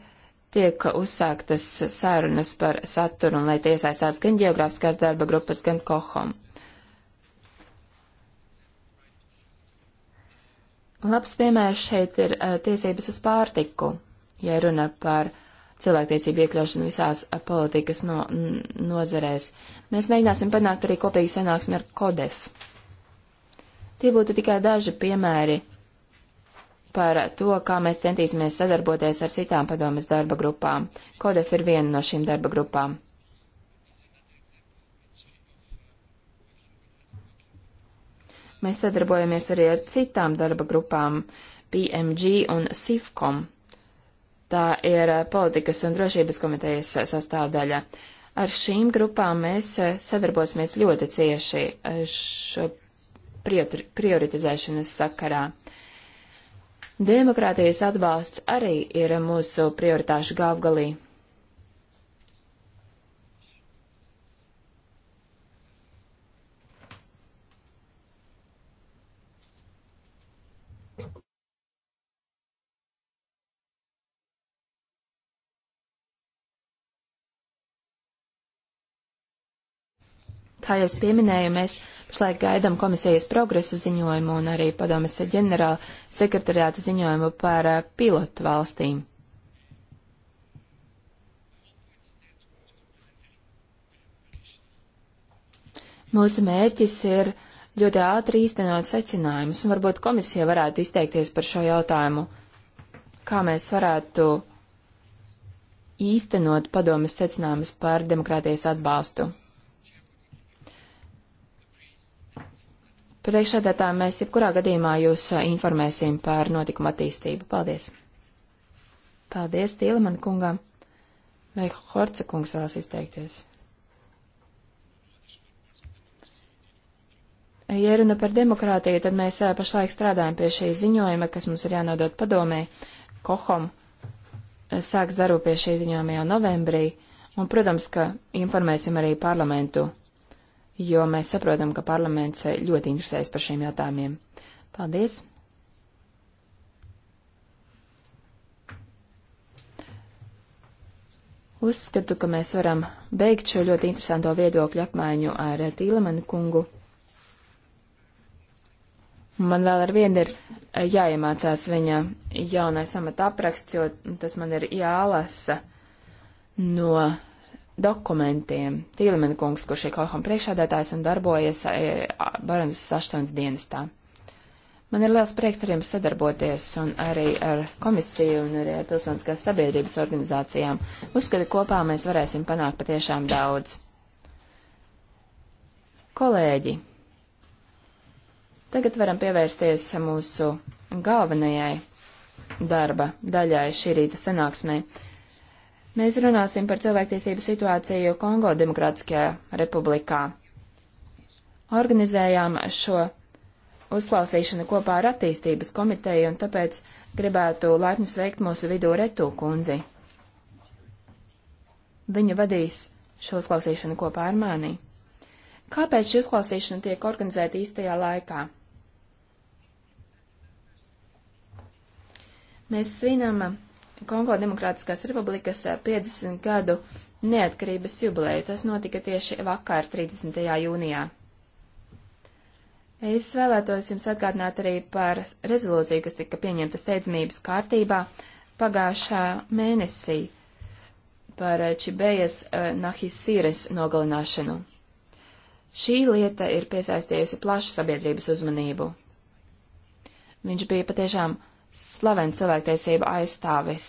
tiek uzsāktas sarunas par saturu un lai tie iesaistās gan geogrāfiskās darba grupas, gan kohom. Labs piemērs šeit ir tiesības uz pārtiku, ja runa par uh, cilvēktiesību iekļaušanu visās eh, politikas no, nozerēs. Mēs mēģināsim panākt arī kopīgu sanāksmi ar KODEF. Tie būtu tikai daži piemēri par to, kā mēs centīsimies sadarboties ar citām padomas darba grupām. KODEF ir viena no šīm darba grupām. Mēs sadarbojamies arī ar citām darba grupām, PMG un SIFCOM. Tā ir eh, politikas un drošības komitejas eh, sastāvdaļa. Ar šīm grupām mēs eh, sadarbosimies ļoti cieši šo prioritizēšanas sakarā. Demokrātijas atbalsts arī ir mūsu prioritāšu galvgalī. Kā jau es pieminēju, mēs pašlaik gaidām komisijas progresa ziņojumu un arī padomes ģenerāla sekretariāta ziņojumu par eh, pilotu valstīm. Mūsu mērķis ir ļoti ātri īstenot secinājumus, un varbūt komisija varētu izteikties par šo jautājumu, kā mēs varētu īstenot padomas secinājumus par demokrātijas atbalstu. Priekšsēdētā mēs jebkurā gadījumā jūs eh, informēsim par notikuma attīstību. Paldies! Paldies Tīleman kungam! Vai Horca kungs vēlas izteikties? Ja runa par demokrātiju, tad mēs eh, pašlaik strādājam pie šī ziņojuma, kas mums ir jānodot padomē. Kohom eh, sāks darbu pie šī ziņojuma jau novembrī, un, protams, ka informēsim arī parlamentu jo mēs saprotam, ka parlaments ļoti interesējas par šiem jautājumiem. Paldies! Uzskatu, ka mēs varam beigt šo ļoti interesanto viedokļu apmaiņu ar Tīlemanu kungu. Man vēl ar vienu ir jāiemācās viņa jaunais amata apraksts, jo tas man ir jālasa no dokumentiem. Tīlimena kungs, kurš ir Kohom priekšādātājs un darbojas e, Baranas aštuonas dienestā. Man ir liels prieks ar jums sadarboties un arī ar komisiju un arī ar pilsoniskās sabiedrības organizācijām. Uzskatu, kopā mēs varēsim panākt patiešām daudz. Kolēģi, tagad varam pievērsties mūsu galvenajai darba daļai šī rīta sanāksmē. Mēs runāsim par cilvēktiesību situāciju Kongo Demokrātiskajā republikā. Organizējām šo uzklausīšanu kopā ar attīstības komiteju, un tāpēc gribētu laipni sveikt mūsu vidū Retu kundzi. Viņa vadīs šo uzklausīšanu kopā ar mani. Kāpēc šī uzklausīšana tiek organizēta īstajā laikā? Mēs svinam Kongo Demokrātiskās Republikas 50 eh, gadu neatkarības jubileju. Tas notika tieši vakar, 30. jūnijā. Es vēlētos jums atgādināt arī par rezolūciju, kas tika pieņemta steidzamības kārtībā pagājušā mēnesī par eh, Čibējas uh, eh, Nahisīres nogalināšanu. Šī lieta ir piesaistījusi plašu sabiedrības uzmanību. Viņš bija patiešām uh, slavens cilvēktiesību aizstāvis,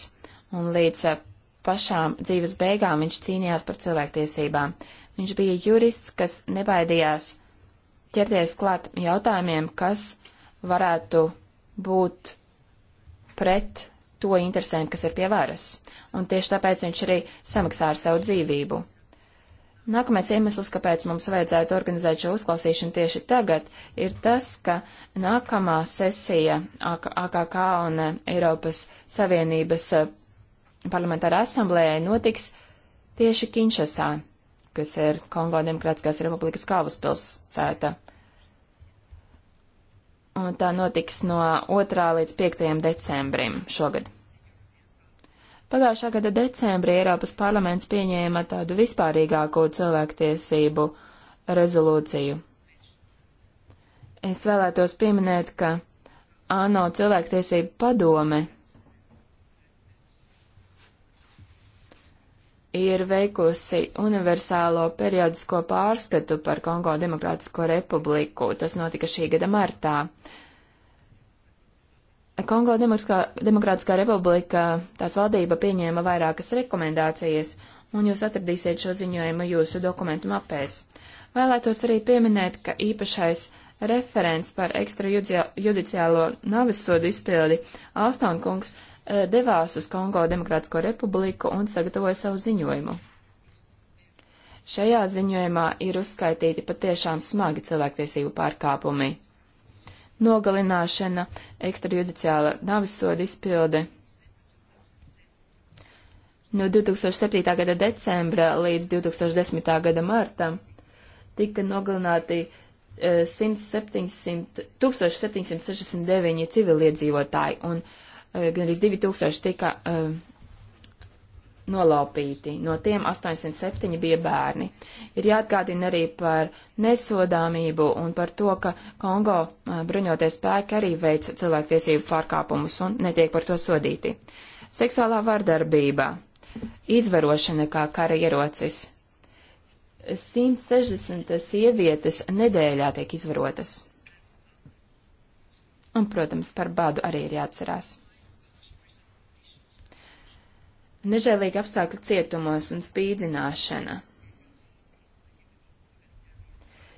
un līdz eh, pašām dzīves beigām viņš cīnījās par cilvēktiesībām. Viņš bija jurists, kas nebaidījās ķerties klāt jautājumiem, kas varētu būt pret to interesēm, kas ir pie varas. Un tieši tāpēc viņš arī samaksā ar savu dzīvību. Nākamais iemesls, kāpēc mums vajadzētu organizēt šo uzklausīšanu tieši tagad, ir tas, ka nākamā sesija AKK un eh, Eiropas Savienības eh, parlamentāra asamblējai notiks tieši Kinšasā, kas ir Kongo Demokrātiskās Republikas galvaspilsēta. Un tā notiks no 2. līdz 5. decembrim šogad. Pagājušā gada decembrī Eiropas parlaments pieņēma tādu vispārīgāko cilvēktiesību rezolūciju. Es vēlētos pieminēt, ka ANO cilvēktiesību padome ir veikusi universālo periodisko pārskatu par Kongo Demokrātisko republiku. Tas notika šī gada martā. Kongo Demokrātiskā republika, tās valdība pieņēma vairākas rekomendācijas, un jūs atradīsiet šo ziņojumu jūsu dokumentu mapēs. Vēlētos arī pieminēt, ka īpašais referents par ekstrajudiciālo navisodu izpildi Alstonkungs eh, devās uz Kongo Demokrātisko republiku un sagatavoja savu ziņojumu. Šajā ziņojumā ir uzskaitīti patiešām smagi cilvēktiesību pārkāpumi nogalināšana, ekstrajudiciāla navisoda izpilde. No 2007. gada decembra līdz 2010. gada martam tika nogalināti 1700, e, 1769 civiliedzīvotāji un gan arī 2000 tika uh, nolaupīti, no tiem 807 bija bērni. Ir jāatgādina arī par nesodāmību un par to, ka Kongo bruņoties spēki arī veic cilvēktiesību pārkāpumus un netiek par to sodīti. Seksuālā vardarbība, izvarošana kā kara ierocis. 160 sievietes nedēļā tiek izvarotas. Un, protams, par badu arī ir jāatcerās nežēlīgi apstākļi cietumos un spīdzināšana.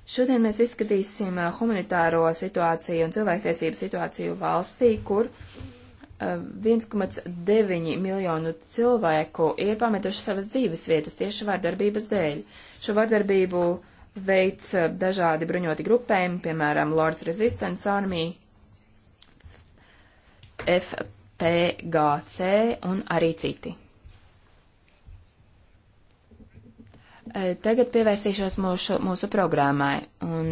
Šodien mēs izskatīsim humanitāro situāciju un cilvēktiesību situāciju valstī, kur 1,9 miljonu cilvēku ir pametuši savas dzīves vietas tieši vardarbības dēļ. Šo vardarbību veids dažādi bruņoti grupējumi, piemēram, Lords Resistance Army, FPGC un arī citi. Tagad pievērsīšos mūsu, mūsu programmai un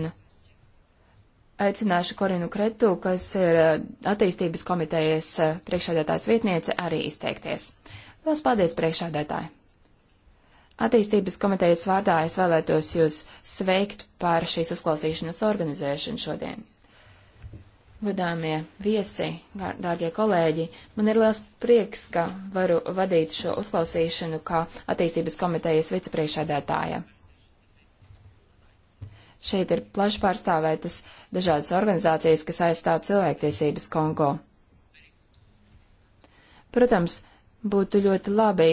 aicināšu Korinu Kretu, kas ir attīstības komitejas priekšādētājs vietniece, arī izteikties. Lielas paldies priekšādētāji! Attīstības komitejas vārdā es vēlētos jūs sveikt par šīs uzklausīšanas organizēšanu šodien. Godāmie viesi, dārgie kolēģi, man ir liels prieks, ka varu vadīt šo uzklausīšanu kā attīstības komitejas vicepriekšēdētāja. Šeit ir plaši pārstāvētas dažādas organizācijas, kas aizstāv cilvēktiesības Kongo. Protams, būtu ļoti labi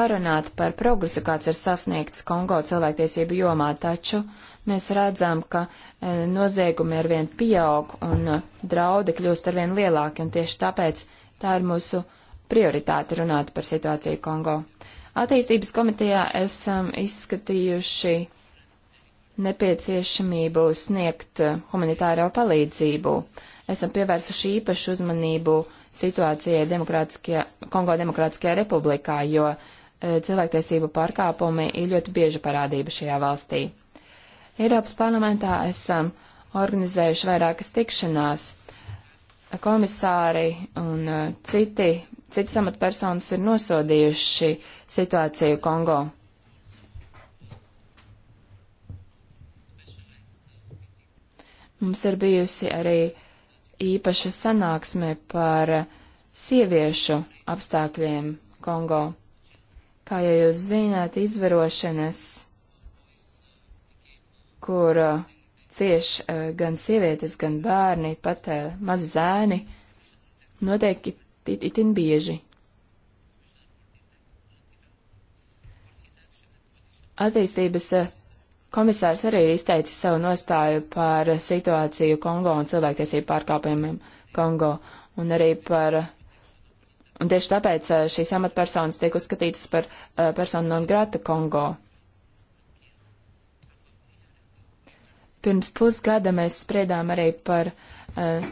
parunāt par progresu, kāds ir sasniegts Kongo cilvēktiesību jomā, taču uh, mēs redzam, ka e, noziegumi arvien pieaug un e, draudi kļūst arvien lielāki, un tieši tāpēc tā ir mūsu prioritāte runāt par situāciju Kongo. Attīstības komitejā esam izskatījuši nepieciešamību sniegt e, humanitāro palīdzību. Esam pievērsuši īpašu uzmanību situācijai demokrātiskajā, Kongo Demokrātiskajā republikā, jo cilvēktiesību pārkāpumi ir ļoti bieža parādība šajā valstī. Eiropas parlamentā esam organizējuši vairākas tikšanās. Komisāri un uh, citi, citi samatpersonas ir nosodījuši situāciju Kongo. Mums ir bijusi arī īpaša sanāksme par sieviešu apstākļiem Kongo. Kā jau jūs zināt, izvarošanas kur uh, cieš uh, gan sievietes, gan bērni, pat uh, mazi zēni, notiek it, it, itin bieži. Attīstības komisārs arī ir izteicis savu nostāju par situāciju Kongo un cilvēktiesību pārkāpumiem Kongo, un arī par Un tieši tāpēc šīs amatpersonas tiek uzskatītas par uh, personu non grata Kongo. Pirms pusgada mēs spriedām arī par uh,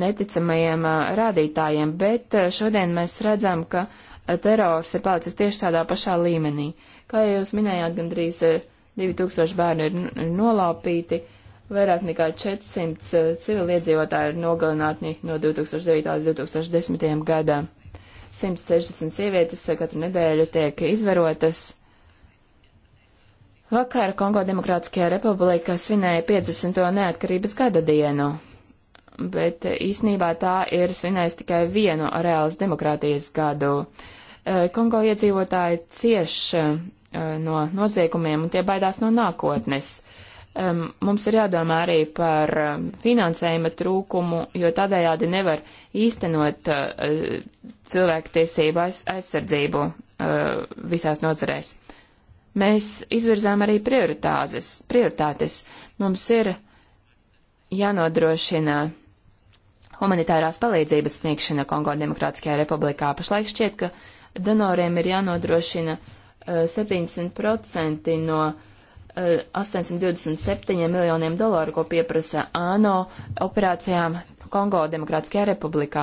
neticamajiem uh, rādītājiem, bet uh, šodien mēs redzam, ka uh, terors ir palicis tieši tādā pašā līmenī. Kā jūs minējāt, gandrīz uh, 2000 bērni ir, ir nolaupīti, vairāk nekā 400 uh, civiliedzīvotāji ir nogalināti no 2009. līdz 2010. gadam. 160 sievietes katru nedēļu tiek izvarotas. Uh, Vakar Kongo Demokrātiskajā republikā svinēja 50. neatkarības gada dienu, bet īsnībā tā ir svinējusi tikai vienu reāls demokrātijas gadu. E, Kongo iedzīvotāji cieš e, no noziegumiem un tie baidās no nākotnes. E, mums ir jādomā arī par finansējuma trūkumu, jo tādējādi nevar īstenot cilvēku tiesību aizsardzību visās nozarēs. Mēs izvirzām arī prioritātes. Mums ir jānodrošina humanitārās palīdzības sniegšana Kongo Demokrātiskajā republikā. Pašlaik šķiet, ka donoriem ir jānodrošina 70% eh, no 827 eh, miljoniem dolāru, ko pieprasa ANO operācijām Kongo Demokrātiskajā republikā.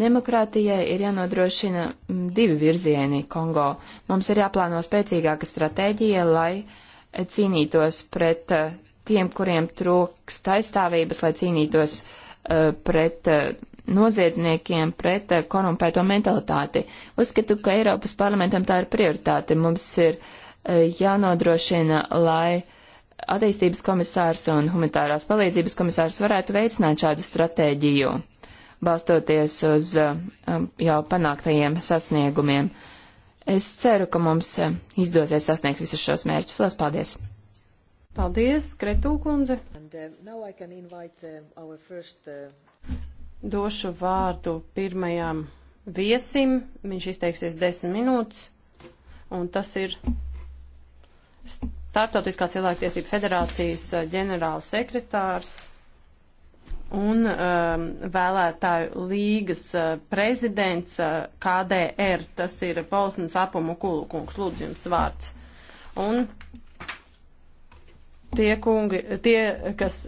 Demokrātijai ir jānodrošina mm, divi virzieni Kongo. Mums ir jāplāno spēcīgāka stratēģija, lai eh, cīnītos pret eh, tiem, kuriem trūkst aizstāvības, lai cīnītos eh, pret noziedzniekiem, pret korumpēto mentalitāti. Uzskatu, ka Eiropas parlamentam tā ir prioritāte. Mums ir jānodrošina, lai attīstības komisārs un humanitārās palīdzības komisārs varētu veicināt šādu stratēģiju, balstoties uz uh, um, jau panāktajiem sasniegumiem. Es ceru, ka mums uh, izdosies sasniegt visus šos mērķus. Lielas paldies! Paldies, Kretū kundze! And, uh, invite, uh, first, uh... Došu vārdu pirmajām viesim. Viņš izteiksies desmit minūtes, un tas ir Startautiskā cilvēktiesība federācijas eh, ģenerāls sekretārs un um, vēlētāju līgas uh, prezidents uh, eh, KDR, tas ir Polsnes apumu kulukungs, lūdzu jums vārds. Un tie kungi, tie, kas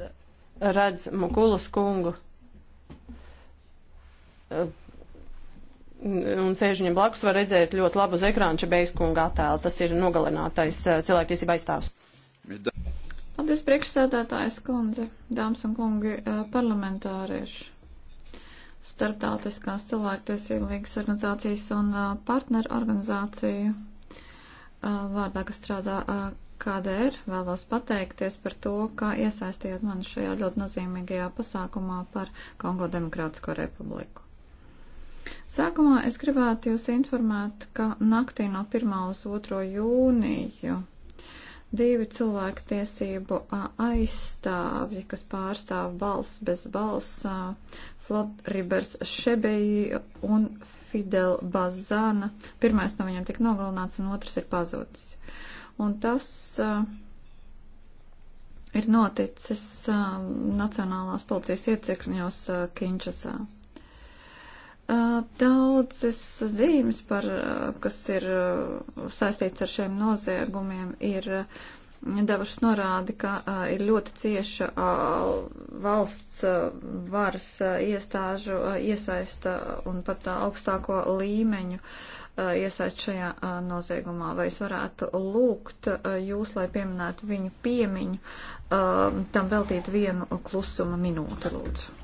redz Mukulas kungu, uh, un sēž viņam blakus, var redzēt ļoti labu uz ekrāna Čebeiskunga attēlu. Tas ir nogalinātais eh, cilvēktiesība aizstāvs. Paldies, priekšsēdētājas kundze, dāmas un kungi, eh, parlamentārieši. Starptautiskās cilvēktiesība līgas organizācijas un eh, partneru organizāciju vārdā, kas strādā KDR, vēlos pateikties par to, ka iesaistījāt mani šajā ļoti nozīmīgajā pasākumā par Kongo Demokrātisko republiku. Sākumā es gribētu jūs informēt, ka naktī no 1. uz 2. jūniju divi cilvēku tiesību aizstāvji, kas pārstāv balss bez balss, Flotribers Šebeji un Fidel Bazana. Pirmais no viņiem tika nogalināts un otrs ir pazudis. Un tas uh, ir noticis uh, Nacionālās policijas iecirkņos uh, Kinčasā. Daudzas zīmes, par, kas ir saistīts ar šiem noziegumiem, ir devušas norādi, ka ir ļoti cieša valsts varas iestāžu iesaista un pat augstāko līmeņu iesaist šajā noziegumā. Vai es varētu lūgt jūs, lai pieminētu viņu piemiņu, tam veltīt vienu klusuma minūti, lūdzu?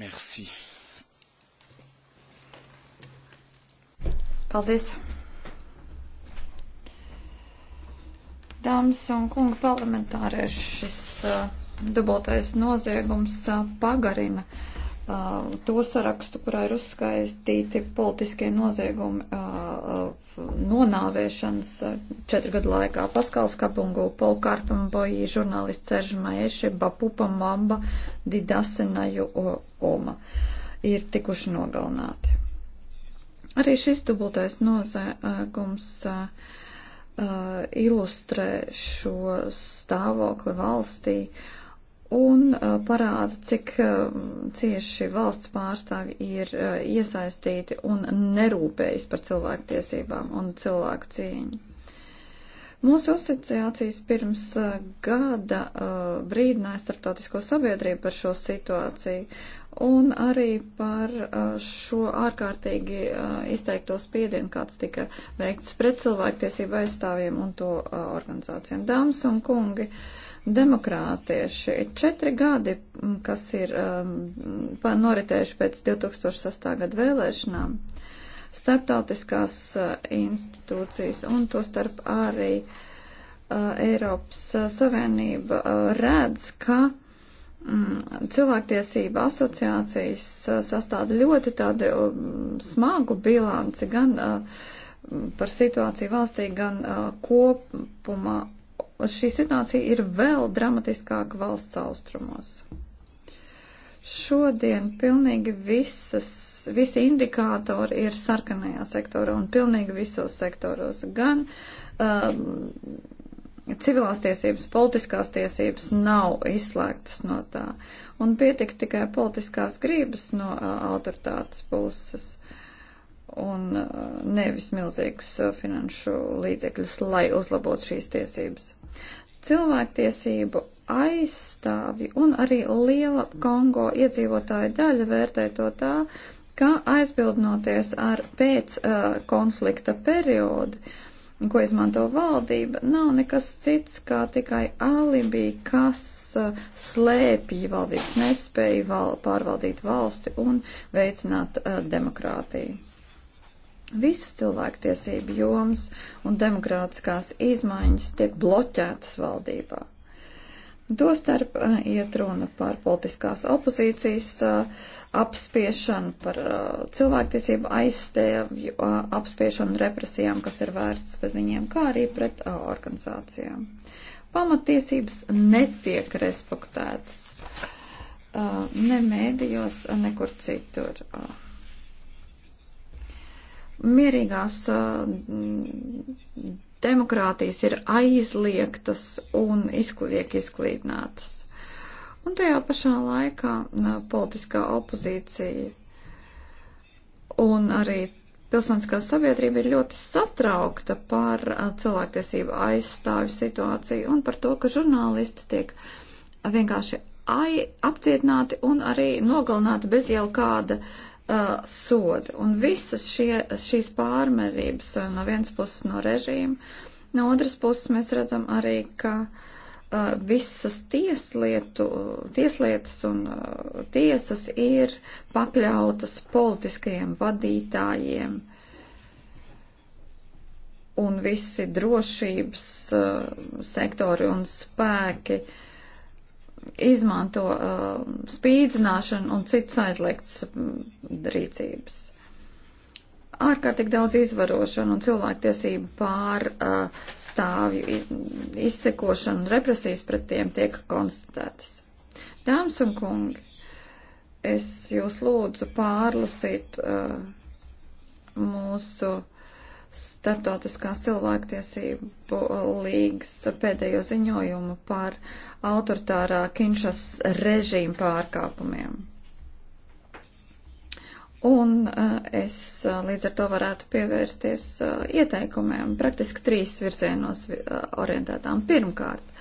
Merci. Paldies. Dāmas un kungi parlamentārieši, šis uh, dubultais noziegums uh, pagarina uh, to sarakstu, kurā ir uzskaitīti politiskie noziegumi nonāvēšanas četru gadu laikā. Paskals Kabungu, Polkārpam, Boji, žurnālists Seržma Eši, Bapupa, Mamba, Didasenaju, Oma ir tikuši nogalināti. Arī šis dubultais noziegums ilustrē šo stāvokli valstī. Uh, un uh, parāda, cik uh, cieši valsts pārstāvi ir uh, iesaistīti un nerūpējas par cilvēktiesībām un cilvēku cieņu. Mūsu asociācijas pirms gada brīdināja starptautisko sabiedrību par šo situāciju un arī par šo ārkārtīgi izteikto spiedienu, kāds tika veikts pret cilvēktiesību aizstāvjiem un to organizācijām. Dāmas un kungi! Uh, demokrātieši. Četri gadi, kas ir um, noritējuši pēc 2008. gada vēlēšanām, starptautiskās uh, institūcijas un to starp arī uh, Eiropas uh, Savienība uh, redz, ka mm, cilvēktiesība asociācijas uh, sastāda ļoti tādu um, smagu bilanci gan uh, par situāciju valstī, gan uh, kopumā Un šī situācija ir vēl dramatiskāka valsts austrumos. Šodien pilnīgi visas, visi indikātori ir sarkanajā sektorā un pilnīgi visos sektoros. Gan um, civilās tiesības, politiskās tiesības nav izslēgtas no tā. Un pietika tikai politiskās grības no uh, autoritātes puses un uh, nevis milzīgus uh, finanšu līdzekļus, lai uzlabotu šīs tiesības. Cilvēktiesību aizstāvi un arī liela Kongo iedzīvotāja daļa vērtē to tā, ka aizbildnoties ar pēc uh, konflikta periodu, ko izmanto valdība, nav nekas cits kā tikai alibi, kas uh, slēpj valdības nespēju val pārvaldīt valsti un veicināt uh, demokrātiju. Visas cilvēktiesība joms un demokrātiskās izmaiņas tiek bloķētas valdībā. Tostarp eh, iet runa par politiskās opozīcijas eh, apspiešanu, par eh, cilvēktiesību aizstēvju apspiešanu represijām, kas ir vērts pret viņiem, kā arī pret organizācijām. Pamatiesības netiek respektētas ne mēdījos, nekur citur. Mierīgās uh, demokrātijas ir aizliegtas un tiek izklīdinātas. Un tajā pašā laikā uh, politiskā opozīcija un arī pilsoniskā sabiedrība ir ļoti satraukta par uh, cilvēktiesību aizstāvju situāciju un par to, ka žurnālisti tiek vienkārši apcietināti un arī nogalināti bez jau kāda uh, sodu. Un visas šie, šīs pārmērības uh, no vienas puses no režīma, no otras puses mēs redzam arī, ka uh, visas tieslietu, tieslietas un uh, tiesas ir pakļautas politiskajiem vadītājiem. Un visi drošības uh, sektori un spēki uh, izmanto uh, spīdzināšanu un citas aizliegtas mm, rīcības. Ārkārtīgi daudz izvarošanu un cilvēktiesību pārstāvju uh, izsekošanu un represijas pret tiem tiek konstatētas. Dāmas un kungi, es jūs lūdzu pārlasīt uh, mūsu uh, Startautiskās cilvēktiesību līgas pēdējo ziņojumu par autoritārā Kinšas režīmu pārkāpumiem. Un eh, es eh, līdz ar to varētu pievērsties eh, ieteikumiem praktiski trīs virzienos orientētām. Pirmkārt,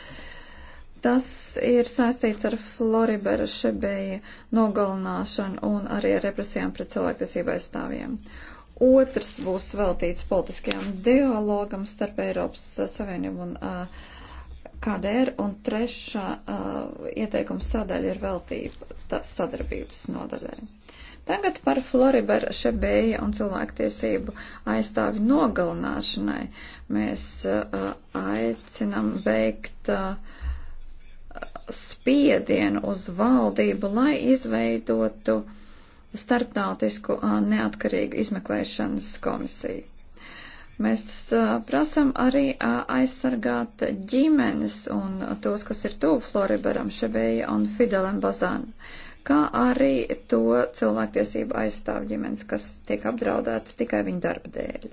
Tas ir saistīts ar Floribera Šebeja nogalināšanu un arī ar represijām pret cilvēktiesību aizstāvjiem. Otrs būs veltīts politiskajam dialogam starp Eiropas eh, Savienību un uh, eh, KDR, un trešā uh, ieteikuma sadaļa ir veltīta sadarbības nodaļai. Tagad par Floribera Šebeja un cilvēktiesību aizstāvi nogalināšanai mēs uh, aicinam veikt uh, spiedienu uz valdību, lai izveidotu uh, starptautisku neatkarīgu izmeklēšanas komisiju. Mēs prasam arī aizsargāt ģimenes un tos, kas ir tuvu Floribaram, Šebeja un Fidelem Bazanu, kā arī to cilvēktiesību aizstāv ģimenes, kas tiek apdraudēta tikai viņa darba dēļ.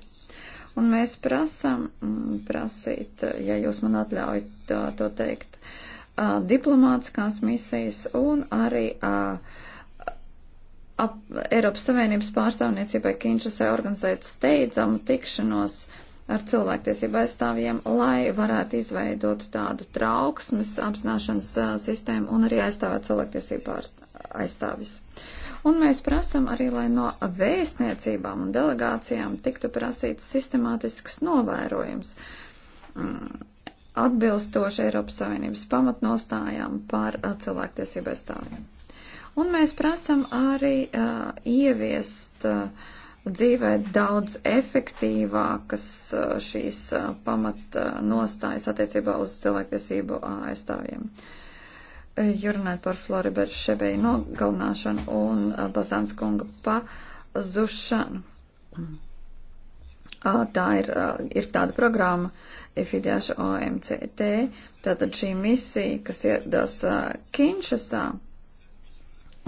Un mēs prasam, mm, prasīt, ja jūs man atļaujat to teikt, diplomātiskās misijas un arī uh, ap, Eiropas Savienības pārstāvniecībai Kinčasē organizēt steidzamu tikšanos ar cilvēktiesību aizstāvjiem, lai varētu izveidot tādu trauksmes apzināšanas uh, sistēmu un arī aizstāvēt cilvēktiesību aizstāvis. Un mēs prasam arī, lai no vēstniecībām un delegācijām tiktu prasīts sistemātisks novērojums mm, atbilstoši Eiropas Savienības pamatnostājām par cilvēktiesību aizstāvjiem. Un mēs prasam arī uh, ieviest uh, dzīvē daudz efektīvākas uh, šīs uh, pamat uh, nostājas attiecībā uz cilvēktiesību uh, aizstāvjiem. Uh, Jurnēt par Floribertu Šebeju nogalināšanu un uh, Bazāns kunga pazušanu. Mm. Tā ir, ir tāda programma FIDH OMCT, tātad šī misija, kas ieradās Kinšasā,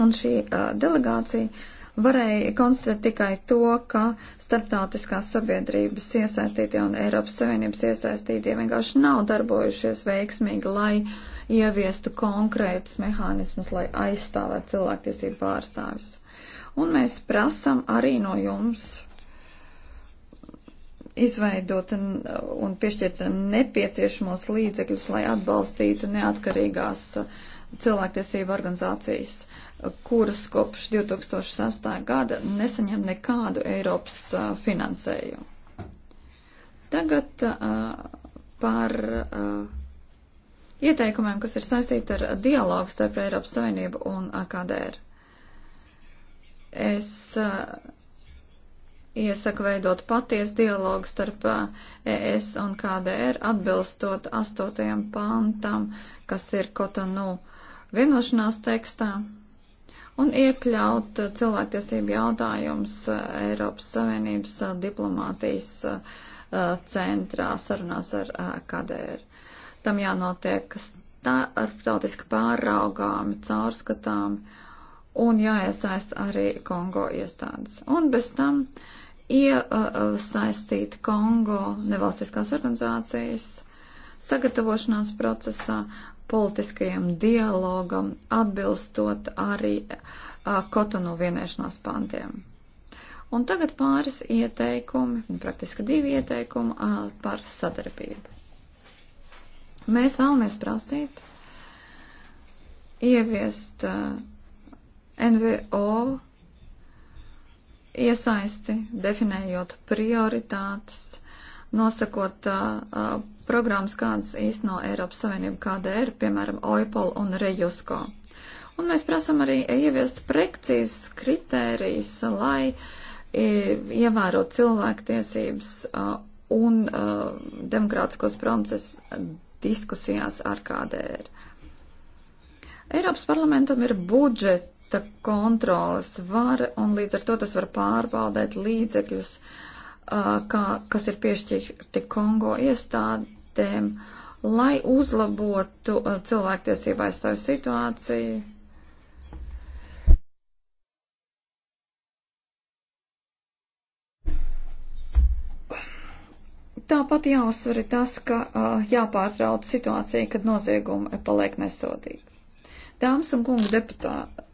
Un šī uh, delegācija varēja konstatēt tikai to, ka starptautiskās sabiedrības iesaistītie un Eiropas Savienības iesaistītie vienkārši nav darbojušies veiksmīgi, lai ieviestu konkrētus mehānismus, lai aizstāvētu cilvēktiesību pārstāvis. Un mēs prasam arī no jums izveidot un piešķirt nepieciešamos līdzekļus, lai atbalstītu neatkarīgās cilvēktiesību organizācijas kuras kopš 2008. gada nesaņem nekādu Eiropas uh, finansējumu. Tagad uh, par uh, ieteikumiem, kas ir saistīti ar dialogu starp Eiropas Savienību un AKDR. Es uh, iesaku veidot patiesu dialogu starp ES un KDR atbilstot 8. pantam, kas ir Kotonu vienošanās tekstā un iekļaut eh, cilvēktiesību jautājums eh, Eiropas Savienības eh, diplomātijas centrā sarunās ar Kadēru. Tam jānotiek starptautiski pāraugāmi, caurskatāmi un jāiesaist arī Kongo iestādes. Un bez tam iesaistīt Kongo nevalstiskās organizācijas sagatavošanās procesā politiskajam dialogam, atbilstot arī Kotonu vienēšanās pantiem. Un tagad pāris ieteikumi, nu, praktiski divi ieteikumi par sadarbību. Mēs vēlamies prasīt ieviest NVO iesaisti, definējot prioritātes nosakot uh, programmas, kādas īsteno Eiropas Savienība KDR, piemēram, OIPOL un REJUSKO. Un mēs prasam arī ieviest precīzes kritērijas, lai ievērot cilvēktiesības uh, un uh, demokrātiskos procesus diskusijās ar KDR. Eiropas parlamentam ir budžeta kontrolas vara, un līdz ar to tas var pārbaudēt līdzekļus uh, kā, kas ir piešķirti Kongo iestādēm, lai uzlabotu cilvēktiesību aizstāvju situāciju. Tāpat jāuzsver tas, ka uh, jāpārtrauc situācija, kad noziegumi paliek nesodīgi. Dāmas un kungi deputāti,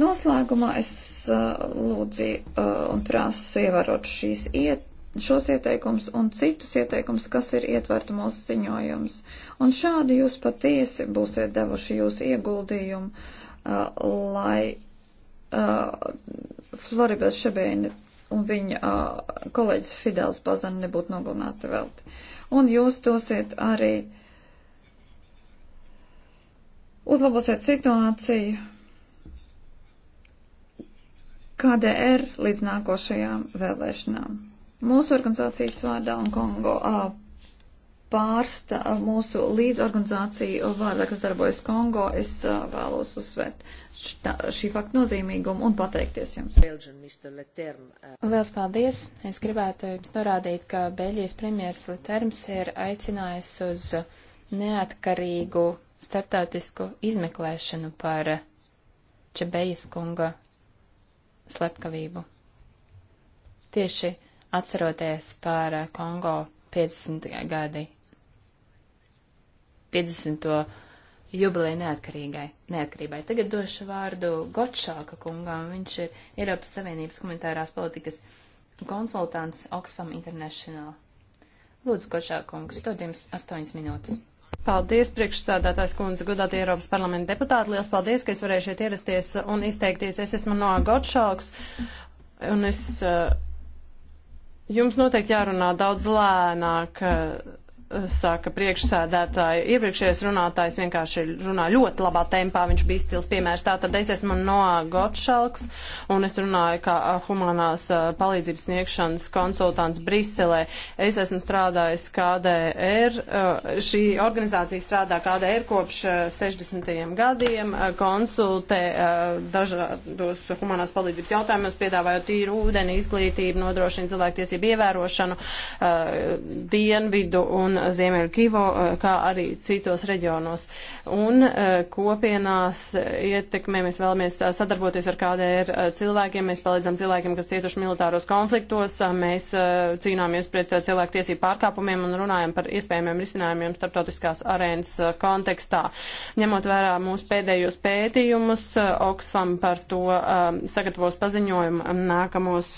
Noslēgumā es uh, lūdzu uh, un prasu ievērot šīs iet, šos ieteikumus un citus ieteikumus, kas ir ietverti mūsu ziņojums. Un šādi jūs patiesi būsiet devuši jūsu ieguldījumu, uh, lai uh, Floribels Šebēni un viņa uh, kolēģis Fidels Bazana nebūtu nogalināti velti. Un jūs dosiet arī uzlabosiet situāciju KDR līdz nākošajām vēlēšanām. Mūsu organizācijas vārdā un Kongo pārsta mūsu līdzorganizāciju vārdā, kas darbojas Kongo, es vēlos uzsvērt šta, šī fakta nozīmīgumu un pateikties jums. Lielas paldies! Es gribētu jums norādīt, ka Beļģijas premjeras Leterms ir aicinājis uz neatkarīgu starptautisku izmeklēšanu par Čebejas kunga slepkavību. Tieši atceroties par Kongo 50. gadi, 50. jubilē neatkarīgai, neatkarībai. Tagad došu vārdu Gotšāka kungam. Viņš ir Eiropas Savienības komunitārās politikas konsultants Oxfam International. Lūdzu, Gotšāka kungs, dod jums 8 minūtes. Paldies, priekšsādātājs kundze, godāti Eiropas parlamenta deputāti. Liels paldies, ka es varēju šeit ierasties un izteikties. Es esmu no Gotšalks un es. Eh, jums noteikti jārunā daudz lēnāk. Eh, saka priekšsēdētāji. Iepriekšējais runātājs vienkārši runā ļoti labā tempā, viņš bija izcils piemērs. Tātad es esmu Noā Gotšalks un es runāju kā humanās palīdzības sniegšanas konsultants Briselē. Es esmu strādājis KDR, šī organizācija strādā KDR kopš 60. gadiem, konsultē dažādos humanās palīdzības jautājumos, piedāvājot tīru ūdeni, izglītību, nodrošina cilvēktiesību ievērošanu, dienvidu un Ziemeļkivo, eh, kā arī citos reģionos. Un eh, kopienās eh, ietekmē mēs vēlamies sadarboties ar KDR cilvēkiem, mēs palīdzam cilvēkiem, kas cietuši militāros konfliktos, mēs cīnāmies pret cilvēku tiesību pārkāpumiem un runājam par iespējamiem risinājumiem starptautiskās arēnas kontekstā. Ņemot vērā mūsu pēdējos pētījumus, Oxfam par to sagatavos paziņojumu nākamos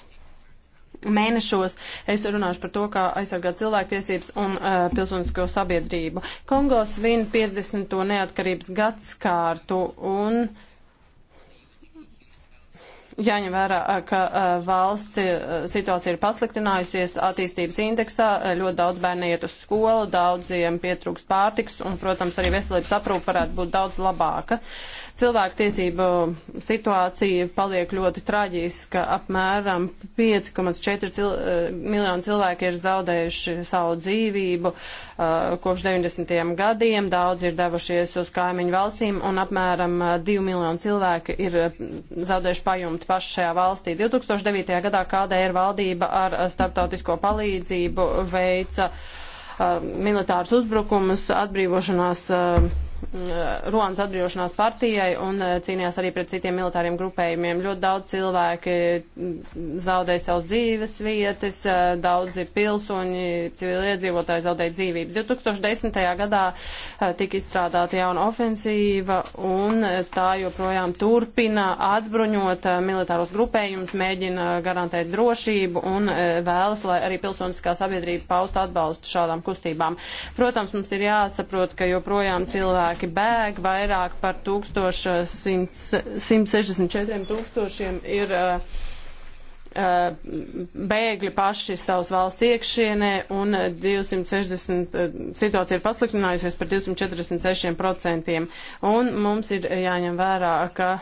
mēnešos. Es runāšu par to, kā aizsargāt cilvēktiesības un uh, pilsonisko sabiedrību. Kongo svin 50. neatkarības gadskārtu un jāņem vērā, uh, ka uh, valsts uh, situācija ir pasliktinājusies attīstības indeksā, ļoti daudz bērni iet uz skolu, daudziem pietrūks pārtiks un, protams, arī veselības aprūpa varētu būt daudz labāka. Cilvēktiesību situācija paliek ļoti traģiska. Apmēram 5,4 cil eh, miljonu cilvēku ir zaudējuši savu dzīvību uh, kopš 90. gadiem. Daudz ir devušies uz kaimiņu valstīm un apmēram 2 eh, miljonu cilvēku ir zaudējuši pajumti paši šajā valstī. 2009. gadā KDR valdība ar starptautisko palīdzību veica uh, militārus uzbrukumus, atbrīvošanās uh, Ruandas atbrīvošanās partijai un eh, cīnījās arī pret citiem militāriem grupējumiem. Ļoti daudz cilvēki mm, zaudēja savus dzīves vietas, eh, daudzi pilsoņi, civiliedzīvotāji zaudēja dzīvības. 2010. gadā eh, tika izstrādāta jauna ofensīva un tā joprojām turpina atbruņot militāros grupējumus, mēģina garantēt drošību un vēlas, lai arī pilsoniskā sabiedrība paustu atbalstu šādām kustībām. Protams, mums ir jāsaprot, ka joprojām cilvēki cilvēki bēg, vairāk par 164 tūkstošiem ir uh, bēgļi paši savas valsts iekšienē un 260, eh, situācija ir pasliktinājusies par 246%. Un mums ir jāņem vērā, ka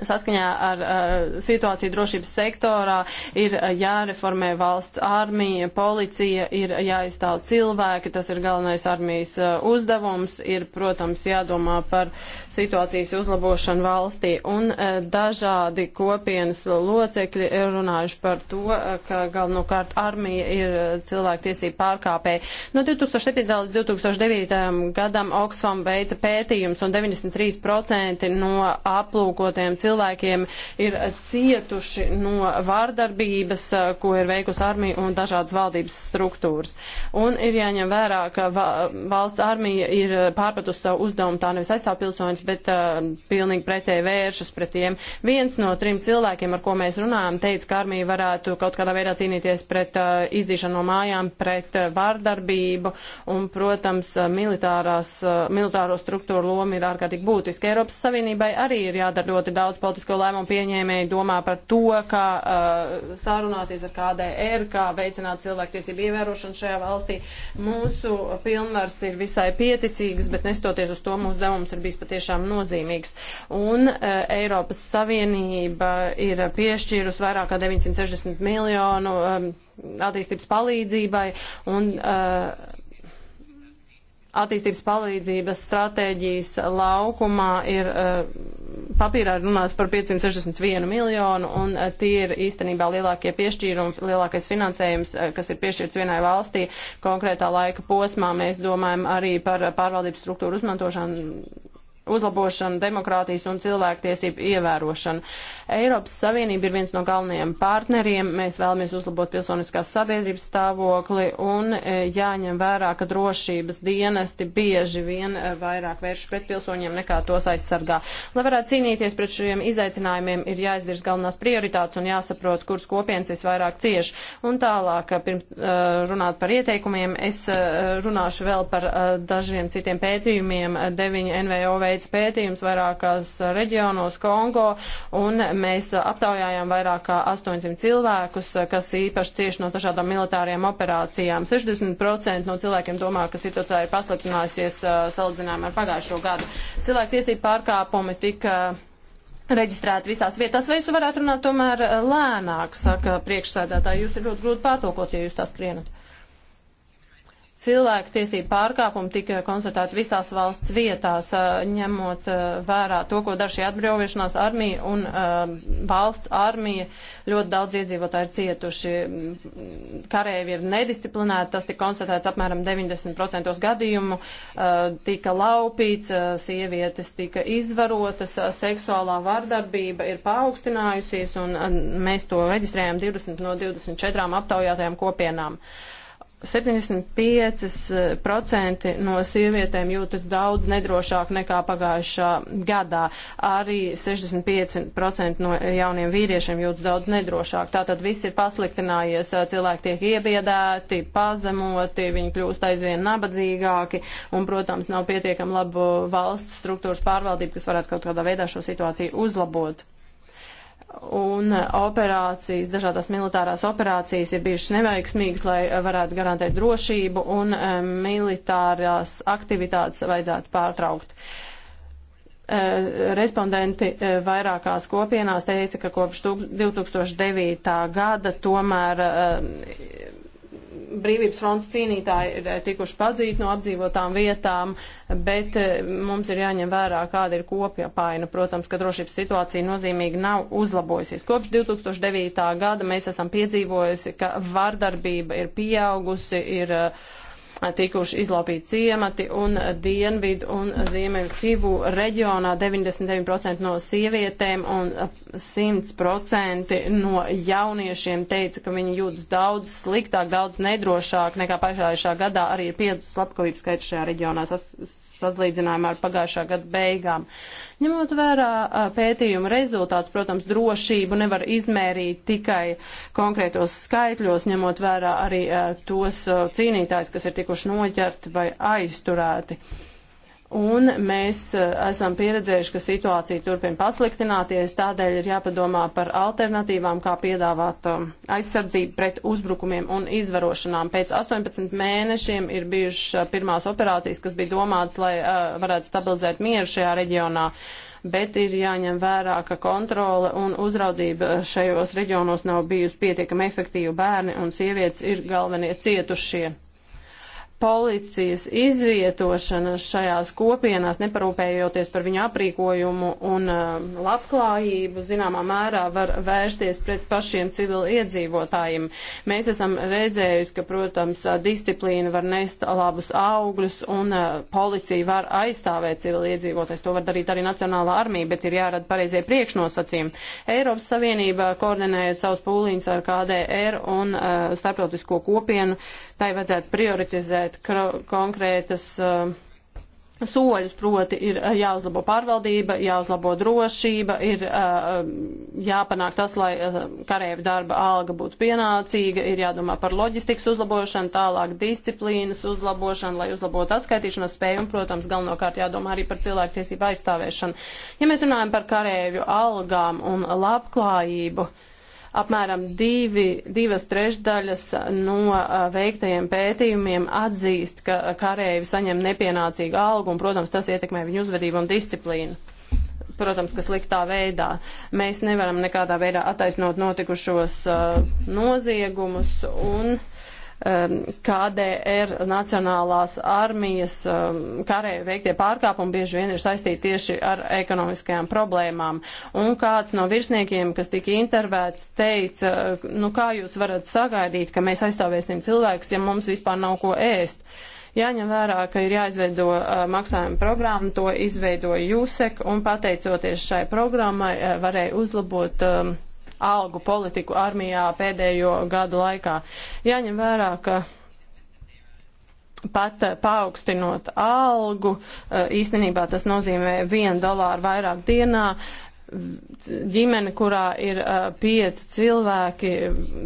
Saskaņā ar uh, situāciju drošības sektorā ir eh, jāreformē valsts armija, policija, ir jāizstāv cilvēki, tas ir galvenais armijas uh, uzdevums, ir, protams, jādomā par situācijas uzlabošanu valstī. Un uh, dažādi kopienas locekļi ir runājuši par to, uh, ka galvenokārt armija ir uh, cilvēktiesība pārkāpēja. No 2007. līdz 2009. gadam Oxfam veica pētījums un 93% no aplūkotiem cilvēkiem ir cietuši no vārdarbības, eh, ko ir veikusi armija un dažādas valdības struktūras. Un ir jāņem vērā, ka valsts armija ir pārpratusi savu uzdevumu, tā nevis aizstāv pilsoņus, bet uh, pilnīgi pretēji vēršas pret tiem. Viens no trim cilvēkiem, ar ko mēs runājam, teica, ka armija varētu kaut kādā veidā cīnīties pret uh, izdīšanu no mājām, pret uh, vārdarbību un, protams, militārās, uh, militāro struktūru loma ir ārkārtīgi būtiska. Eiropas Savienībai arī ir jādara ļoti daudz daudz politisko lēmumu pieņēmēji domā par to, kā uh, sarunāties ar KDR, kā veicināt cilvēktiesību ievērošanu šajā valstī. Mūsu pilnvars ir visai pieticīgs, bet nestoties uz to, mūsu devums ir bijis patiešām nozīmīgs. Un uh, Eiropas Savienība ir piešķīrus vairāk kā 960 miljonu um, attīstības palīdzībai. Un, uh, attīstības palīdzības stratēģijas laukumā ir eh, papīrā runāts par 561 miljonu, un eh, tie ir īstenībā lielākie piešķīrumi, lielākais finansējums, eh, kas ir piešķirts vienai valstī konkrētā laika posmā. Mēs domājam arī par pārvaldības struktūru uzmantošanu uzlabošana, demokrātijas un cilvēktiesību ievērošana. Eiropas Savienība ir viens no galvenajiem partneriem. Mēs vēlamies uzlabot pilsoniskās sabiedrības stāvokli un e, jāņem vērā, ka drošības dienesti bieži vien e, vairāk vērš pret pilsoņiem nekā tos aizsargā. Lai varētu cīnīties pret šiem izaicinājumiem, ir jāizvirs galvenās prioritātes un jāsaprot, kuras kopienas visvairāk cieš. Un tālāk, e, pirms runāt par ieteikumiem, es runāšu vēl par dažiem citiem pētījumiem 9 NVOV veids pētījums vairākās reģionos Kongo, un mēs aptaujājām vairāk kā 800 cilvēkus, kas īpaši cieši no dažādām militāriem operācijām. 60% no cilvēkiem domā, ka situācija ir pasliktinājusies uh, salīdzinājumā ar pagājušo gadu. Cilvēktiesība pārkāpumi tika uh, reģistrēti visās vietās, vai jūs varētu runāt tomēr uh, lēnāk, saka priekšsēdētāji, jūs ir ļoti grūti pārtulkot, ja jūs tā skrienat cilvēku tiesību pārkāpumi tika konstatēti visās valsts vietās, ņemot vērā to, ko dar šī atbrīvošanās armija un valsts armija. Ļoti daudz iedzīvotāji ir cietuši, karēji ir nedisciplinēti, tas tika konstatēts apmēram 90% gadījumu, tika laupīts, sievietes tika izvarotas, seksuālā vardarbība ir paaugstinājusies un mēs to reģistrējām 20 no 24 aptaujātajām kopienām. Uh, 75% eh, no sievietēm jūtas daudz nedrošāk nekā pagājušā gadā. Arī 65% no jauniem vīriešiem jūtas daudz nedrošāk. Tātad viss ir pasliktinājies, eh, cilvēki tiek iebiedēti, pazemoti, viņi kļūst aizvien nabadzīgāki un, protams, nav pietiekam labu valsts struktūras pārvaldību, kas varētu kaut kādā veidā šo situāciju uzlabot un operācijas, dažādas militārās operācijas ir bijušas neveiksmīgas, lai varētu garantēt drošību, un um, militārās aktivitātes vajadzētu pārtraukt. Uh, respondenti uh, vairākās kopienās teica, ka kopš 2009. gada tomēr uh, brīvības fronts cīnītāji ir eh, tikuši padzīti no apdzīvotām vietām, bet eh, mums ir jāņem vērā, kāda ir kopja paina. Protams, ka drošības situācija nozīmīgi nav uzlabojusies. Kopš 2009. gada mēs esam piedzīvojusi, ka vardarbība ir pieaugusi, ir uh, tikuši izlaupīti ciemati un dienvidu un ziemeļu Kivu reģionā 99% no sievietēm un 100% no jauniešiem teica, ka viņi jūtas daudz sliktāk, daudz nedrošāk nekā pašā gadā. Arī ir pieaudzis slepkavības skaits šajā reģionā. Tas salīdzinājumā ar pagājušā gada beigām. Ņemot vērā pētījuma rezultātus, protams, drošību nevar izmērīt tikai konkrētos skaitļos, ņemot vērā arī tos cīnītājs, kas ir tikuši noķerti vai aizturēti. Un mēs eh, esam pieredzējuši, ka situācija turpina pasliktināties, tādēļ ir jāpadomā par alternatīvām, kā piedāvāt um, aizsardzību pret uzbrukumiem un izvarošanām. Pēc 18 mēnešiem ir bijušas uh, pirmās operācijas, kas bija domātas, lai uh, varētu stabilizēt mieru šajā reģionā bet ir jāņem vērā, ka kontrole un uzraudzība uh, šajos reģionos nav bijusi pietiekami efektīva. Bērni un sievietes ir galvenie cietušie policijas izvietošana šajās kopienās, neparūpējoties par viņu aprīkojumu un uh, labklājību, zināmā mērā var vērsties pret pašiem civili iedzīvotājiem. Mēs esam redzējuši, ka, protams, uh, disciplīna var nest labus augļus un uh, policija var aizstāvēt civili iedzīvotājs. To var darīt arī Nacionālā armija, bet ir jārada pareizie priekšnosacījumi. Eiropas Savienība koordinējot savus pūliņus ar KDR un uh, starptautisko kopienu uh, tai vajadzētu prioritizēt konkrētas uh, soļus, proti ir uh, jāuzlabo pārvaldība, jāuzlabo drošība, ir uh, jāpanāk tas, lai uh, karēvi darba alga būtu pienācīga, ir jādomā par loģistikas uzlabošanu, tālāk disciplīnas uzlabošanu, lai uzlabotu atskaitīšanos spēju un, protams, galvenokārt jādomā arī par cilvēktiesību aizstāvēšanu. Ja mēs runājam par karēvju algām un labklājību, uh, Apmēram divi, divas trešdaļas no veiktajiem pētījumiem atzīst, ka karēvi saņem nepienācīgu algu, un, protams, tas ietekmē viņu uzvedību un disciplīnu protams, ka sliktā veidā. Mēs nevaram nekādā veidā attaisnot notikušos uh, noziegumus un Um, KDR Nacionālās armijas um, karēju veiktie pārkāpumi bieži vien ir saistīti tieši ar ekonomiskajām problēmām. Un kāds no virsniekiem, kas tika intervēts, teica, nu kā jūs varat sagaidīt, ka mēs aizstāvēsim cilvēkus, ja mums vispār nav ko ēst jāņem vērā, ka ir jāizveido uh, maksājuma programma, to izveidoja Jūsek, un pateicoties šai programmai uh, varēja uzlabot uh, algu politiku armijā pēdējo gadu laikā. Jāņem vērā, ka pat paaugstinot algu, īstenībā tas nozīmē vienu dolāru vairāk dienā, ģimene, kurā ir uh, pieci cilvēki,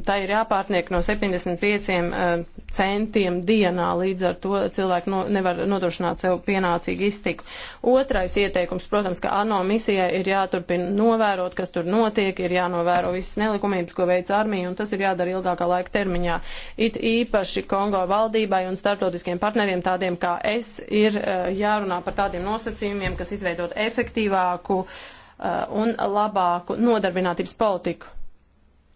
tā ir jāpārtniek no 75 uh, centiem dienā, līdz ar to cilvēki no, nevar nodrošināt sev pienācīgu iztiku. Otrais ieteikums, protams, ka ANO misijai ir jāturpina novērot, kas tur notiek, ir jānovēro visas nelikumības, ko veic armija, un tas ir jādara ilgākā laika termiņā. It īpaši Kongo valdībai un starptautiskiem partneriem tādiem kā es ir uh, jārunā par tādiem nosacījumiem, kas izveidot efektīvāku uh, Uh, un labāku nodarbinātības politiku.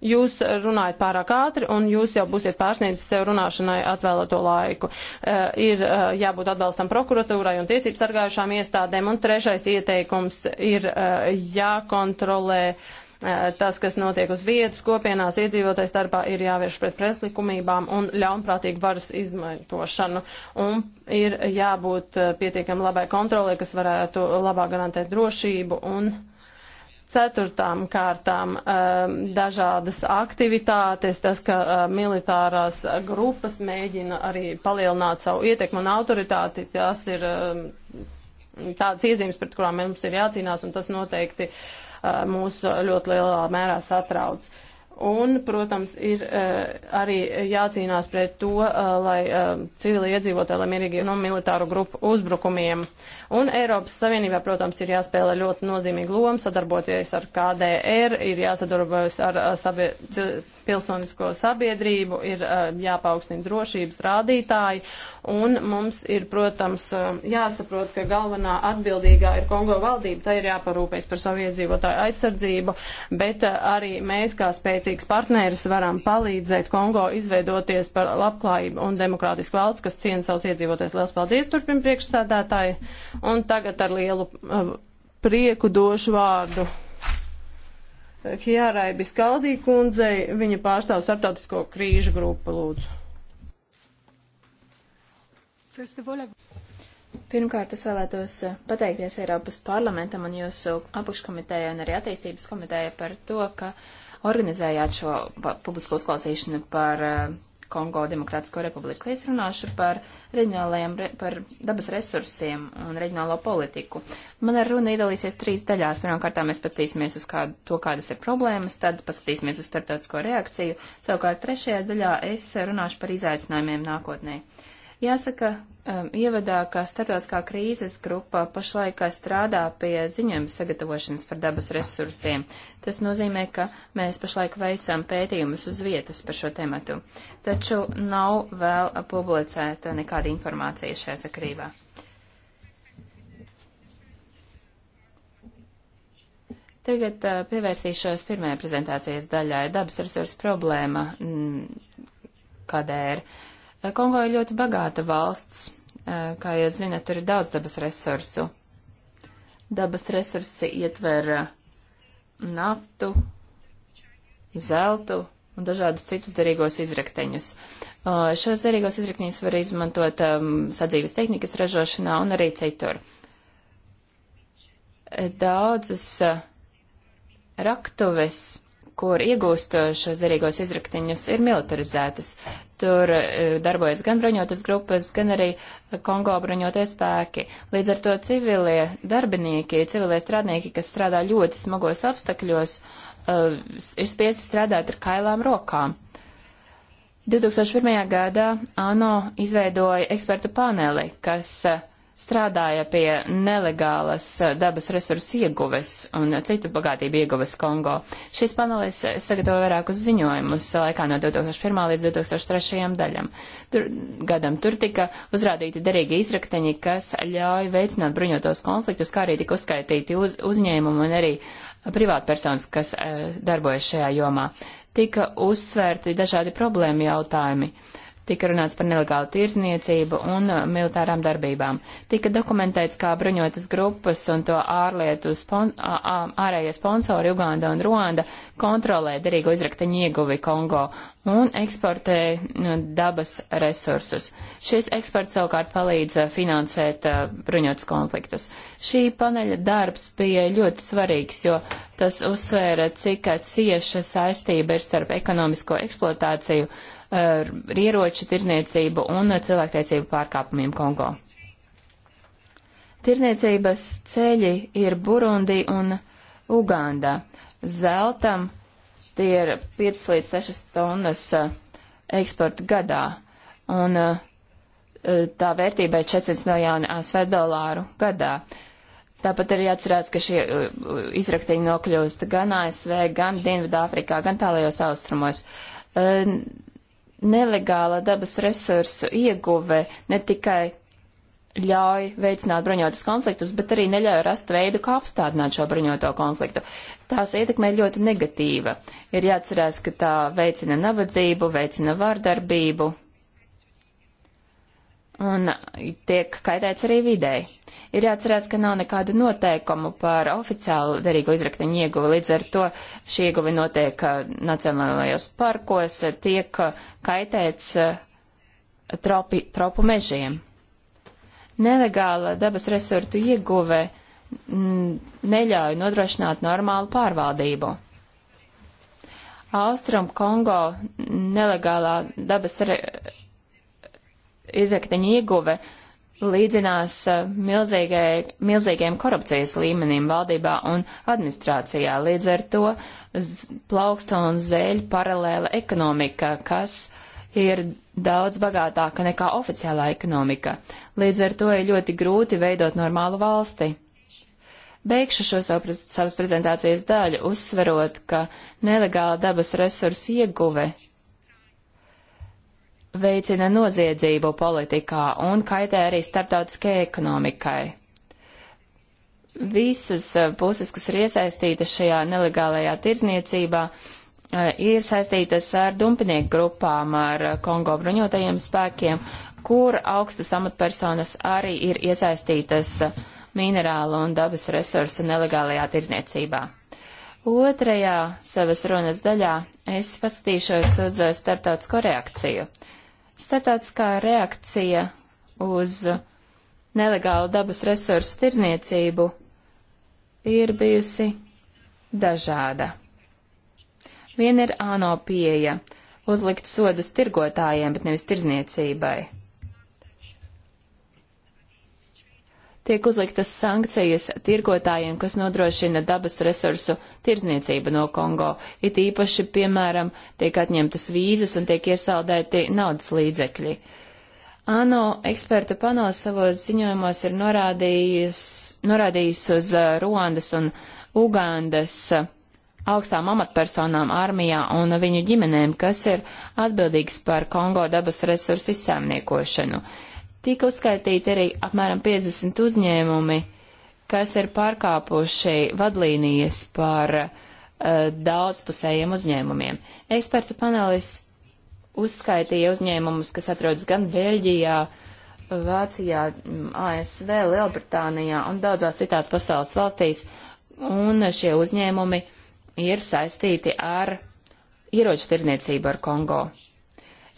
Jūs runājat pārāk ātri, un jūs jau būsiet pārsniedzis sev runāšanai atvēlēto laiku. Uh, ir uh, jābūt atbalstam prokuratūrai un tiesību sargājušām iestādēm, un trešais ieteikums ir uh, jākontrolē uh, tas, kas notiek uz vietas kopienās, iedzīvotāji starpā ir jāvērš pret pretlikumībām un ļaunprātīgu varas izmantošanu. Un ir jābūt uh, pietiekam labai kontrolē, kas varētu labāk garantēt drošību un uh, Ceturtām kārtām ehm, dažādas aktivitātes, tas, ka ehm, militārās grupas mēģina arī palielināt savu ietekmu un autoritāti, tas ir ehm, tādas iezīmes, pret kurām mums ir jācīnās, un tas noteikti mūs ļoti lielā mērā satrauc. Uh, Un, protams, ir eh, arī jācīnās pret to, eh, lai eh, civili iedzīvotāji, lai mierīgi no militāru grupu uzbrukumiem. Un Eiropas Savienībā, protams, ir jāspēlē ļoti nozīmīga loma, sadarboties ar KDR, ir jāsadarbojas ar sabiedrību pilsonisko sabiedrību, ir eh, jāpaukstina drošības rādītāji, un mums ir, protams, eh, jāsaprot, ka galvenā atbildīgā ir Kongo valdība, tai ir jāparūpēs par savu iedzīvotāju aizsardzību, bet eh, arī mēs, kā spēcīgs partneris, varam palīdzēt Kongo izveidoties par labklājību un demokrātisku valsts, kas ciena savus iedzīvotājus. Lielas paldies turpin priekšsādātāji, un tagad ar lielu prieku došu vārdu. Hjārai Biskaldī kundzei, viņa pārstāv starptautisko krīžu grupu, lūdzu. Pirmkārt, es vēlētos eh, pateikties Eiropas parlamentam un jūsu apakškomitējai un arī attīstības komitējai par to, ka organizējāt šo publisko uzklausīšanu par eh, Kongo Demokrātisko republiku. Es runāšu par reģionālajiem, par dabas resursiem un reģionālo politiku. Man ar runu iedalīsies trīs daļās. Pirmkārt, mēs paskatīsimies uz kādu, to, kādas ir problēmas, tad paskatīsimies uz starptautisko reakciju. Savukārt trešajā daļā es runāšu par izaicinājumiem nākotnē. Jāsaka, um, ievadā, ka starptautiskā krīzes grupa pašlaikā strādā pie ziņojuma sagatavošanas par dabas resursiem. Tas nozīmē, ka mēs pašlaik veicam pētījumus uz vietas par šo tematu, taču nav vēl publicēta nekāda informācija šajā sakrībā. Tagad uh, pievērsīšos pirmajai prezentācijas daļai - dabas resursu problēma, mm, kādēļ. Kongo ir ļoti bagāta valsts, Eh, kā jūs zināt, tur ir daudz dabas resursu. Dabas resursi ietver eh, naftu, zeltu un dažādus citus derīgos izrakteņus. Eh, šos derīgos izrakteņus var izmantot ehm, sadzīves tehnikas ražošanā un arī citur. Daudzas raktuves kur iegūst uh, šos derīgos izraktiņus, ir militarizētas. Tur uh, darbojas gan bruņotas grupas, gan arī uh, Kongo bruņotie spēki. Līdz ar to civilie darbinieki, civilie strādnieki, kas strādā ļoti smagos apstākļos, ir spiesti strādāt ar kailām rokām. 2001. gadā ANO izveidoja ekspertu paneli, kas uh, strādāja pie nelegālas eh, dabas resursu ieguves un citu bagātību ieguves Kongo. Šīs panelis eh, sagatavoja vairākus ziņojumus eh, laikā no 2001. līdz 2003. Daļam. Tur, gadam. Tur tika uzrādīti derīgi izrakteņi, kas ļauj veicināt bruņotos konfliktus, kā arī tika uzskaitīti uz, uzņēmumi un arī privātpersonas, kas e, darbojas šajā jomā. Tika uzsvērti dažādi problēma jautājumi. Uh, Tika runāts par nelegālu tirzniecību un uh, militārām darbībām. Tika dokumentēts, kā bruņotas grupas un to ārlietu spon ārējie sponsori Uganda un Ruanda kontrolē derīgo izraktaņu ieguvi Kongo un eksportē uh, dabas resursus. Šis eksports savukārt palīdz uh, finansēt bruņots konfliktus. Šī paneļa darbs bija ļoti svarīgs, jo tas uzsvēra, cik cieša saistība ir starp ekonomisko eksploatāciju ieroču tirzniecību un cilvēktiesību pārkāpumiem Kongo. Tirzniecības ceļi ir Burundi un Uganda. Zeltam tie ir 5 līdz 6 tonnas uh, eksporta gadā, un uh, uh, tā vērtība ir 400 miljoni ASV dolāru gadā. Tāpat arī jāatcerās, ka šie izraktiņi nokļūst gan ASV, gan Dienvidāfrikā, gan tālajos austrumos nelegāla dabas resursu ieguve ne tikai ļauj veicināt bruņotus konfliktus, bet arī neļauj rast veidu, kā apstādināt šo bruņoto konfliktu. Tās ietekme ir ļoti negatīva. Ir jāatcerās, ka tā veicina nabadzību, veicina vārdarbību, un tiek kaitēts arī videi. Ir jāatcerās, ka nav nekādu noteikumu par oficiālu derīgo izrakteņu ieguvi, līdz ar to šī ieguvi notiek uh, nacionālajos parkos, uh, tiek uh, kaitēts tropi, tropu mežiem. Nelegāla dabas resurtu ieguve mm, neļauj nodrošināt normālu pārvaldību. Austrum Kongo nelegālā dabas re izrakteņa ieguve līdzinās eh, milzīgiem korupcijas līmenim valdībā un administrācijā. Līdz ar to plauksta un zēļ paralēla ekonomika, kas ir daudz bagātāka nekā oficiālā ekonomika. Līdz ar to ir ļoti grūti veidot normālu valsti. Beigšu šo savu, savas prezentācijas daļu, uzsverot, ka nelegāla dabas resursu ieguve veicina noziedzību politikā un kaitē arī starptautiskajai ekonomikai. Visas eh, puses, kas ir iesaistītas šajā nelegālajā tirzniecībā, eh, ir saistītas ar dumpinieku grupām, ar eh, Kongo bruņotajiem spēkiem, kur augstas amatpersonas arī ir iesaistītas minerālu un dabas resursu nelegālajā tirzniecībā. Otrajā savas runas daļā es paskatīšos uz starptautisko reakciju. Startautiskā reakcija uz nelegālu dabas resursu tirzniecību ir bijusi dažāda. Viena ir āno pieeja - uzlikt sodus tirgotājiem, bet nevis tirzniecībai. tiek uzliktas sankcijas tirgotājiem, kas nodrošina dabas resursu tirdzniecību no Kongo. It īpaši, piemēram, tiek atņemtas vīzas un tiek iesaldēti naudas līdzekļi. ANO ekspertu panos savos ziņojumos ir norādījis, norādījis uz uh, Ruandas un Ugandas uh, augstām amatpersonām armijā un viņu ģimenēm, kas ir atbildīgs par Kongo dabas resursu izsēmniekošanu. Uh, Tika uzskaitīti arī apmēram 50 uzņēmumi, kas ir pārkāpuši vadlīnijas par uh, daudzpusējiem uzņēmumiem. Ekspertu panelis uzskaitīja uzņēmumus, kas atrodas gan Beļģijā, Vācijā, mm, ASV, Lielbritānijā un daudzās citās pasaules valstīs, un šie uzņēmumi ir saistīti ar ieroču tirdzniecību ar Kongo.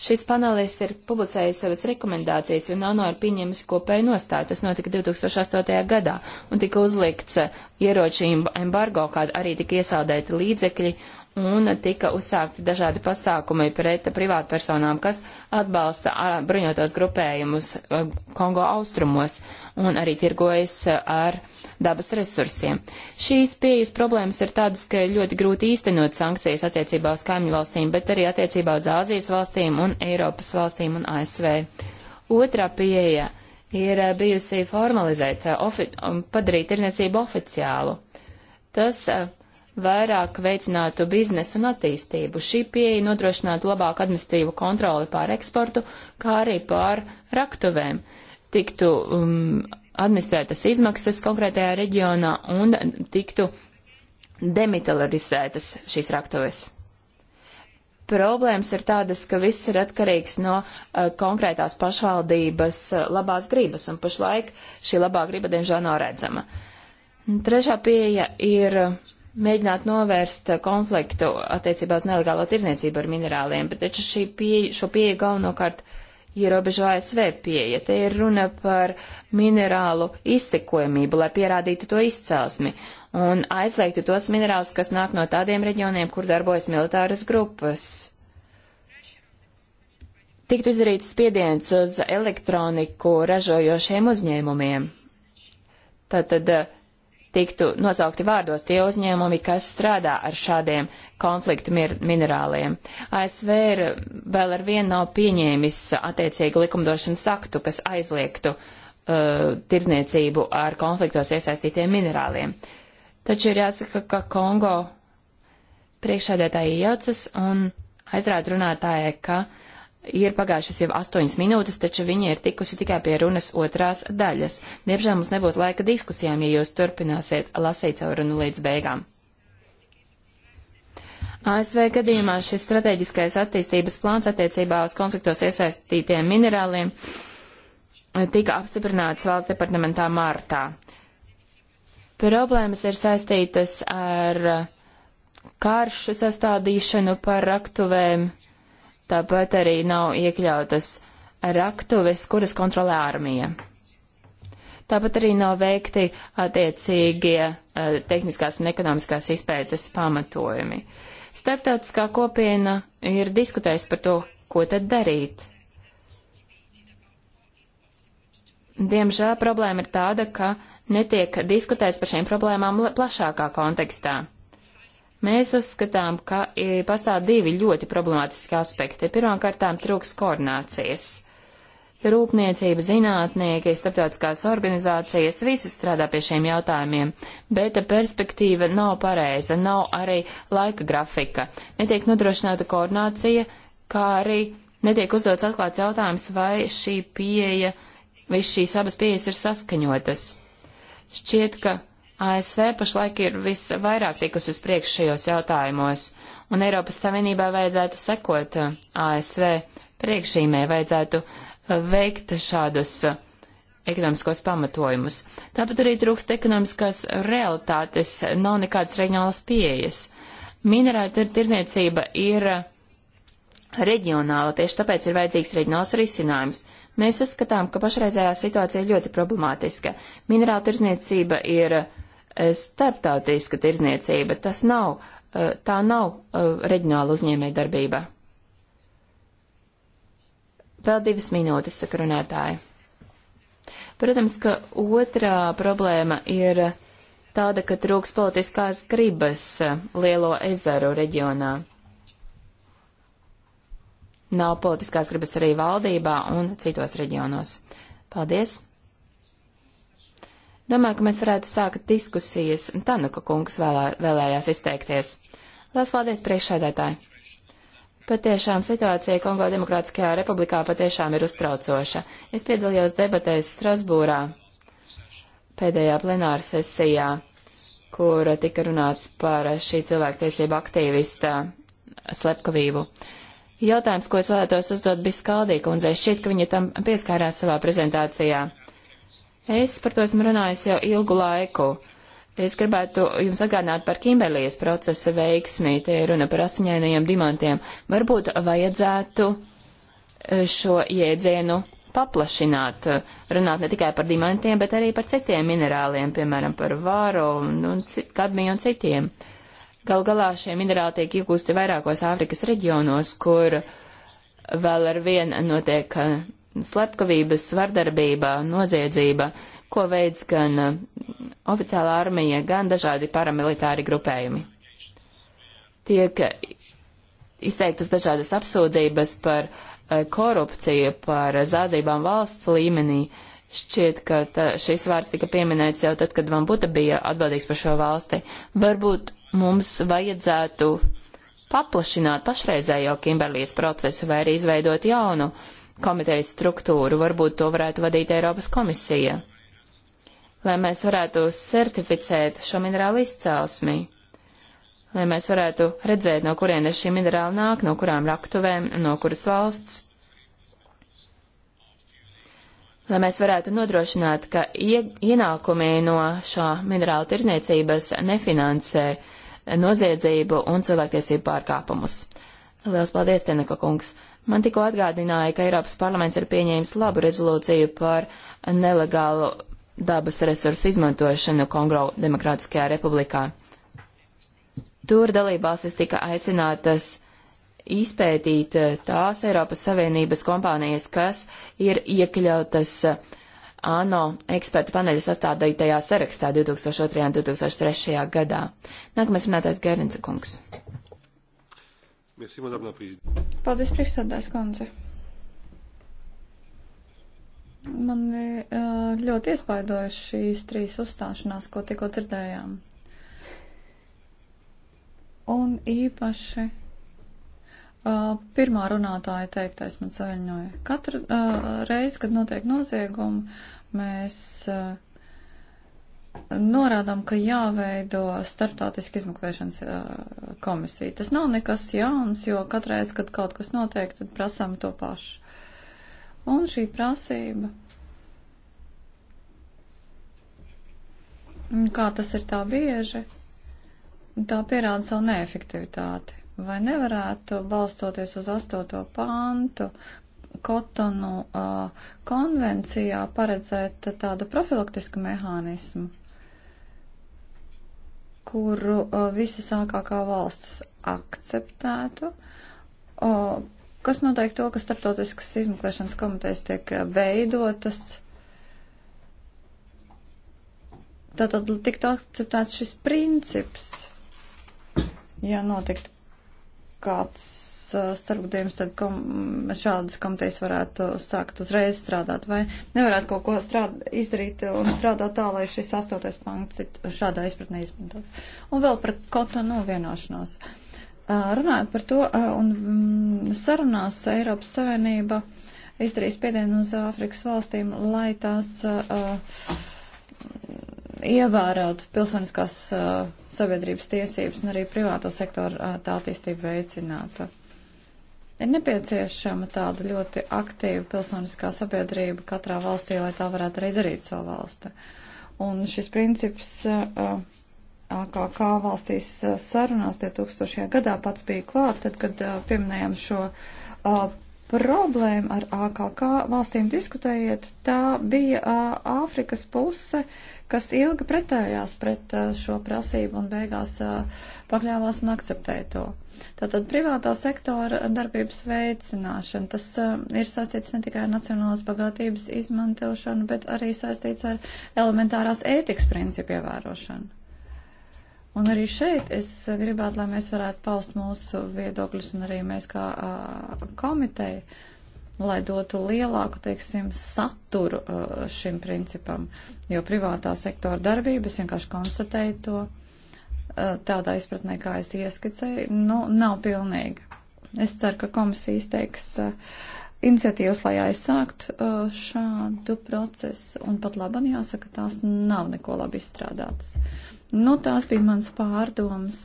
Šis panelis ir publicējis savas rekomendācijas, un ANO ir pieņēmusi kopēju nostāju. Tas notika 2008. gadā, un tika uzlikts uh, ieroču embargo, kāda arī tika iesaldēti līdzekļi, un tika uzsākti dažādi pasākumi pret privātpersonām, kas atbalsta bruņotos grupējumus Kongo austrumos un arī tirgojas ar dabas resursiem. Šīs pieejas problēmas ir tādas, ka ļoti grūti īstenot sankcijas attiecībā uz kaimiņu valstīm, bet arī attiecībā uz Āzijas valstīm un Eiropas valstīm un ASV. Otrā pieeja ir bijusi formalizēt, padarīt tirniecību oficiālu. Tas uh, vairāk veicinātu biznesu un attīstību. Šī pieeja nodrošinātu labāku administratīvu kontroli pār eksportu, kā arī pār raktuvēm. Tiktu um, administrētas izmaksas konkrētajā reģionā un tiktu demitalizētas šīs raktuves. Problēmas ir tādas, ka viss ir atkarīgs no uh, konkrētās pašvaldības uh, labās gribas, un pašlaik šī labā griba, diemžēl, nav redzama. Trešā pieeja ir uh, mēģināt novērst konfliktu attiecībā uz nelegālo tirzniecību ar minerāliem, bet taču šī pieeja, šo pieeju galvenokārt ierobežo ASV pieeja. Te ir runa par minerālu izsekojamību, lai pierādītu to izcelsmi un aizliegtu tos minerālus, kas nāk no tādiem reģioniem, kur darbojas militāras grupas. Tiktu izdarīts spiediens uz elektroniku ražojošiem uzņēmumiem. Tātad tiktu nosaukti vārdos tie uzņēmumi, kas strādā ar šādiem konfliktu minerāliem. ASV ir, vēl ar vienu nav pieņēmis attiecīgu likumdošanas aktu, kas aizliegtu uh, tirzniecību ar konfliktos iesaistītiem minerāliem. Taču ir jāsaka, ka Kongo priekšādētāji iejaucas un aizrāda runātājai, ka uh, Ir pagājušas jau astoņas minūtes, taču viņi ir tikuši tikai pie runas otrās daļas. Diemžēl mums nebūs laika diskusijām, ja jūs turpināsiet lasīt savu runu līdz beigām. ASV gadījumā šis strateģiskais attīstības plāns attiecībā uz konfliktos iesaistītiem minerāliem tika apstiprināts valsts departamentā martā. Problēmas ir saistītas ar karšu sastādīšanu par aktuvēm Tāpat arī nav iekļautas raktuves, kuras kontrolē armija. Tāpat arī nav veikti attiecīgie eh, tehniskās un ekonomiskās izpētes pamatojumi. Starptautiskā kopiena ir diskutējusi par to, ko tad darīt. Diemžēl problēma ir tāda, ka netiek diskutēts par šīm problēmām plašākā kontekstā. Mēs uzskatām, ka e, pastāv divi ļoti problemātiski aspekti. Pirmkārtām trūks koordinācijas. Rūpniecība, zinātnieki, starptautiskās organizācijas, visi strādā pie šiem jautājumiem, bet perspektīva nav pareiza, nav arī laika grafika. Netiek nodrošināta koordinācija, kā arī netiek uzdots atklāts jautājums, vai šī pieeja, vai šīs abas pieejas ir saskaņotas. Šķiet, ka ASV pašlaik ir visvairāk tikus uz priekšu šajos jautājumos, un Eiropas Savienībā vajadzētu sekot uh, ASV priekšīmē, vajadzētu uh, veikt šādus uh, ekonomiskos pamatojumus. Tāpat arī trūkst ekonomiskās realitātes, nav nekādas reģionālas pieejas. Minerāla tirniecība ir reģionāla, tieši tāpēc ir vajadzīgs reģionāls risinājums. Mēs uzskatām, ka pašreizējā situācija ir ļoti problemātiska. Minerāla tirzniecība ir uh, starptautiska tirzniecība, tas nav, eh, tā nav eh, reģionāla uzņēmēja darbība. Vēl divas minūtes, saka runātāji. Protams, ka otrā problēma ir tāda, ka trūks politiskās gribas eh, lielo ezaru reģionā. Nav politiskās gribas arī valdībā un citos reģionos. Paldies! Domāju, ka mēs varētu sākt diskusijas. Tanuka kungs vēlā, vēlējās izteikties. Lielas paldies priekšsēdētāji! Patiešām situācija Kongo Demokrātiskajā republikā patiešām ir uztraucoša. Es piedalījos debatēs Strasbūrā pēdējā plenāra sesijā, kur tika runāts par šī cilvēktiesība aktīvista slepkavību. Jautājums, ko es vēlētos uzdot Biskaldī kundzei, šķiet, ka viņa tam pieskārās savā prezentācijā. Es par to esmu runājis jau ilgu laiku. Es gribētu jums atgādināt par Kimberlijas procesa veiksmī, te ir runa par asiņainajiem dimantiem. Varbūt vajadzētu e, šo jēdzienu paplašināt, e, runāt ne tikai par dimantiem, bet arī par citiem minerāliem, piemēram, par vāru un, un kadmiju un citiem. Galu galā šie minerāli tiek iegūsti vairākos Āfrikas reģionos, kur vēl ar vien notiek e, slepkavības, vardarbība, noziedzība, ko veids gan eh, oficiāla armija, gan dažādi paramilitāri grupējumi. Tiek izteiktas dažādas apsūdzības par eh, korupciju, par zādzībām valsts līmenī. Šķiet, ka tā, šis vārds tika pieminēts jau tad, kad man Buta bija atbildīgs par šo valsti. Varbūt mums vajadzētu paplašināt pašreizējo Kimberlīs procesu vai arī izveidot jaunu. Uh, komitejas struktūru, varbūt to varētu vadīt Eiropas komisija, lai mēs varētu certificēt šo minerālu izcelsmi, lai mēs varētu redzēt, no kurienes šī minerāla nāk, no kurām raktuvēm, no kuras valsts, lai mēs varētu nodrošināt, ka ie, ienākumi no šā minerāla tirzniecības nefinansē noziedzību un cilvēktiesību pārkāpumus. Lielas paldies, Teneka kungs! Man tikko atgādināja, ka Eiropas parlaments ir pieņēmis labu rezolūciju par nelegālu dabas resursu izmantošanu Kongo Demokrātiskajā republikā. Tur dalībvalstis tika aicinātas izpētīt eh, tās Eiropas Savienības kompānijas, kas ir iekļautas eh, ANO ekspertu paneļa sastādītajā sarakstā 2002. un 2003. gadā. Nākamais runātājs Gerinca kungs. Merci, madame la prezidente. Paldies, priekšsēdājs kundze. Man eh, ļoti iespaidoja šīs trīs uzstāšanās, ko tikko dzirdējām. Un īpaši Uh, pirmā runātāja teiktais man saviņoja. Katru uh, eh, reizi, kad notiek noziegumi, mēs uh, norādām, ka jāveido starptautiski izmeklēšanas uh, komisija. Tas nav nekas jauns, jo katreiz, kad kaut kas notiek, tad prasām to pašu. Un šī prasība, kā tas ir tā bieži, tā pierāda savu neefektivitāti. Vai nevarētu, balstoties uz astoto pantu, Kotonu uh, konvencijā paredzēt tādu profilaktisku mehānismu? kuru uh, visas ākākā valstis akceptētu, uh, kas noteikti to, ka starptautiskas izmeklēšanas komitejas tiek veidotas. Tātad tiktu akceptēts šis princips, ja notiktu kāds Uh, starpgadījumus, tad kom, šādas komitejas varētu sākt uzreiz strādāt, vai nevarētu kaut ko strād, izdarīt un strādāt tā, lai šis astotais punkts ir šādā izpratnē izmantots. Un vēl par kotonu no vienošanos. Uh, runājot par to, uh, un mm, sarunās Eiropas Savienība izdarīs piedienu uz Āfrikas valstīm, lai tās uh, ievērot pilsoniskās uh, sabiedrības tiesības un arī privāto sektoru uh, tā attīstību veicinātu. Ir nepieciešama tāda ļoti aktīva pilsoniskā sabiedrība katrā valstī, lai tā varētu arī darīt savu valsti. Un šis princips uh, AKK valstīs uh, sarunās 2000. gadā pats bija klāt, tad, kad uh, pieminējām šo uh, problēmu ar AKK valstīm diskutējiet, tā bija uh, Āfrikas puse, kas ilgi pretējās pret uh, šo prasību un beigās pakļāvās un akceptēja to. Tātad privātā sektora darbības veicināšana, tas uh, ir saistīts ne tikai ar nacionālās bagātības izmantošanu, bet arī saistīts ar elementārās ētikas principu ievērošanu. Un arī šeit es gribētu, lai mēs varētu paust mūsu viedokļus un arī mēs kā uh, komiteja, lai dotu lielāku, teiksim, saturu uh, šim principam, jo privātā sektora darbības vienkārši konstatēja to. Uh, tādā izpratnē, kā es ieskicēju, nu, nav pilnīga. Es ceru, ka komisija izteiks iniciatīvas, lai aizsāktu šādu procesu, un pat labam jāsaka, tās nav neko labi izstrādātas. Nu, tās bija mans pārdoms,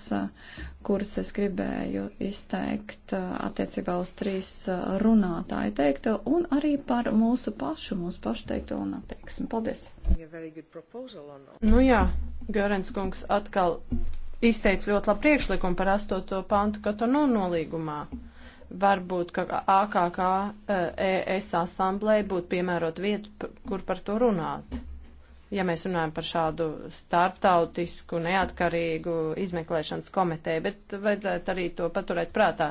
kuras es gribēju izteikt attiecībā uz trīs runātāju teikto un arī par mūsu pašu, mūsu pašu teikto un attieksmi. Paldies! Nu jā, Görens kungs atkal izteica ļoti labu priekšlikumu par astoto pantu Katonu nolīgumā. Varbūt, ka AKK ES asamblē būtu piemērot vietu, kur par to runāt ja mēs runājam par šādu starptautisku, neatkarīgu izmeklēšanas komiteju, bet vajadzētu arī to paturēt prātā.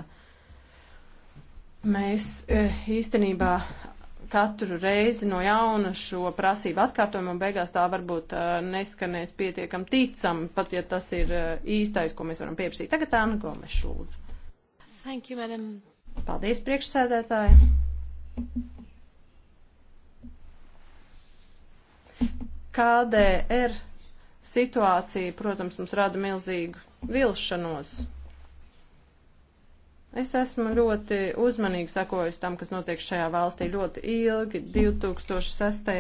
Mēs e, īstenībā katru reizi no jauna šo prasību atkārtojumu un beigās tā varbūt e, neskanēs pietiekam ticam, pat ja tas ir e, īstais, ko mēs varam pieprasīt. Tagad Anna Gomeša lūdzu. Thank you, madam. Paldies, priekšsēdētāji. KDR situācija, protams, mums rada milzīgu vilšanos. Es esmu ļoti uzmanīgi sekojusi tam, kas notiek šajā valstī ļoti ilgi. 2006.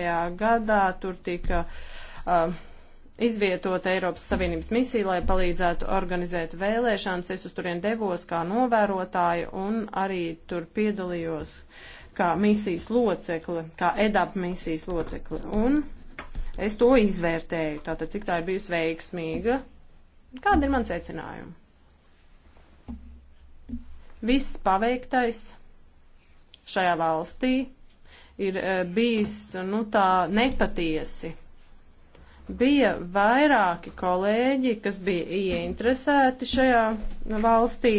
gadā tur tika uh, izvietota Eiropas Savienības misija, lai palīdzētu organizēt vēlēšanas. Es uz turien devos kā novērotāja un arī tur piedalījos kā misijas locekli, kā EDAP misijas locekli. Un Es to izvērtēju, tātad cik tā ir bijusi veiksmīga. Kāda ir mans secinājumi? Viss paveiktais šajā valstī ir eh, bijis nu, tā nepatiesi. Bija vairāki kolēģi, kas bija ieinteresēti šajā valstī,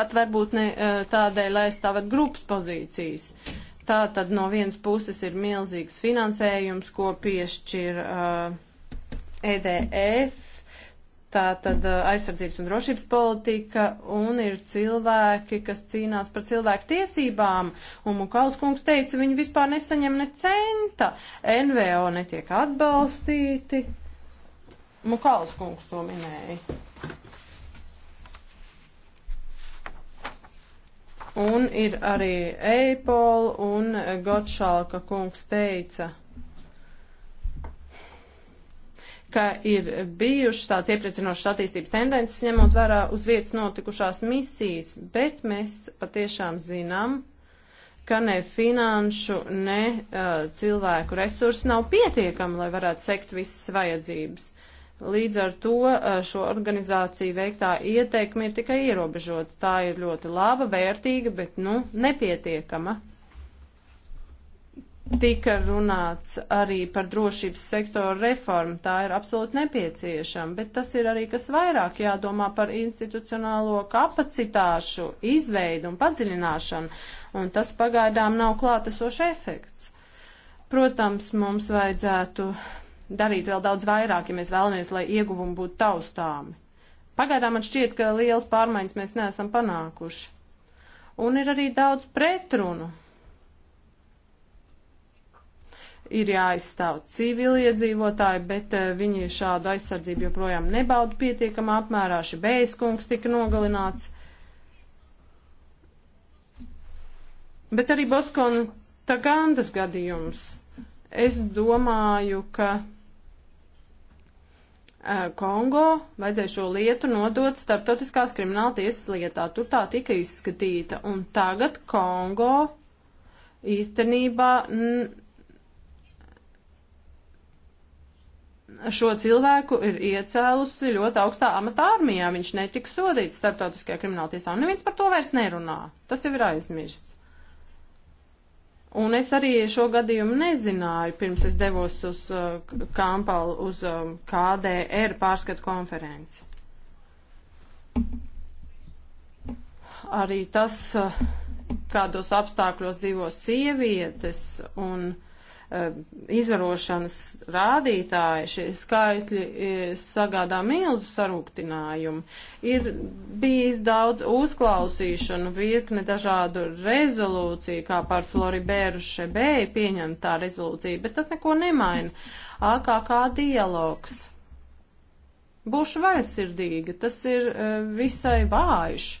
pat varbūt ne eh, tādēļ, lai aizstāvētu grupas pozīcijas. Uh, Tā tad no vienas puses ir milzīgs finansējums, ko piešķir uh, EDF, tā tad uh, aizsardzības un drošības politika, un ir cilvēki, kas cīnās par cilvēku tiesībām, un Mukaus kungs teica, viņi vispār nesaņem ne centa, NVO netiek atbalstīti. Mukaus kungs to minēja. Un ir arī Eipol un Gotšalka kungs teica, ka ir bijušas tāds iepriecinošas attīstības tendences, ņemot vērā uz vietas notikušās misijas, bet mēs patiešām zinām, ka ne finanšu, ne uh, cilvēku resursi nav pietiekami, lai varētu sekt visas vajadzības. Līdz ar to eh, šo organizāciju veiktā ieteikuma ir tikai ierobežota. Tā ir ļoti laba, vērtīga, bet nu, nepietiekama. Tika runāts arī par drošības sektoru reformu. Tā ir absolūti nepieciešama, bet tas ir arī kas vairāk jādomā par institucionālo kapacitāšu izveidu un padziļināšanu, un tas pagaidām nav klātesošs efekts. Protams, mums vajadzētu darīt vēl daudz vairāk, ja mēs vēlamies, lai ieguvumi būtu taustāmi. Pagaidām man šķiet, ka liels pārmaiņas mēs neesam panākuši. Un ir arī daudz pretrunu. Ir jāaizstāv civiliedzīvotāji, bet eh, viņi šādu aizsardzību joprojām nebauda pietiekamā apmērā. Šī bēskungs tika nogalināts. Bet arī Boskona Tagandas gadījums Es domāju, ka Kongo vajadzēja šo lietu nodot starptautiskās krimināla tiesas lietā. Tur tā tika izskatīta. Un tagad Kongo īstenībā šo cilvēku ir iecēlusi ļoti augstā amatā armijā. Viņš netika sodīts starptautiskajā krimināla tiesā. Un neviens par to vairs nerunā. Tas jau ir aizmirsts. Un es arī šo gadījumu nezināju, pirms es devos uz uh, Kampalu, uz uh, um, KDR pārskatu konferenci. Arī tas, uh, kādos apstākļos dzīvo sievietes un uh, Eh, izvarošanas rādītāji, šie skaitļi eh, sagādā milzu sarūktinājumu. Ir bijis daudz uzklausīšanu, virkne dažādu rezolūciju, kā par Floribēru Šebēju pieņemtā rezolūcija, bet tas neko nemaina. AKK dialogs. Būšu vaisirdīga, tas ir eh, visai vājš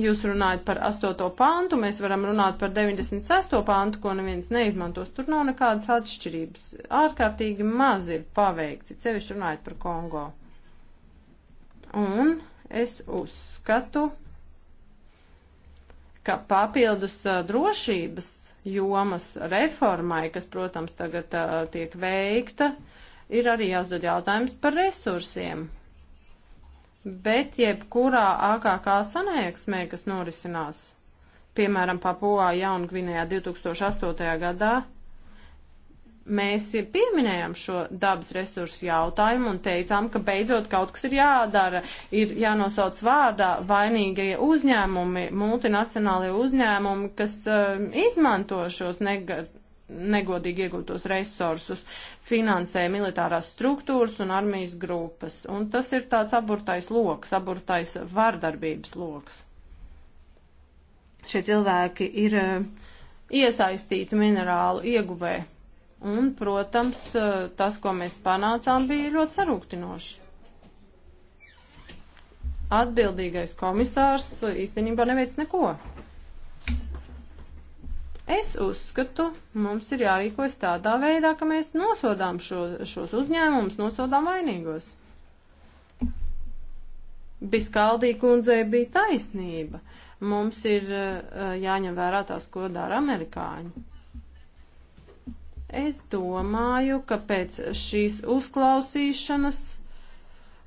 jūs runājat par 8. pantu, mēs varam runāt par 96. pantu, ko neviens neizmantos. Tur nav nekādas atšķirības. Ārkārtīgi maz ir paveikts, sevišķi runājot par Kongo. Un es uzskatu, ka papildus drošības jomas reformai, kas, protams, tagad tiek veikta, ir arī jāuzdod jautājums par resursiem bet jebkurā AKK sanāksmē, kas norisinās, piemēram, Papuā Jaungvinējā 2008. gadā, mēs pieminējām šo dabas resursu jautājumu un teicām, ka beidzot kaut kas ir jādara, ir jānosauc vārdā vainīgie uzņēmumi, multinacionālie uzņēmumi, kas uh, izmanto šos negatīvos negodīgi iegūtos resursus, finansē militārās struktūras un armijas grupas. Un tas ir tāds aburtais loks, aburtais vardarbības loks. Šie cilvēki ir eh, iesaistīti minerālu ieguvē. Un, protams, eh, tas, ko mēs panācām, bija ļoti sarūktinoši. Atbildīgais komisārs īstenībā neveic neko. Es uzskatu, mums ir jārīkojas tādā veidā, ka mēs nosodām šo, šos uzņēmumus, nosodām vainīgos. Biskaldī kundzei bija taisnība. Mums ir uh, jāņem vērā tās, ko dara amerikāņi. Es domāju, ka pēc šīs uzklausīšanas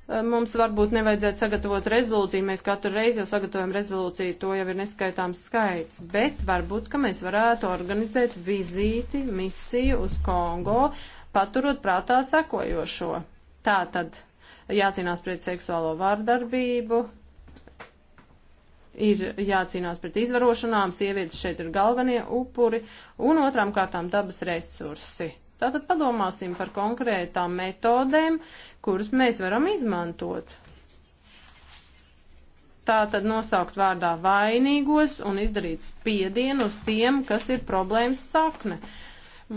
Eh, mums varbūt nevajadzētu sagatavot rezolūciju, mēs katru reizi jau sagatavojam rezolūciju, to jau ir neskaitāms skaits, bet varbūt, ka mēs varētu organizēt vizīti, misiju uz Kongo, paturot prātā sekojošo. Tā tad jācīnās pret seksuālo vārdarbību, ir jācīnās pret izvarošanām, sievietes šeit ir galvenie upuri, un otrām kārtām dabas resursi Tātad padomāsim par konkrētām metodēm, kuras mēs varam izmantot. Tātad nosaukt vārdā vainīgos un izdarīt spiedienu uz tiem, kas ir problēmas sakne.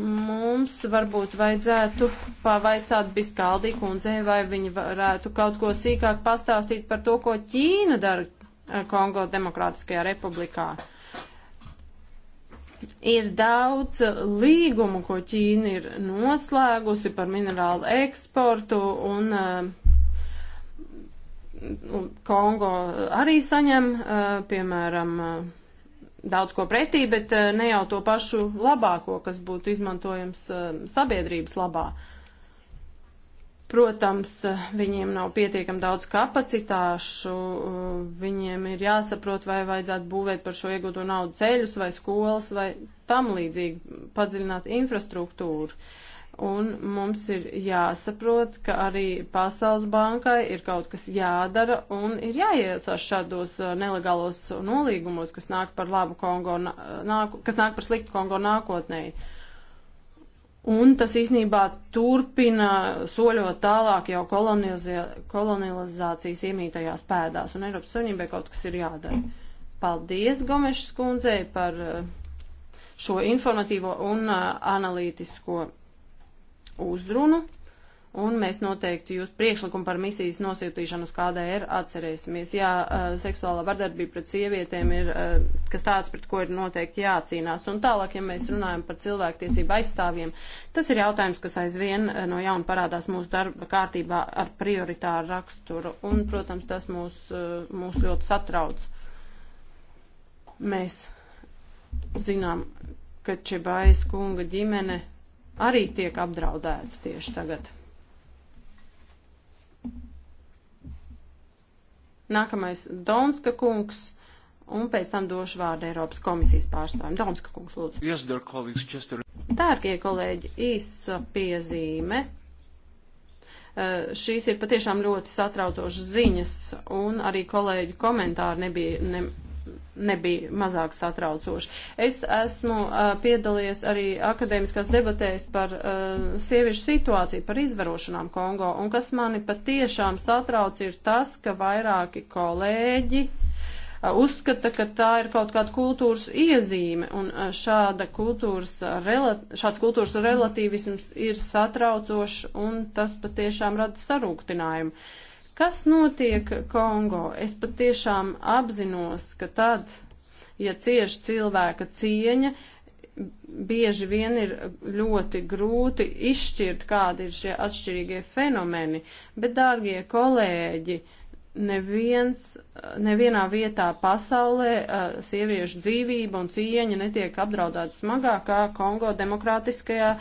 Mums varbūt vajadzētu pavaicāt Biskaldī kundzei, vai viņa varētu kaut ko sīkāk pastāstīt par to, ko Ķīna dara Kongo Demokrātiskajā republikā. Uh, Ir daudz līgumu, ko Ķīna ir noslēgusi par minerālu eksportu un uh, Kongo arī saņem, eh, piemēram, eh, daudz ko pretī, bet ne jau to pašu labāko, kas būtu izmantojams sabiedrības labā. Protams, viņiem nav pietiekami daudz kapacitāšu, viņiem ir jāsaprot, vai vajadzētu būvēt par šo iegūto naudu ceļus vai skolas vai tam līdzīgi padziļināt infrastruktūru. Un mums ir jāsaprot, ka arī Pasaules bankai ir kaut kas jādara un ir jāiecās šādos uh, nelegālos nolīgumos, kas nāk par labu Kongo, nāku, kas nāk par sliktu Kongo nākotnēji un tas īsnībā turpina soļot tālāk jau kolonializācijas iemītajās pēdās, un Eiropas Savienībai kaut kas ir jādara. Paldies Gomešas kundzei par eh, šo informatīvo un eh, analītisko uzrunu un mēs noteikti jūs priekšlikumu par misijas nosūtīšanu uz KDR atcerēsimies. Jā, seksuālā vardarbība pret sievietēm ir kas tāds, pret ko ir noteikti jācīnās. Un tālāk, ja mēs runājam par cilvēktiesību aizstāvjiem, tas ir jautājums, kas aizvien no jauna parādās mūsu darba kārtībā ar prioritāru raksturu. Un, protams, tas mūs, mūs ļoti satrauc. Mēs zinām, ka Čebājas kunga ģimene arī tiek apdraudēta tieši tagad. Nākamais Donska kungs un pēc tam došu vārdu Eiropas komisijas pārstāvjiem. Donska kungs, lūdzu. Yes, just... Dārgie kolēģi, īsa piezīme. Uh, šīs ir patiešām ļoti satraucošas ziņas, un arī kolēģu komentāri nebija ne, nebija mazāk satraucoši. Es esmu uh, piedalījies arī akadēmiskās debatēs par uh, sieviešu situāciju, par izvarošanām Kongo, un kas mani patiešām satrauc ir tas, ka vairāki kolēģi uh, uzskata, ka tā ir kaut kāda kultūras iezīme, un uh, šāda kultūras, šāds kultūras relativisms ir satraucošs, un tas patiešām rada sarūktinājumu. Uh, Kas notiek Kongo? Es patiešām apzinos, ka tad, ja cieši cilvēka cieņa, bieži vien ir ļoti grūti izšķirt, kādi ir šie atšķirīgie fenomeni. Bet, dārgie kolēģi, neviens, nevienā vietā pasaulē eh, sieviešu dzīvība un cieņa netiek apdraudēta smagākā Kongo Demokrātiskajā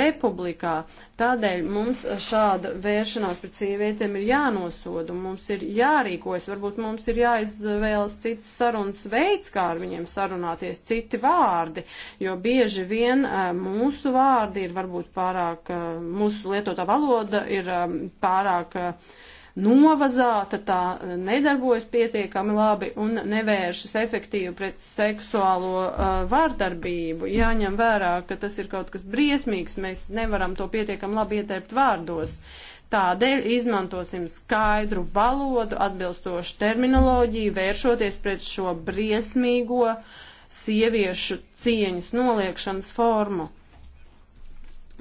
republikā. Tādēļ mums šāda vēršanās pret sievietēm ir jānosoda, mums ir jārīkojas, varbūt mums ir jāizvēlas cits sarunas veids, kā ar viņiem sarunāties, citi vārdi, jo bieži vien eh, mūsu vārdi ir varbūt pārāk, eh, mūsu lietotā valoda ir pārāk novazāta, tā eh, nedarbojas pietiekami labi un nevēršas efektīvi pret seksuālo uh, vārdarbību. Jāņem vērā, ka tas ir kaut kas briesmīgs, mēs nevaram to pietiekami labi ietērpt vārdos. Tādēļ izmantosim skaidru valodu, atbilstošu terminoloģiju, vēršoties pret šo briesmīgo sieviešu cieņas noliekšanas formu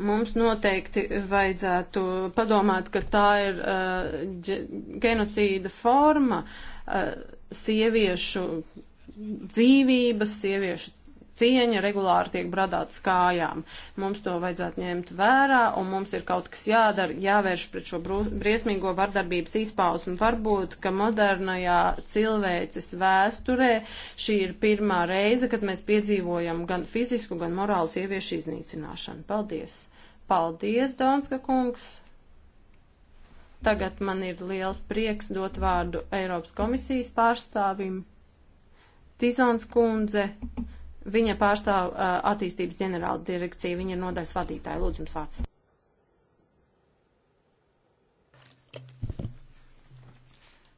mums noteikti vajadzētu padomāt, ka tā ir uh, genocīda forma, uh, sieviešu dzīvības, sieviešu cieņa regulāri tiek bradāts kājām. Mums to vajadzētu ņemt vērā, un mums ir kaut kas jādara, jāvērš pret šo briesmīgo vardarbības izpausmu. Varbūt, ka modernajā cilvēces vēsturē šī ir pirmā reize, kad mēs piedzīvojam gan fizisku, gan morālu sieviešu iznīcināšanu. Paldies! Paldies, Donska kungs! Tagad man ir liels prieks dot vārdu Eiropas komisijas pārstāvim. Tizons kundze, Viņa pārstāv uh, attīstības ģenerāla direkciju, viņa ir nodaļas vadītāja. Lūdzu, jums vārds.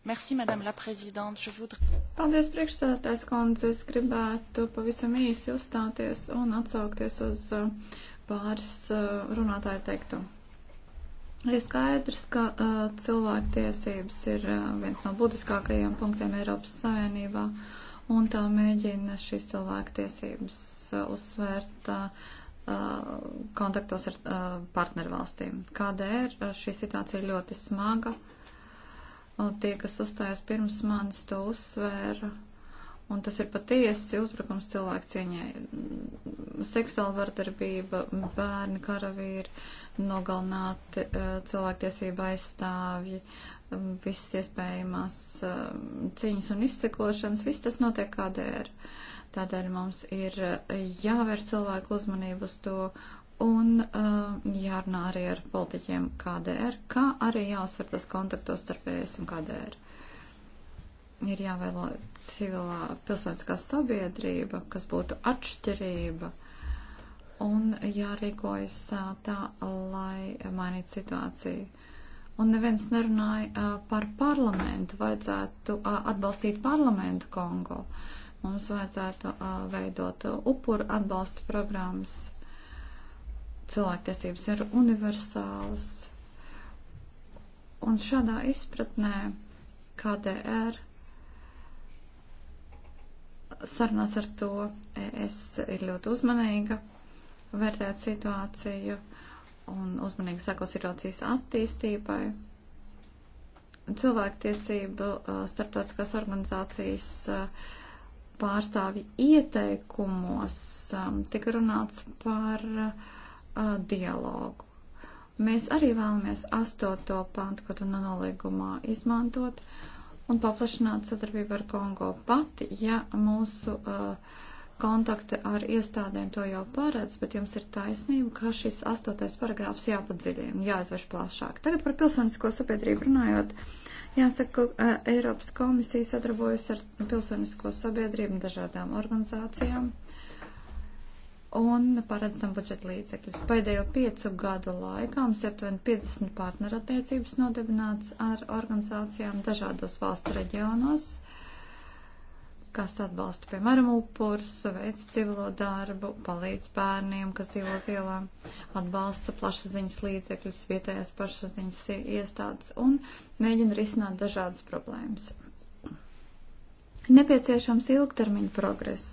Merci, madame la présidente. Je voudrais... Paldies, priekšsēdētājs kundze. Es gribētu pavisam īsi uzstāties un atsaukties uz uh, pāris uh, runātāju teikto. Ir skaidrs, ka uh, cilvēktiesības ir uh, viens no būtiskākajiem punktiem Eiropas Savienībā. Uh, un tā mēģina šīs cilvēktiesības uh, uzsvērt uh, uh, kontaktos ar partnervalstīm. Kādēļ šī situācija ir ļoti smaga? Tie, kas uzstājas pirms manis, to uzsvēra. Un tas ir patiesi uzbrukums cilvēku cieņai. Seksuāla vardarbība, bērni, karavīri, nogalināti cilvēktiesība aizstāvji, uh, visas iespējamās eh, cīņas un izsekošanas, viss tas notiek KDR. Tādēļ mums ir jāvērst cilvēku uzmanību uz to un uh, jārunā arī ar politiķiem KDR, kā arī jāuzsver tas kontaktos starp ES un KDR. Ir jāvēlo civilā pilsētiskā sabiedrība, kas būtu atšķirība, un jārīkojas eh, tā, lai mainītu situāciju un neviens nerunāja par parlamentu. Vajadzētu atbalstīt parlamentu Kongo. Mums vajadzētu veidot upuru atbalsta programmas. Cilvēktiesības ir universālas. Un šādā izpratnē KDR sarunās ar to es ir ļoti uzmanīga vērtēt situāciju. Uh, un uzmanīgi sako situācijas attīstībai. Cilvēktiesību uh, starptautiskās organizācijas uh, pārstāvji ieteikumos um, tika runāts par uh, dialogu. Mēs arī vēlamies astoto pantu, ko tu nolīgumā izmantot un paplašināt sadarbību ar Kongo pati, ja mūsu uh, kontakti ar iestādēm to jau paredz, bet jums ir taisnība, ka šis astotais paragrāfs jāpadziļina un jāizvērš plašāk. Tagad par pilsonisko sabiedrību runājot. Jāsaka, ka eh, Eiropas komisija sadarbojas ar pilsonisko sabiedrību un dažādām organizācijām un paredzam budžeta līdzekļus. Pēdējo piecu gadu laikā mums ir aptuveni 50 partnerattiecības nodibināts ar organizācijām dažādos valsts reģionos kas atbalsta, piemēram, upurus, veic civilo darbu, palīdz bērniem, kas dzīvo uz ielām, atbalsta plašsaziņas līdzekļus, vietējās plašsaziņas iestādes un mēģina risināt dažādas problēmas. Nepieciešams ilgtermiņa progress.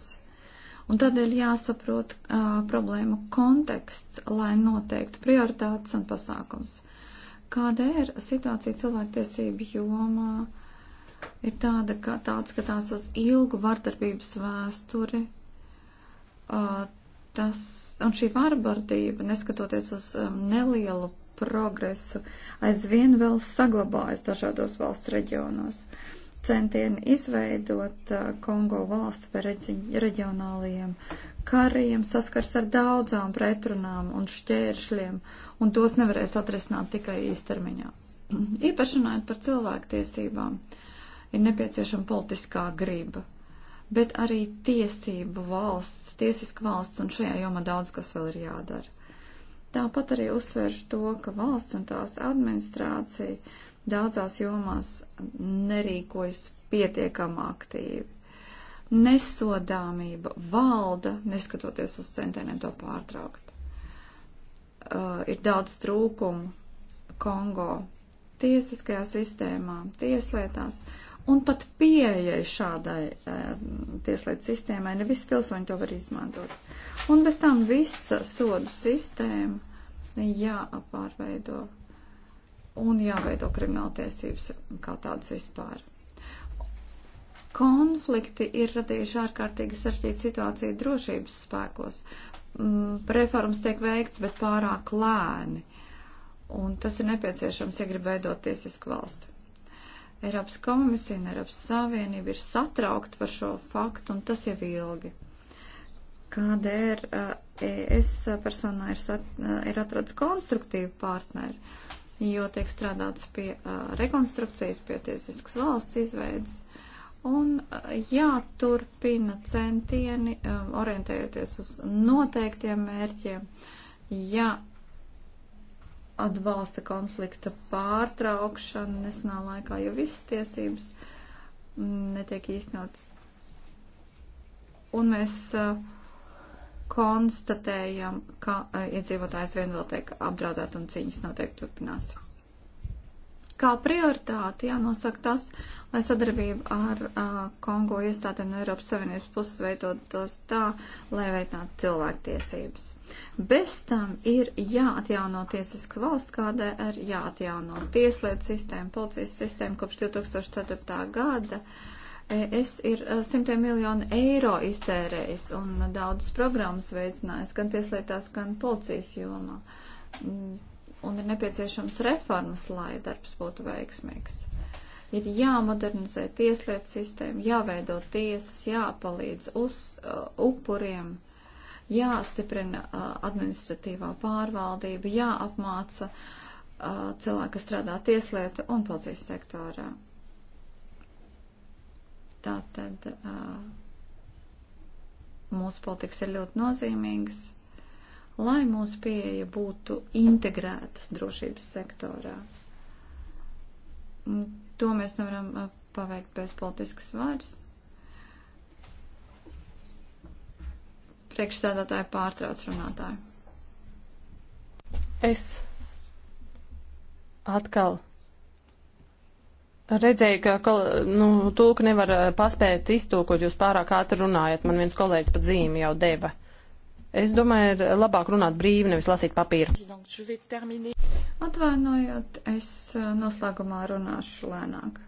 Un tādēļ jāsaprot uh, problēmu konteksts, lai noteiktu prioritātes un pasākums. Kāda ir situācija cilvēktiesību jomā? Uh, ir tāda, ka tā atskatās uz ilgu vardarbības vēsturi. Uh, tas, un šī vardarbība, neskatoties uz um, nelielu progresu, aizvien vēl saglabājas dažādos valsts reģionos. Centieni izveidot uh, Kongo valstu par reģionālajiem kariem saskars ar daudzām pretrunām un šķēršļiem, un tos nevarēs atrisināt tikai īstermiņā. Īpaši runājot par cilvēktiesībām. Uh, ir nepieciešama politiskā griba, bet arī tiesību valsts, tiesiska valsts, un šajā jomā daudz kas vēl ir jādara. Tāpat arī uzsveršu to, ka valsts un tās administrācija daudzās jomās nerīkojas pietiekam aktīvi. Nesodāmība valda, neskatoties uz centieniem to pārtraukt. Uh, ir daudz trūkumu Kongo tiesiskajā sistēmā, tieslietās. Uh, un pat pieejai šādai e, tieslietu sistēmai, ne visi pilsoņi to var izmantot. Un bez tam visa sodu sistēma jāapārveido un jāveido krimināltiesības kā tādas vispār. Konflikti ir radījuši ārkārtīgi sarežģītu situāciju drošības spēkos. Mm, reformas tiek veikts, bet pārāk lēni. Un tas ir nepieciešams, ja grib veidot tiesisku valstu. Eiropas komisija un Eiropas Savienība ir satraukti par šo faktu, un tas jau ilgi. KDR eh, ES personā ir, sat, eh, ir atrads konstruktīvi partneri, jo tiek strādāts pie eh, rekonstrukcijas, pie tiesiskas valsts izveidas, un jāturpina centieni, orientējoties uz noteiktiem mērķiem, ja atbalsta konflikta pārtraukšanu nesenā laikā, jo visas tiesības mm, netiek īstenotas. Un mēs uh, konstatējam, ka uh, iedzīvotājs vien vēl tiek apdraudēt un cīņas noteikti turpinās kā prioritāti jānosaka tas, lai sadarbība ar uh, Kongo iestādēm no Eiropas Savienības puses veidotos tā, lai veicinātu cilvēktiesības. Bez tam ir jāatjauno tiesisks valsts, kādai ir jāatjauno tieslietu sistēma, policijas sistēma kopš 2004. gada. Es ir simtiem miljonu eiro iztērējis un daudzas programmas veicinājis gan tieslietās, gan policijas jomā mm un ir nepieciešams reformas, lai darbs būtu veiksmīgs. Ir jāmodernizē tieslietu sistēmu, jāveido tiesas, jāpalīdz uz uh, upuriem, jāstiprina uh, administratīvā pārvaldība, jāapmāca uh, cilvēki, kas strādā tieslietu un policijas sektorā. Tātad uh, mūsu politikas ir ļoti nozīmīgas lai mūsu pieeja būtu integrētas drošības sektorā. To mēs nevaram eh, paveikt bez politiskas vairs. Priekšstādātāja pārtrauc runātāju. Es atkal Redzēju, ka kol, nu, tulka nevar eh, paspēt iztūkot, jūs pārāk ātri runājat. Man viens kolēģis pat zīmi jau deva. Es domāju, ir labāk runāt brīvi, nevis lasīt papīru. Atvainojot, es eh, noslēgumā runāšu lēnāk.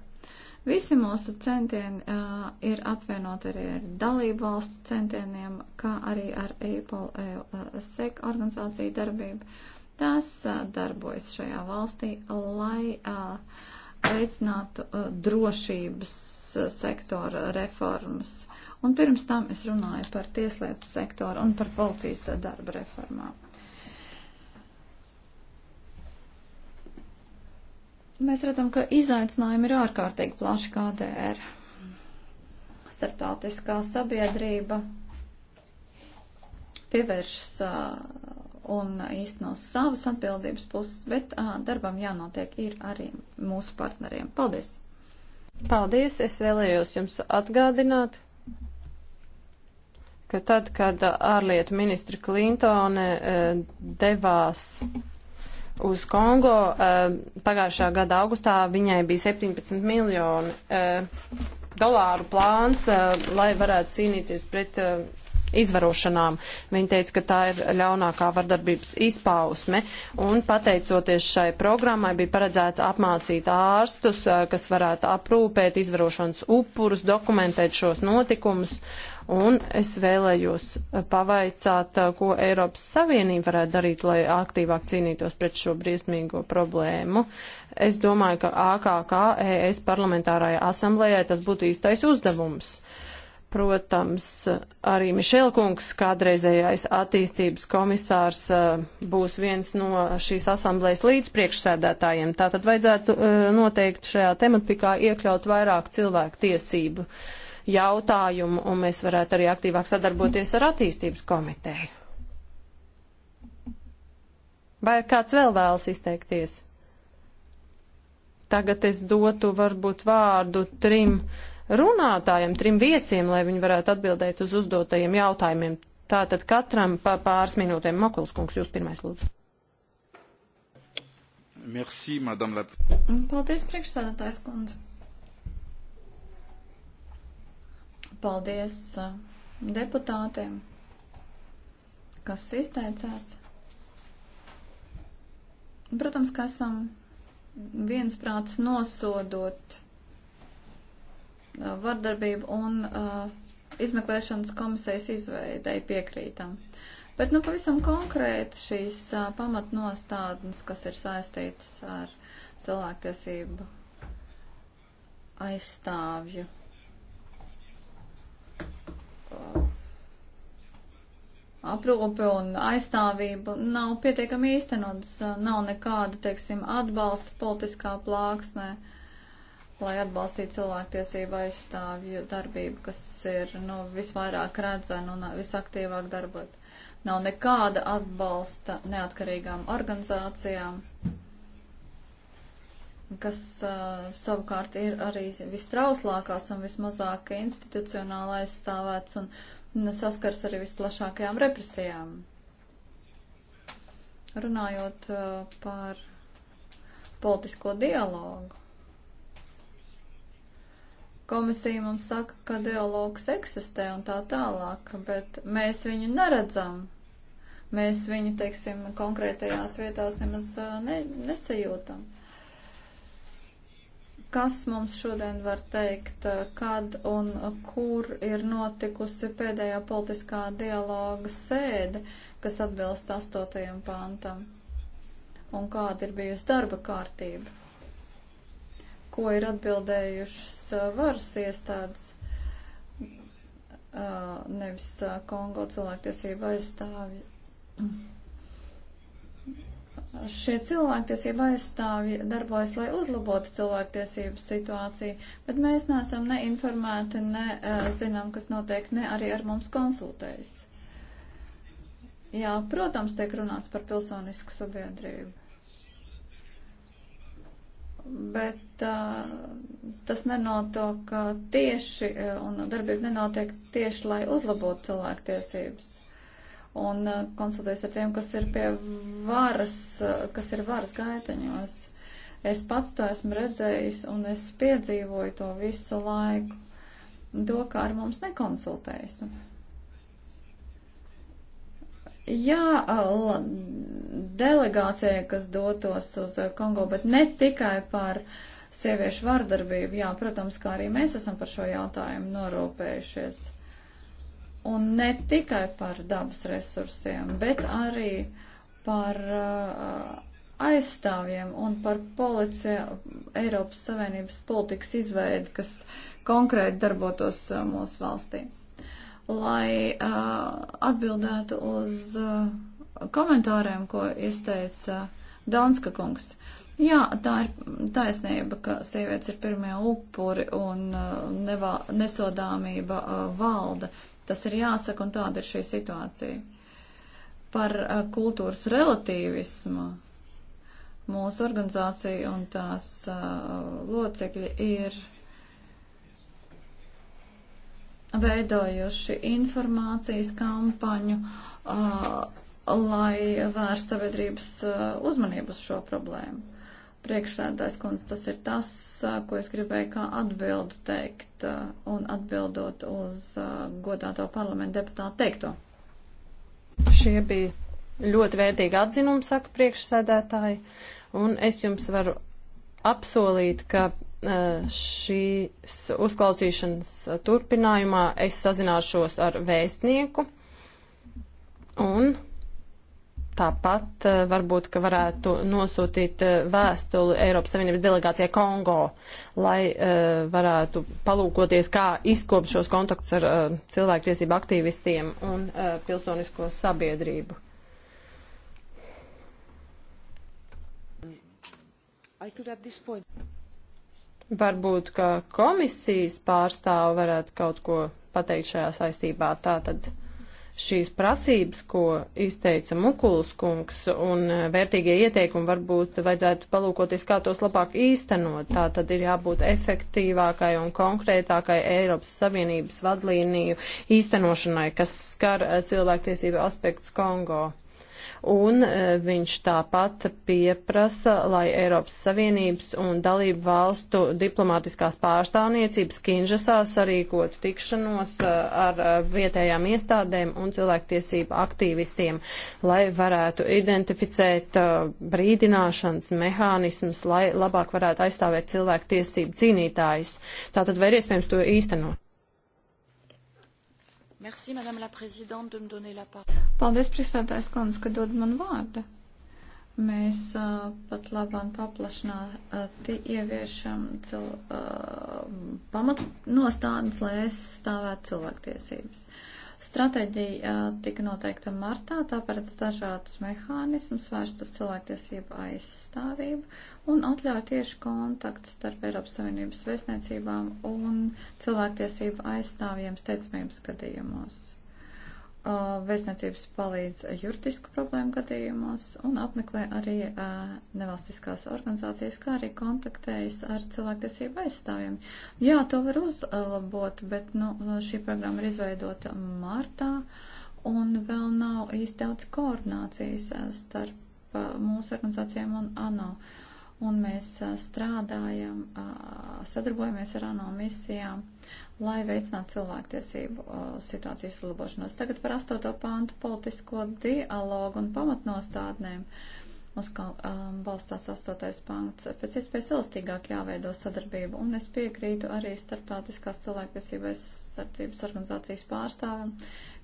Visi mūsu centieni uh, ir apvienoti arī ar dalību valstu centieniem, kā arī ar EIPOL, ESEC eh, organizāciju darbību. Tās uh, darbojas šajā valstī, lai uh, veicinātu uh, drošības sektora reformas Un pirms tam es runāju par tieslietu sektoru un par policijas darba reformām. Mēs redzam, ka izaicinājumi ir ārkārtīgi plaši KDR. Starptautiskā sabiedrība pievēršas uh, un īstenos savas atbildības puses, bet uh, darbam jānotiek ir arī mūsu partneriem. Paldies! Paldies! Es vēlējos jums atgādināt, ka tad, kad ārlietu ministra Klintone e, devās uz Kongo, e, pagājušā gada augustā viņai bija 17 miljoni e, dolāru plāns, lai varētu cīnīties pret izvarošanām. Viņa teica, ka tā ir ļaunākā vardarbības izpausme, un pateicoties šai programmai bija paredzēts apmācīt ārstus, kas varētu aprūpēt izvarošanas upurus, dokumentēt šos notikumus, Un es vēlējos eh, pavaicāt, eh, ko Eiropas Savienība varētu darīt, lai aktīvāk cīnītos pret šo briesmīgo problēmu. Es domāju, ka AKK ES parlamentārajā asamblējai tas būtu īstais uzdevums. Protams, arī Mišelkungs, kādreizējais attīstības komisārs, eh, būs viens no šīs asamblējas līdzpriekšsēdētājiem. Tātad vajadzētu noteikti šajā tematikā iekļaut vairāk cilvēku tiesību. Uh, jautājumu, un mēs varētu arī aktīvāk sadarboties ar attīstības komiteju. Vai kāds vēl vēlas izteikties? Tagad es dotu varbūt vārdu trim runātājiem, trim viesiem, lai viņi varētu atbildēt uz uzdotajiem jautājumiem. Tātad katram pa pāris minūtēm. Makulskungs, jūs pirmais lūdzu. Merci, madame la. Paldies, priekšsēdētājs kundze. Paldies uh, deputātiem, kas izteicās. Protams, ka esam viensprāts nosodot uh, vardarbību un uh, izmeklēšanas komisijas izveidai piekrītam. Bet, nu, pavisam konkrēti šīs uh, pamatnostādnes, kas ir saistītas ar cilvēktiesību aizstāvju aprūpe un aizstāvība nav pietiekami īstenotas, nav nekāda, teiksim, atbalsta politiskā plāksnē, lai atbalstītu cilvēktiesību aizstāvju darbību, kas ir nu, visvairāk redzena un visaktīvāk darbot. Nav nekāda atbalsta neatkarīgām organizācijām kas uh, savukārt ir arī vistrauslākās un vismazāk institucionāli aizstāvēts un saskars arī visplašākajām represijām. Runājot uh, par politisko dialogu. Komisija mums saka, ka dialogs eksistē un tā tālāk, bet mēs viņu neredzam. Mēs viņu, teiksim, konkrētajās vietās nemaz ne, nesajūtam. Uh, kas mums šodien var teikt, eh, kad un kur ir notikusi pēdējā politiskā dialoga sēde, kas atbilst 8. pāntam, un kāda ir bijusi darba kārtība, ko ir atbildējušas eh, varas iestādes, eh, nevis Kongo cilvēktiesība aizstāvja. Šie cilvēktiesība aizstāvji darbojas, lai uzlabotu cilvēktiesību situāciju, bet mēs neesam neinformēti, ne eh, zinām, kas notiek, ne arī ar mums konsultējas. Jā, protams, tiek runāts par pilsonisku sabiedrību. Bet uh, tas nenotiek eh, tieši, un darbība nenotiek tieši, lai uzlabotu cilvēktiesības un uh, konsultējas ar tiem, kas ir pie varas, uh, kas ir varas gaiteņos. Es pats to esmu redzējis un es piedzīvoju to visu laiku, to, kā ar mums nekonsultējas. Jā, uh, delegācijai, kas dotos uz Kongo, bet ne tikai par sieviešu vardarbību, jā, protams, kā arī mēs esam par šo jautājumu norūpējušies un ne tikai par dabas resursiem, bet arī par uh, aizstāvjiem un par policija, Eiropas Savienības politikas izveidi, kas konkrēti darbotos uh, mūsu valstī. Lai uh, atbildētu uz uh, komentāriem, ko izteica Danska kungs. Jā, tā ir taisnība, ka sievietes ir pirmie upuri un uh, nevā, nesodāmība uh, valda. Tas ir jāsaka, un tāda ir šī situācija. Par kultūras relativismu mūsu organizācija un tās locekļi ir veidojuši informācijas kampaņu, lai vērst sabiedrības uzmanību uz šo problēmu priekšsēdājs kundze, tas ir tas, ko es gribēju kā atbildu teikt un atbildot uz godāto parlamentu deputātu teikto. Šie bija ļoti vērtīgi atzinumi, saka priekšsēdētāji, un es jums varu apsolīt, ka šīs uzklausīšanas turpinājumā es sazināšos ar vēstnieku un Tāpat eh, varbūt, ka varētu nosūtīt eh, vēstuli Eiropas Savienības delegācijai Kongo, lai uh, varētu palūkoties, kā izkopt šos kontaktus ar uh, cilvēktiesību aktīvistiem un uh, pilsonisko sabiedrību. Varbūt, ka komisijas pārstāvi varētu kaut ko pateikt šajā saistībā. Tātad šīs prasības, ko izteica Mukulas kungs, un e, vērtīgie ieteikumi varbūt vajadzētu palūkoties, kā tos labāk īstenot. Tā tad ir jābūt efektīvākai un konkrētākai Eiropas Savienības vadlīniju īstenošanai, kas skar e, cilvēktiesību aspektus Kongo un e, viņš tāpat pieprasa, lai Eiropas Savienības un dalību valstu diplomātiskās pārstāvniecības Kinžasā sarīkotu tikšanos e, ar e, vietējām iestādēm un cilvēktiesību aktīvistiem, lai varētu identificēt brīdināšanas mehānismus, lai labāk varētu aizstāvēt cilvēktiesību cīnītājus. Tātad vai ir iespējams to īstenot? Merci, Madame la Présidente, de me donner la parole. Paldies, priekšstādājs Kondis, ka dod man vārdu. Mēs uh, pat labāk paplašināti uh, ieviešam cil, uh, pamatnostādes, lai aizstāvētu cilvēktiesības. Uh, Stratēģija tika noteikta martā, tā paredz dažādus mehānismus vērst uz cilvēktiesību aizstāvību un atļauj tieši kontaktu starp Eiropas Savienības vēstniecībām un cilvēktiesību aizstāvjiem steidzamības gadījumos. Uh, vēstniecības palīdz juridisku problēmu gadījumos un apmeklē arī uh, nevalstiskās organizācijas, kā arī kontaktējas ar cilvēktiesību aizstāvjiem. Jā, to var uzlabot, bet nu, šī programma ir izveidota martā un vēl nav īsti daudz koordinācijas uh, starp mūsu organizācijām un ANO. Un mēs strādājam, sadarbojamies ar ANO misijām, lai veicinātu cilvēktiesību uh, situācijas uzlabošanos. Tagad par astoto pāntu politisko dialogu un pamatnostādnēm. Uz kā um, balstās astotais pants. Pēc iespējas elastīgāk jāveido sadarbība, un es piekrītu arī starptautiskās cilvēktiesībās sardzības organizācijas pārstāvim,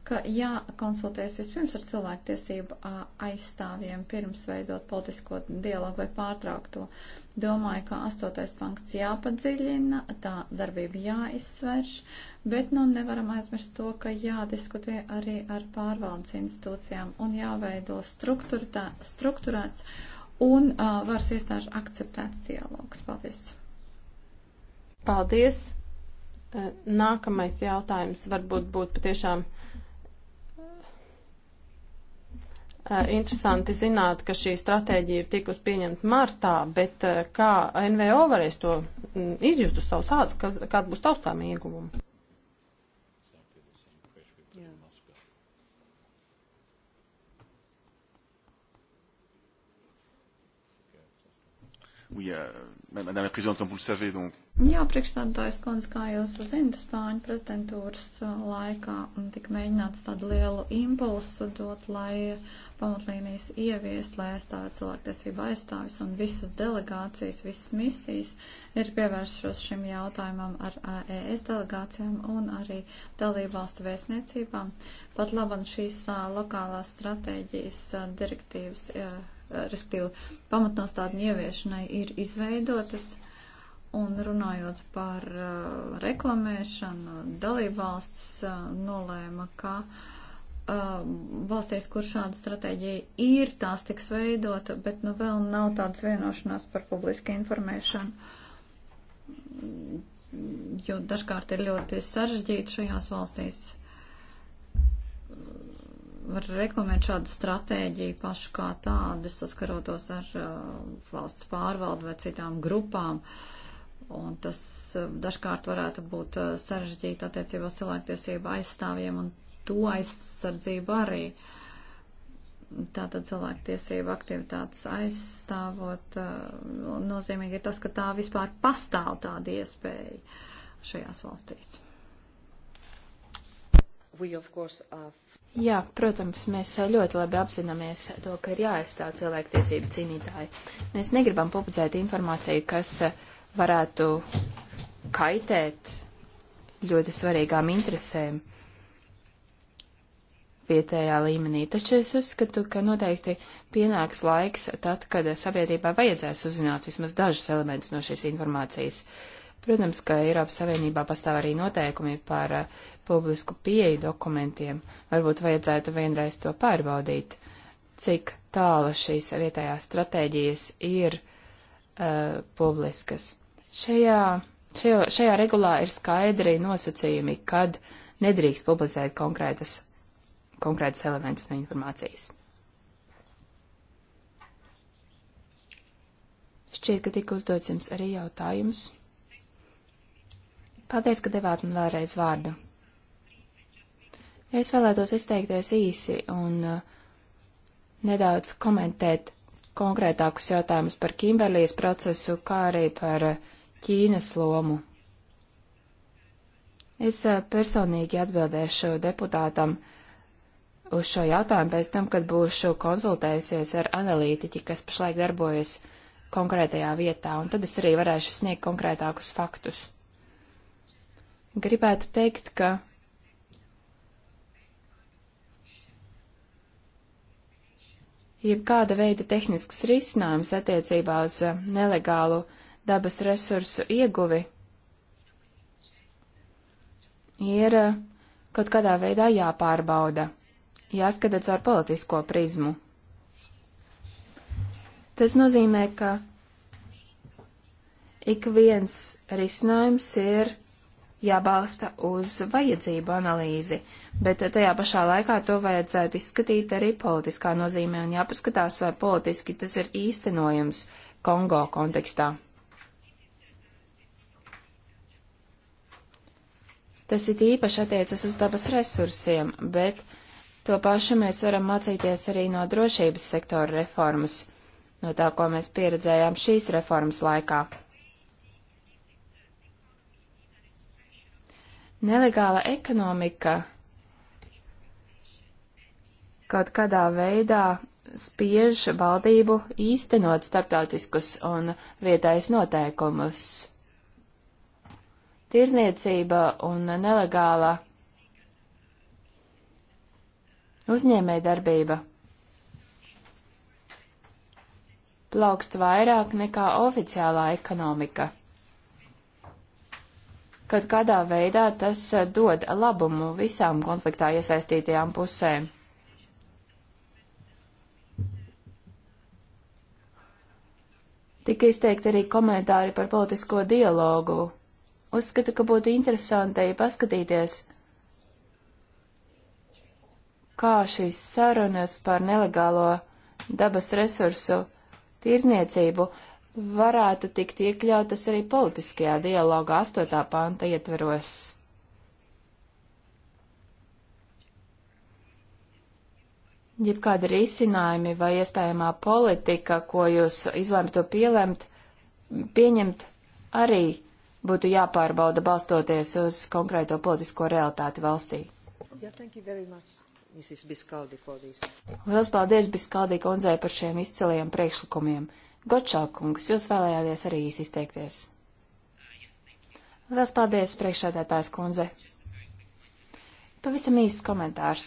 ka jākonsultējas vispirms ar cilvēktiesību uh, aizstāvjiem, pirms veidot politisko dialogu vai pārtraukto. Uh, Domāju, ka astotais punkts jāpadziļina, tā darbība jāizsverš, bet nu nevaram aizmirst to, ka jādiskutē arī ar pārvaldes institūcijām un jāveido strukturēts un uh, varas iestāžu akceptēts dialogs. Paldies! Paldies! Nākamais jautājums varbūt būtu patiešām Eh, interesanti zināt, ka šī stratēģija ir tikus pieņemta martā, bet eh, kā NVO varēs to mm, izjust uz savus ādas, kāda būs taustāma ieguvuma? Oui, euh, Madame la Présidente, comme vous le savez, donc Jā, priekšstādātājs Kons, kā jūs zinat, Spāņu prezidentūras laikā tika mēģināts tādu lielu impulsu dot, lai pamatlīnijas ieviest, lai aizstāvētu cilvēktiesību aizstāvis un visas delegācijas, visas misijas ir pievēršos šim jautājumam ar ES delegācijām un arī dalību valstu vēstniecībām. Pat labam šīs lokālās stratēģijas direktīvas respektīvi pamatnostādņu ieviešanai ir izveidotas, Un runājot par uh, reklamēšanu, dalībvalsts uh, nolēma, ka uh, valstīs, kur šāda stratēģija ir, tās tiks veidota, bet nu vēl nav tādas vienošanās par publisku informēšanu. Jo dažkārt ir ļoti sarežģīti šajās valstīs var uh, reklamēt šādu stratēģiju pašu kā tādu, saskarotos ar uh, valsts pārvaldu vai citām grupām. Uh, Un tas eh, dažkārt varētu būt eh, sarežģīti attiecībās cilvēktiesību aizstāvjiem un to aizsardzību arī. Tātad cilvēktiesību aktivitātes aizstāvot, eh, nozīmīgi ir tas, ka tā vispār pastāv tāda iespēja šajās valstīs. We, course, have... Jā, protams, mēs ļoti labi apzināmies to, ka ir jāaizstāv cilvēktiesību cīnītāji. Mēs negribam publicēt informāciju, kas uh, varētu kaitēt ļoti svarīgām interesēm vietējā līmenī, taču es uzskatu, ka noteikti pienāks laiks tad, kad sabiedrībā vajadzēs uzzināt vismaz dažus elementus no šīs informācijas. Protams, ka Eiropas Savienībā pastāv arī noteikumi par uh, publisku pieeju dokumentiem. Varbūt vajadzētu vienreiz to pārbaudīt, cik tālu šīs vietējās stratēģijas ir uh, publiskas. Šajā, šajā, šajā regulā ir skaidri nosacījumi, kad nedrīkst publicēt konkrētas, konkrētas elementus no informācijas. Šķiet, ka tika uzdots jums arī jautājums. Paldies, ka devāt man vēlreiz vārdu. Es vēlētos izteikties īsi un uh, nedaudz komentēt konkrētākus jautājumus par Kimberlijas procesu, kā arī par uh, Ķīnas lomu. Es eh, personīgi atbildēšu deputātam uz šo jautājumu pēc tam, kad būšu konsultējusies ar analītiķi, kas pašlaik darbojas konkrētajā vietā, un tad es arī varēšu sniegt konkrētākus faktus. Gribētu teikt, ka jebkāda veida tehnisks risinājums attiecībā uz eh, nelegālu dabas resursu ieguvi ir eh, kaut kādā veidā jāpārbauda, jāskata caur politisko prizmu. Tas nozīmē, ka ik viens risinājums ir jābalsta uz vajadzību analīzi, bet tajā pašā laikā to vajadzētu izskatīt arī politiskā nozīmē un jāpaskatās, vai politiski tas ir īstenojums Kongo kontekstā. Tas it īpaši attiecas uz dabas resursiem, bet to pašu mēs varam mācīties arī no drošības sektora reformas, no tā, ko mēs pieredzējām šīs reformas laikā. Nelegāla ekonomika kaut kādā veidā spiež valdību īstenot starptautiskus un vietais noteikumus. Tirzniecība un nelegālā uzņēmēja darbība plaukst vairāk nekā oficiālā ekonomika. Kaut kādā veidā tas eh, dod labumu visām konfliktā iesaistītajām pusēm. Tika izteikti arī komentāri par politisko dialogu Uzskatu, ka būtu interesanti paskatīties, kā šīs sarunas par nelegālo dabas resursu tirzniecību varētu tikt iekļautas arī politiskajā dialogā 8. panta ietveros. Jebkāda risinājumi vai iespējamā politika, ko jūs izlemtu pielemt, pieņemt, arī būtu jāpārbauda balstoties uz konkrēto politisko realitāti valstī. Yeah, Lielas paldies Biskaldī kundzei par šiem izcilajiem priekšlikumiem. Gočākungs, jūs vēlējāties arī īsi izteikties. Lielas paldies, priekšsēdētājs kundze. Pavisam īsts komentārs.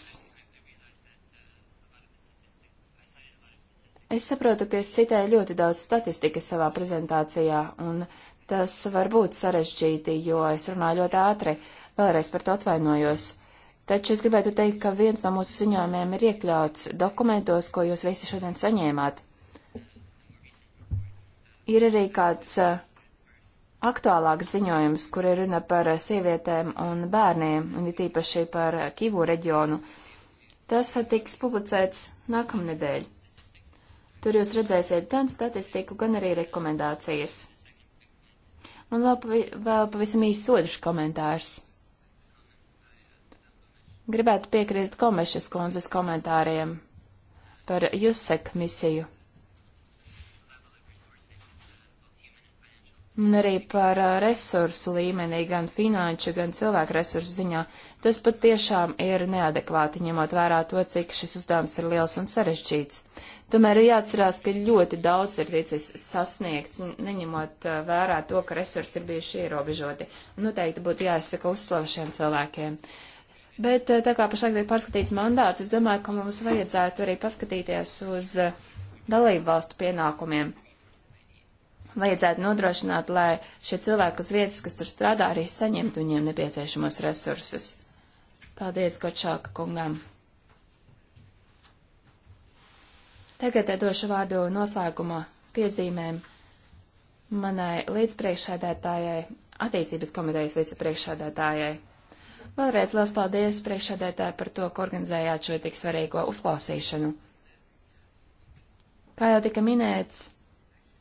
Es saprotu, ka es citēju ļoti daudz statistikas savā prezentācijā, un uh, Tas var būt sarežģīti, jo es runāju ļoti ātri, vēlreiz par to atvainojos. Taču es gribētu teikt, ka viens no mūsu ziņojumiem ir iekļauts dokumentos, ko jūs visi šodien saņēmāt. Ir arī kāds uh, aktuālāks ziņojums, kur ir runa par uh, sievietēm un bērniem, un ir tīpaši par uh, Kivu reģionu. Tas tiks publicēts nākamnedēļ. Tur jūs redzēsiet gan statistiku, gan arī rekomendācijas. Un vēl, pavi, vēl pavisam īsi otrs komentārs. Gribētu piekrist Komešas kundzes komentāriem par Jusek misiju. un arī par resursu līmenī, gan finanšu, gan cilvēku resursu ziņā. Tas pat tiešām ir neadekvāti, ņemot vērā to, cik šis uzdevums ir liels un sarežģīts. Tomēr ir jāatcerās, ka ļoti daudz ir ticis sasniegts, neņemot vērā to, ka resursi ir bijuši ierobežoti. Noteikti būtu jāizsaka uzslavu šiem cilvēkiem. Bet tā kā pašlaik tiek pārskatīts mandāts, es domāju, ka mums vajadzētu arī paskatīties uz dalību valstu pienākumiem vajadzētu nodrošināt, lai šie cilvēki uz vietas, kas tur strādā, arī saņemtu viņiem nepieciešamos resursus. Paldies, Gočāka kungam! Tagad došu vārdu noslēguma piezīmēm manai līdzpriekšēdētājai, attīstības komitejas līdzpriekšēdētājai. Vēlreiz liels paldies priekšēdētāji par to, ka organizējāt šo tik svarīgo uzklausīšanu. Kā jau tika minēts,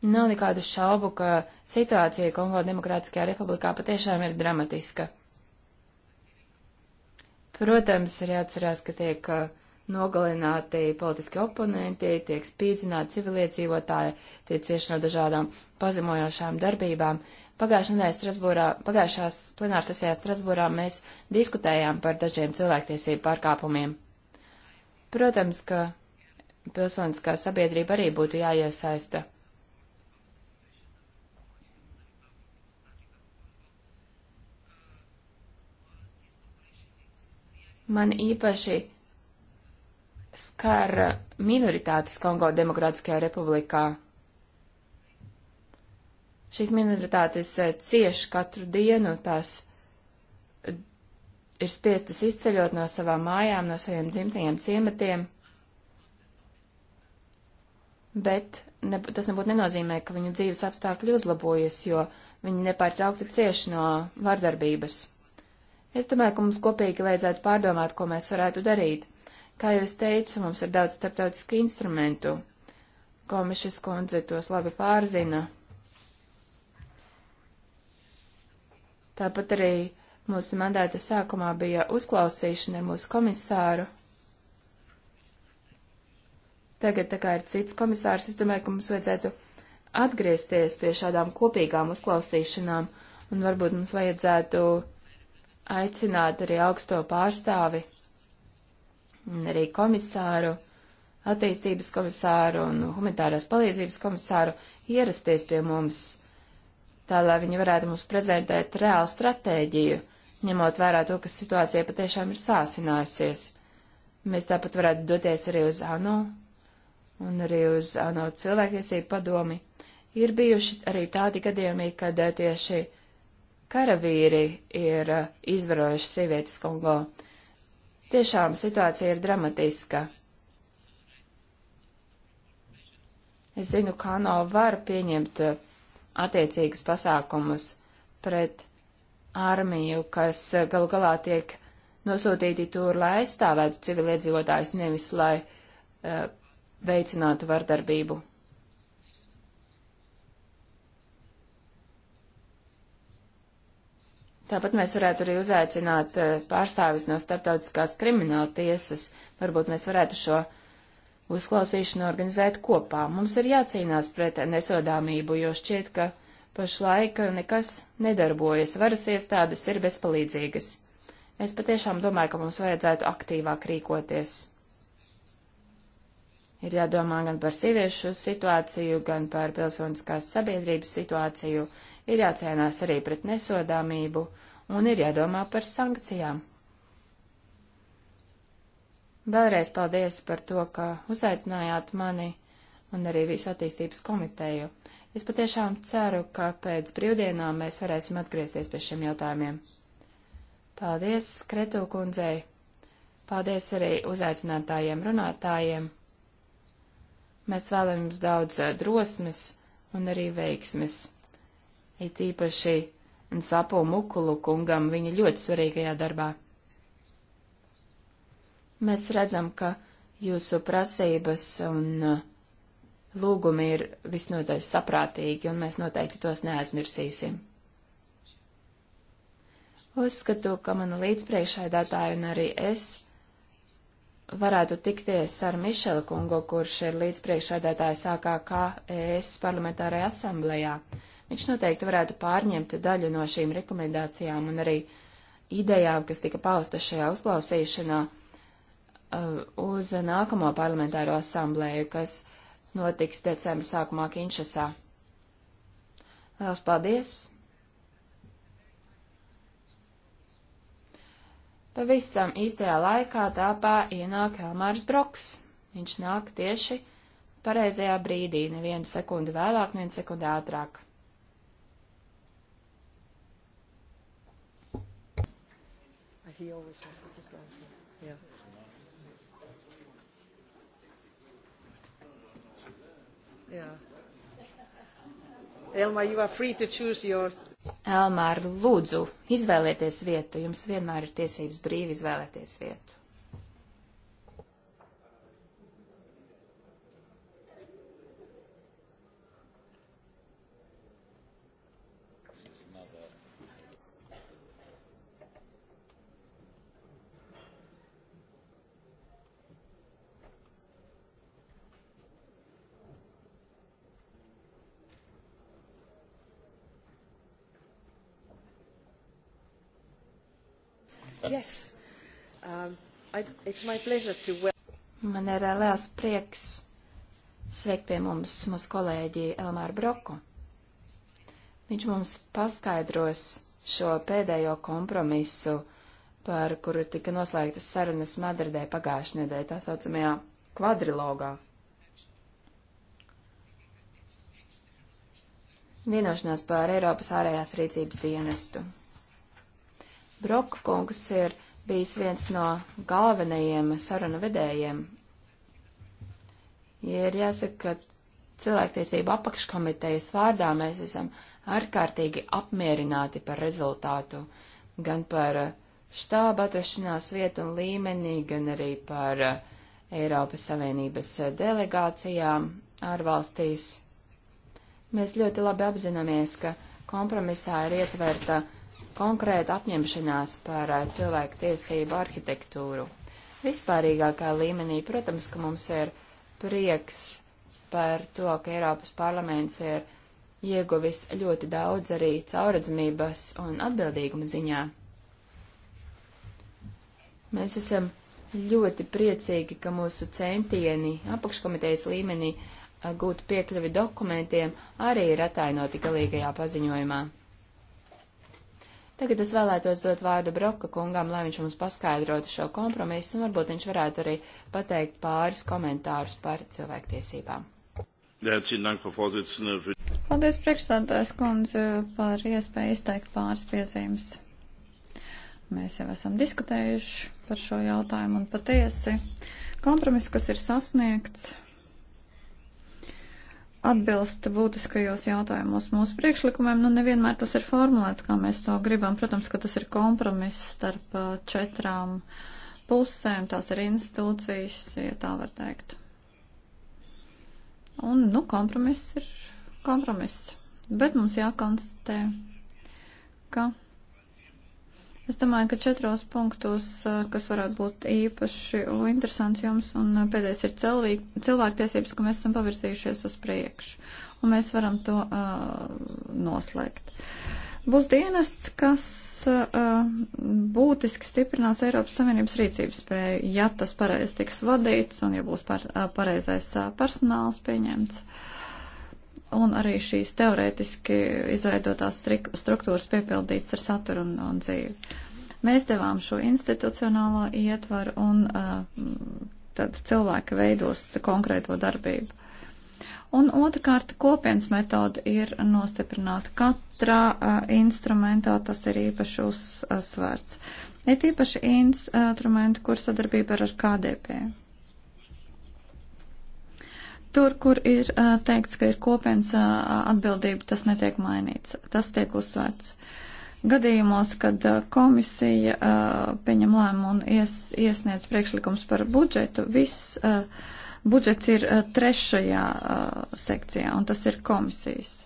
Nav nekādu šaubu, ka situācija Kongo Demokrātiskajā republikā patiešām ir dramatiska. Protams, ir jāatcerās, ka tiek uh, nogalināti politiski oponenti, tiek spīdzināti civiliedzīvotāji, tie cieši no dažādām pazemojošām darbībām. Pagājušā nedēļā Strasbūrā, pagājušās plenārsesijā Strasbūrā mēs diskutējām par dažiem cilvēktiesību pārkāpumiem. Protams, ka pilsoniskā sabiedrība arī būtu jāiesaista man īpaši skar minoritātes Kongo Demokrātiskajā republikā. Šīs minoritātes eh, cieš katru dienu, tās eh, ir spiestas izceļot no savām mājām, no saviem dzimtajiem ciematiem, bet ne, tas nebūtu nenozīmē, ka viņu dzīves apstākļi uzlabojas, jo viņi nepārtraukti cieš no vardarbības. Es domāju, ka mums kopīgi vajadzētu pārdomāt, ko mēs varētu darīt. Kā jau es teicu, mums ir daudz starptautisku instrumentu. Komišas kundze tos labi pārzina. Tāpat arī mūsu mandāta sākumā bija uzklausīšana ar mūsu komisāru. Tagad tā kā ir cits komisārs, es domāju, ka mums vajadzētu atgriezties pie šādām kopīgām uzklausīšanām, un varbūt mums vajadzētu aicināt arī augsto pārstāvi un arī komisāru, attīstības komisāru un humanitārās palīdzības komisāru ierasties pie mums, tā lai viņi varētu mums prezentēt reālu stratēģiju, ņemot vērā to, ka situācija patiešām ir sāsinājusies. Mēs tāpat varētu doties arī uz ANO un arī uz ANO cilvēktiesību padomi. Ir bijuši arī tādi gadījumi, kad tieši karavīri ir uh, izvarojuši sievietes Kongo. Tiešām situācija ir dramatiska. Es zinu, ka ANO var pieņemt uh, attiecīgus pasākumus pret armiju, kas uh, galu galā tiek nosūtīti tur, lai aizstāvētu civiliedzīvotājus, nevis lai uh, veicinātu vardarbību. Tāpat mēs varētu arī uzaicināt eh, pārstāvis no starptautiskās krimināla tiesas. Varbūt mēs varētu šo uzklausīšanu organizēt kopā. Mums ir jācīnās pret nesodāmību, jo šķiet, ka pašlaik nekas nedarbojas, varas iestādes ir bezpalīdzīgas. Es patiešām domāju, ka mums vajadzētu aktīvāk rīkoties. Ir jādomā gan par sieviešu situāciju, gan par pilsoniskās sabiedrības situāciju, ir jācēnās arī pret nesodāmību un ir jādomā par sankcijām. Vēlreiz paldies par to, ka uzaicinājāt mani un arī visu attīstības komiteju. Es patiešām ceru, ka pēc brīvdienām mēs varēsim atgriezties pie šiem jautājumiem. Paldies, Kretu kundzei! Paldies arī uzaicinātājiem runātājiem! Mēs vēlamies daudz eh, drosmes un arī veiksmes! it īpaši Sapo Mukulu kungam viņa ļoti svarīgajā darbā. Mēs redzam, ka jūsu prasības un uh, lūgumi ir visnotaļ saprātīgi, un mēs noteikti tos neaizmirsīsim. Uzskatu, ka mana līdzpriekšēdātāja un arī es varētu tikties ar Mišelu kungu, kurš ir līdzpriekšēdētājs AKK ES parlamentārajā asamblējā. Viņš noteikti varētu pārņemt daļu no šīm rekomendācijām un arī idejām, kas tika paustas šajā uzklausīšanā uh, uz nākamo parlamentāro asamblēju, kas notiks decembra sākumā Kinšasā. Lielas paldies! Pavisam īstajā laikā tāpā ienāk Elmārs Broks. Viņš nāk tieši pareizajā brīdī, nevienu sekundi vēlāk, nevienu sekundi ātrāk. he always wants to sit down here. Yeah. Yeah. Elmar, you are free to choose your. Elmar, lūdzu, izvēlieties vietu. Jums vienmēr ir tiesības brīvi izvēlēties vietu. Yes. Um, I, it's my pleasure to... Man ir uh, liels prieks sveikt pie mums mūsu kolēģi Elmāru Broku. Viņš mums paskaidros šo pēdējo kompromisu, par kuru tika noslēgtas sarunas Madridē pagājušajā nedēļā, tā saucamajā kvadrilogā. Vienošanās par Eiropas ārējās rīcības dienestu. Broka kungs ir bijis viens no galvenajiem sarunu vedējiem. Ja ir jāsaka, ka cilvēktiesību apakškomitejas vārdā mēs esam ārkārtīgi apmierināti par rezultātu, gan par uh, štāba atrašanās vietu un līmenī, gan arī par uh, Eiropas Savienības uh, delegācijām ārvalstīs. Mēs ļoti labi apzināmies, ka kompromisā ir ietverta konkrēta apņemšanās par eh, cilvēku tiesību arhitektūru. Vispārīgākā līmenī, protams, ka mums ir prieks par to, ka Eiropas parlaments ir ieguvis ļoti daudz arī caurredzamības un atbildīguma ziņā. Mēs esam ļoti priecīgi, ka mūsu centieni apakškomitejas līmenī eh, gūt piekļuvi dokumentiem arī ir atainoti galīgajā paziņojumā. Tagad es vēlētos dot vārdu Broka kungam, lai viņš mums paskaidrotu šo kompromisu, un varbūt viņš varētu arī pateikt pāris komentārus par cilvēktiesībām. Paldies, priekšstādājs kundze, par iespēju izteikt pāris piezīmes. Mēs jau esam diskutējuši par šo jautājumu, un patiesi kompromiss, kas ir sasniegts, atbilst būtiskajos jautājumos mūsu priekšlikumiem. Nu, nevienmēr tas ir formulēts, kā mēs to gribam. Protams, ka tas ir kompromiss starp uh, četrām pusēm, tās ir institūcijas, ja tā var teikt. Un, nu, kompromiss ir kompromiss. Bet mums jākonstatē, ka Es domāju, ka četros punktos, kas varētu būt īpaši interesants jums, un pēdējais ir cilvēktiesības, ka mēs esam pavirzījušies uz priekšu, un mēs varam to uh, noslēgt. Būs dienests, kas uh, būtiski stiprinās Eiropas Savienības rīcības spēju, ja tas pareizi tiks vadīts un ja būs par, uh, pareizais uh, personāls pieņemts. Uh, un arī šīs teorētiski izveidotās struktūras piepildīts ar saturu un, un dzīvi. Mēs devām šo institucionālo ietvaru un uh, tad cilvēki veidos konkrēto darbību. Un otrkārt, kopienas metode ir nostiprināta. Katrā uh, instrumentā tas ir īpaši uzsvērts. Uh, ir īpaši instrumenti, kur sadarbība ir ar KDP. Tur, kur ir teikts, ka ir kopienas atbildība, tas netiek mainīts. Tas tiek uzsvērts. Gadījumos, kad komisija pieņem lēmumu un ies, iesniedz priekšlikums par budžetu, viss budžets ir trešajā sekcijā, un tas ir komisijas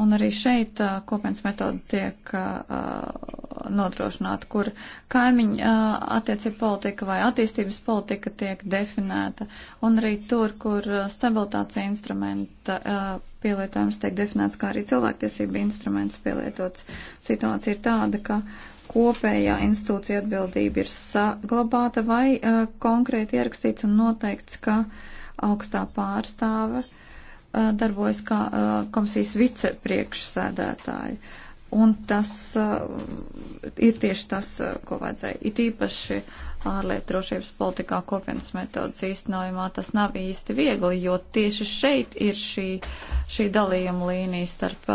Un arī šeit uh, kopienas metoda tiek uh, uh, nodrošināta, kur kaimiņa uh, attiecība politika vai attīstības politika tiek definēta, un arī tur, kur uh, stabilitātes instrumenta uh, pielietojums tiek definēts, kā arī cilvēktiesība instruments pielietots. Situācija ir tāda, ka kopējā institūcija atbildība ir saglabāta vai uh, konkrēti ierakstīts un noteikts, ka augstā pārstāve uh, Eh, darbojas kā eh, komisijas vicepriekšsēdētāja. Un tas eh, ir tieši tas, ko vajadzēja. It īpaši ārlietu drošības politikā kopienas metodas īstenojumā tas nav īsti viegli, jo tieši šeit ir šī, šī dalījuma līnija starp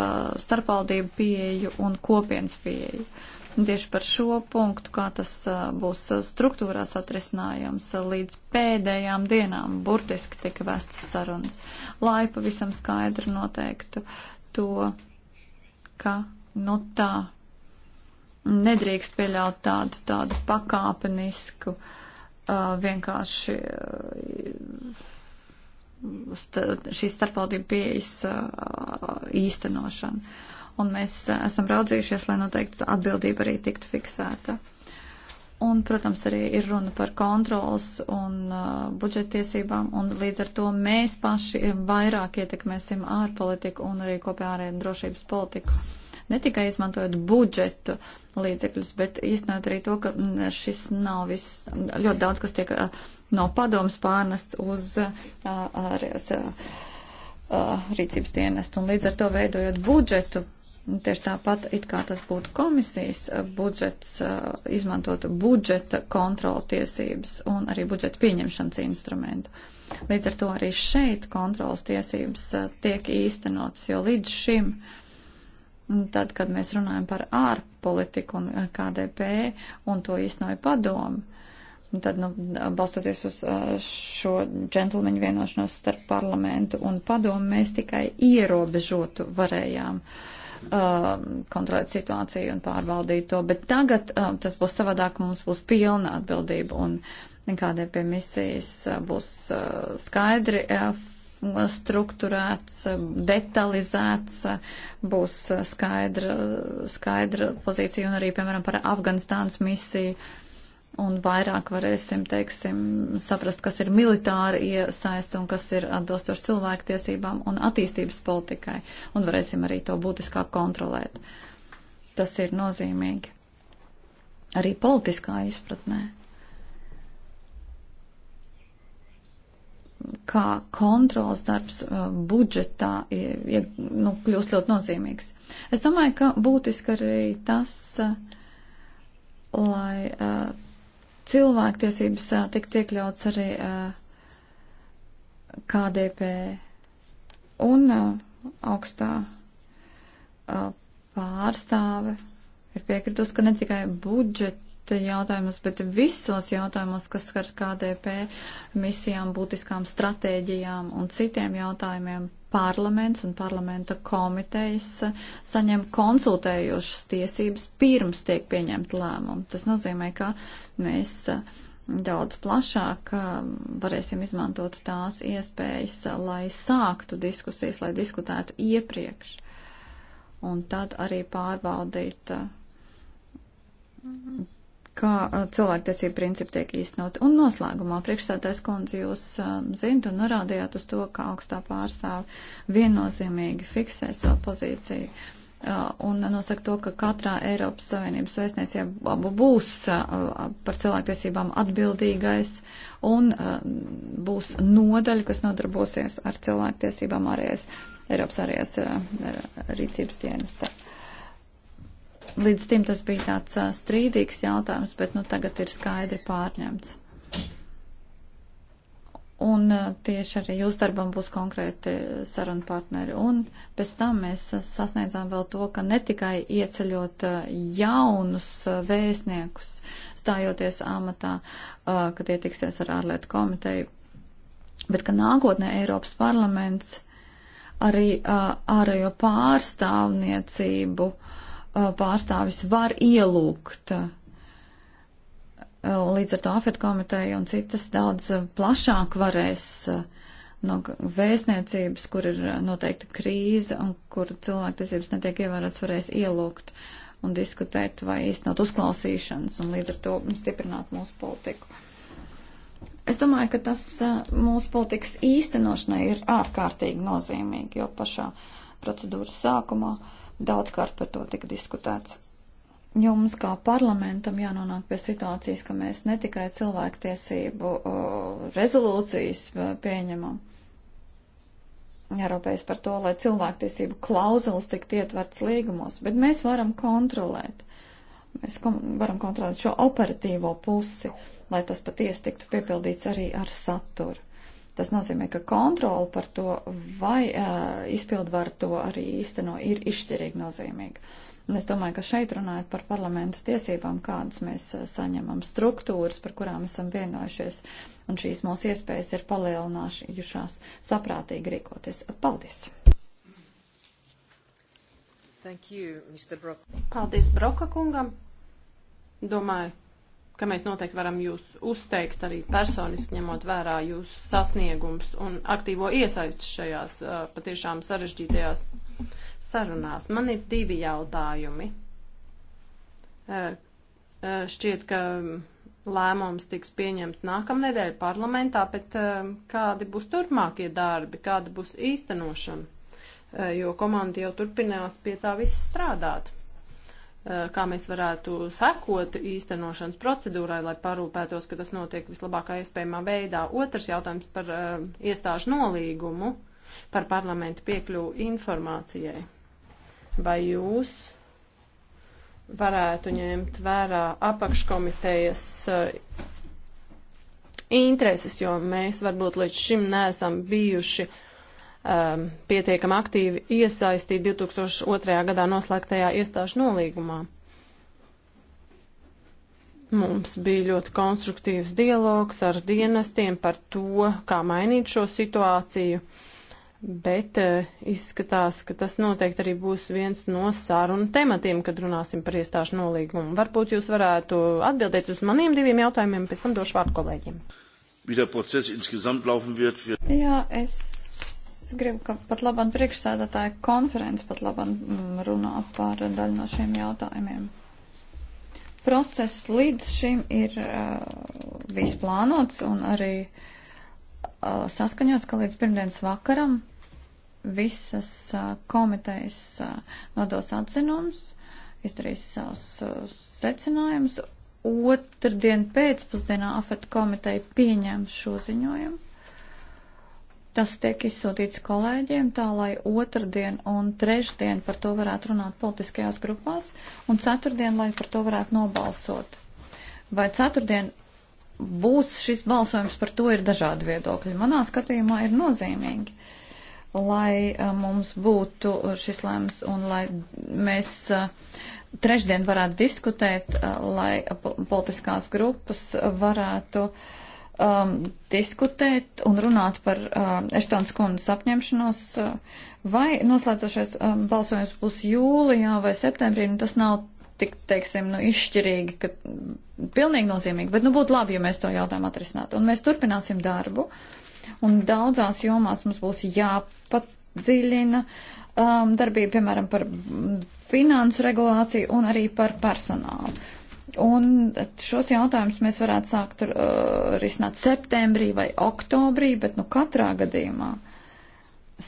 starpvaldību pieeju un kopienas pieeju. Uh, tieši par šo punktu, kā tas būs struktūrās atrisinājums. Līdz pēdējām dienām burtiski tika vestas sarunas, lai pavisam skaidri noteiktu to, ka nu tā nedrīkst pieļaut tādu, tādu pakāpenisku, uh, vienkārši uh, st šīs starpvaldību pieejas uh, īstenošanu un mēs esam raudzījušies, lai noteikti atbildība arī tiktu fiksēta. Un, protams, arī ir runa par kontrols un uh, budžeta tiesībām, un līdz ar to mēs paši vairāk ietekmēsim ārpolitiku un arī kopējā ārē drošības politiku. Ne tikai izmantojot budžetu līdzekļus, bet īstenot arī to, ka mm, šis nav viss, ļoti daudz, kas tiek uh, no padomas pārnests uz uh, ārējas. Uh, uh, rīcības dienestu. Un līdz ar to veidojot budžetu, Tieši tāpat, it kā tas būtu komisijas eh, budžets, eh, izmantot budžeta kontrola tiesības un arī budžeta pieņemšanas instrumentu. Līdz ar to arī šeit kontrolas tiesības eh, tiek īstenotas, jo līdz šim, tad, kad mēs runājam par ārpolitiku un KDP un to īstenoja padomu, Tad, nu, balstoties uz šo džentlmeņu vienošanos starp parlamentu un padomu, mēs tikai ierobežotu varējām uh, Um, kontrolēt situāciju un pārvaldīt to, bet tagad um, tas būs savādāk, mums būs pilna atbildība un nekādai pie misijas uh, būs uh, skaidri uh, strukturēts, detalizēts, būs skaidra, skaidra pozīcija un arī, piemēram, par Afganistānas misiju. Uh, un vairāk varēsim, teiksim, saprast, kas ir militāri iesaista un kas ir atbilstoši cilvēktiesībām un attīstības politikai, un varēsim arī to būtiskāk kontrolēt. Tas ir nozīmīgi. Arī politiskā izpratnē. Kā kontrols darbs uh, budžetā ja, nu, kļūst ļoti nozīmīgs. Es domāju, ka būtiski arī tas, uh, lai uh, cilvēktiesības tikt iekļauts arī KDP un augstā pārstāve ir piekritus, ka ne tikai budžeta jautājumos, bet visos jautājumos, kas skar KDP misijām, būtiskām stratēģijām un citiem jautājumiem parlaments un parlamenta komitejas eh, saņem konsultējošas tiesības pirms tiek pieņemta lēmuma. Tas nozīmē, ka mēs eh, daudz plašāk eh, varēsim izmantot tās iespējas, lai sāktu diskusijas, lai diskutētu iepriekš. Un tad arī pārbaudīt kā cilvēktiesība principi tiek īstenot. Un noslēgumā priekšstādājs kundze jūs zint un norādījāt uz to, ka augstā pārstāve viennozīmīgi fiksē savu pozīciju un nosaka to, ka katrā Eiropas Savienības vēstniecībā būs par cilvēktiesībām atbildīgais un būs nodaļa, kas nodarbosies ar cilvēktiesībām ārējais, Eiropas ārējās rīcības dienestā. Līdz tim tas bija tāds uh, strīdīgs jautājums, bet nu tagad ir skaidri pārņemts. Un uh, tieši arī jūs darbam būs konkrēti sarunu partneri. Un pēc tam mēs sasniedzām vēl to, ka ne tikai ieceļot uh, jaunus uh, vēstniekus, stājoties amatā, uh, ka tie tiksies ar ārlietu komiteju, bet ka nākotnē Eiropas parlaments arī uh, ārējo pārstāvniecību uh, Uh, pārstāvis var ielūgt. Uh, līdz ar to afet komiteja un citas daudz uh, plašāk varēs no vēstniecības, kur ir noteikta krīze un kur cilvēktiesības netiek ievērotas, varēs ielūgt un diskutēt vai īstenot uzklausīšanas un līdz ar to stiprināt mūsu politiku. Es domāju, ka tas mūsu politikas īstenošanai ir ārkārtīgi nozīmīgi, jo pašā procedūras sākumā uh, Daudzkārt par to tika diskutēts. Jo mums kā parlamentam jānonāk pie situācijas, ka mēs ne tikai cilvēktiesību rezolūcijas pieņemam, Eiropējas par to, lai cilvēktiesību klauzulas tiktu ietverts līgumos, bet mēs varam kontrolēt. Mēs kom varam kontrolēt šo operatīvo pusi, lai tas patiesi tiktu piepildīts arī ar saturu. Tas nozīmē, ka kontroli par to, vai uh, izpildvar to arī īsteno, ir izšķirīgi nozīmīga. Un es domāju, ka šeit runājot par parlamenta tiesībām, kādas mēs saņemam, struktūras, par kurām esam vienojušies, un šīs mūsu iespējas ir palielinājušās saprātīgi rīkoties. Paldies! Thank you, Mr. Brock. Paldies Broka kungam. Domāju, ka mēs noteikti varam jūs uzteikt arī personiski ņemot vērā jūsu sasniegums un aktīvo iesaistu šajās patiešām sarežģītajās sarunās. Man ir divi jautājumi. Šķiet, ka lēmums tiks pieņemts nākamnedēļ parlamentā, bet kādi būs turpmākie darbi, kāda būs īstenošana, jo komanda jau turpinās pie tā viss strādāt. Eh, kā mēs varētu sekot īstenošanas procedūrai, lai parūpētos, ka tas notiek vislabākā iespējamā veidā. Otrs jautājums par uh, iestāžu nolīgumu, par parlamentu piekļuvu informācijai. Vai jūs varētu ņemt vērā apakškomitejas uh, intereses, jo mēs varbūt līdz šim neesam bijuši uh, um, pietiekami aktīvi iesaistīti 2002. gadā noslēgtajā iestāžu nolīgumā. Mums bija ļoti konstruktīvs dialogs ar dienestiem par to, kā mainīt šo situāciju, bet uh, izskatās, ka tas noteikti arī būs viens no sārunu tematiem, kad runāsim par iestāžu nolīgumu. Varbūt jūs varētu atbildēt uz maniem diviem jautājumiem, pēc tam došu vārdu kolēģiem. Wie der Prozess insgesamt laufen wird. Ja, es Es gribu, ka pat labam priekšsēdētāja konferences pat labam mm, runā par daļu no šiem jautājumiem. Process līdz šim ir uh, bijis plānots un arī uh, saskaņots, ka līdz pirmdienas vakaram visas uh, komitejas uh, nodos atzinums, izdarīs savus uh, secinājumus. Otrdien pēcpusdienā AFET komiteja pieņem šo ziņojumu Tas tiek izsūtīts kolēģiem tā, lai otrdien un trešdien par to varētu runāt politiskajās grupās un ceturtdien, lai par to varētu nobalsot. Vai ceturtdien būs šis balsojums, par to ir dažādi viedokļi. Manā skatījumā ir nozīmīgi, lai mums būtu šis lēmums un lai mēs trešdien varētu diskutēt, lai politiskās grupas varētu uh, um, diskutēt un runāt par um, Eštons kundas apņemšanos, uh, vai noslēdzošais um, balsojums būs jūlijā vai septembrī, nu, tas nav tik, teiksim, nu, izšķirīgi, ka mm, pilnīgi nozīmīgi, bet, nu, būtu labi, ja mēs to jautājumu atrisinātu. Un mēs turpināsim darbu, un daudzās jomās mums būs jāpadziļina um, darbība, piemēram, par mm, finansu regulāciju un arī par personālu. Un šos jautājumus mēs varētu sākt uh, risināt septembrī vai oktobrī, bet nu katrā gadījumā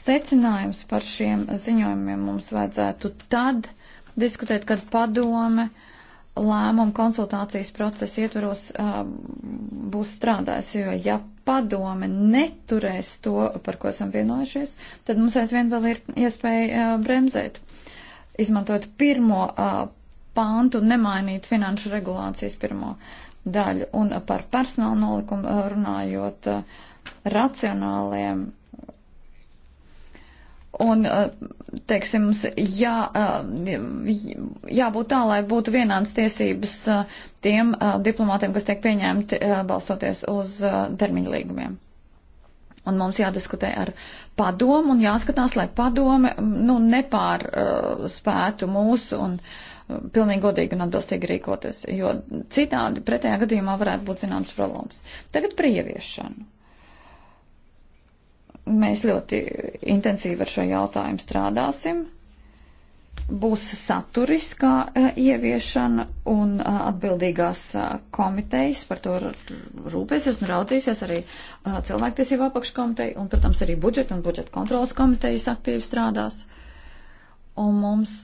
secinājums par šiem ziņojumiem mums vajadzētu tad diskutēt, kad padome lēmumu konsultācijas procesa ietveros uh, būs strādājis, jo ja padome neturēs to, par ko esam vienojušies, tad mums aizvien vēl ir iespēja uh, bremzēt, izmantot pirmo uh, pāntu un nemainīt finanšu regulācijas pirmo daļu. Un par personāla nolikumu eh, runājot eh, racionāliem. Un, eh, teiksim, mums jā, jābūt tā, lai būtu vienādas tiesības tiem diplomātiem, kas tiek pieņemti balstoties uz termiņu līgumiem. Un mums jādiskutē ar padomu un jāskatās, lai padome mm, nu, nepārspētu mūsu un uh, pilnīgi godīgi un atbilstīgi rīkoties, jo citādi pretējā gadījumā varētu būt zināms problēmas. Tagad par ieviešanu. Mēs ļoti intensīvi ar šo jautājumu strādāsim. Būs saturiskā eh, ieviešana un eh, atbildīgās eh, komitejas par to rūpēsies un raudzīsies arī cilvēktiesību apakškomiteja un, protams, arī budžeta un budžeta kontrolas komitejas aktīvi strādās. Un mums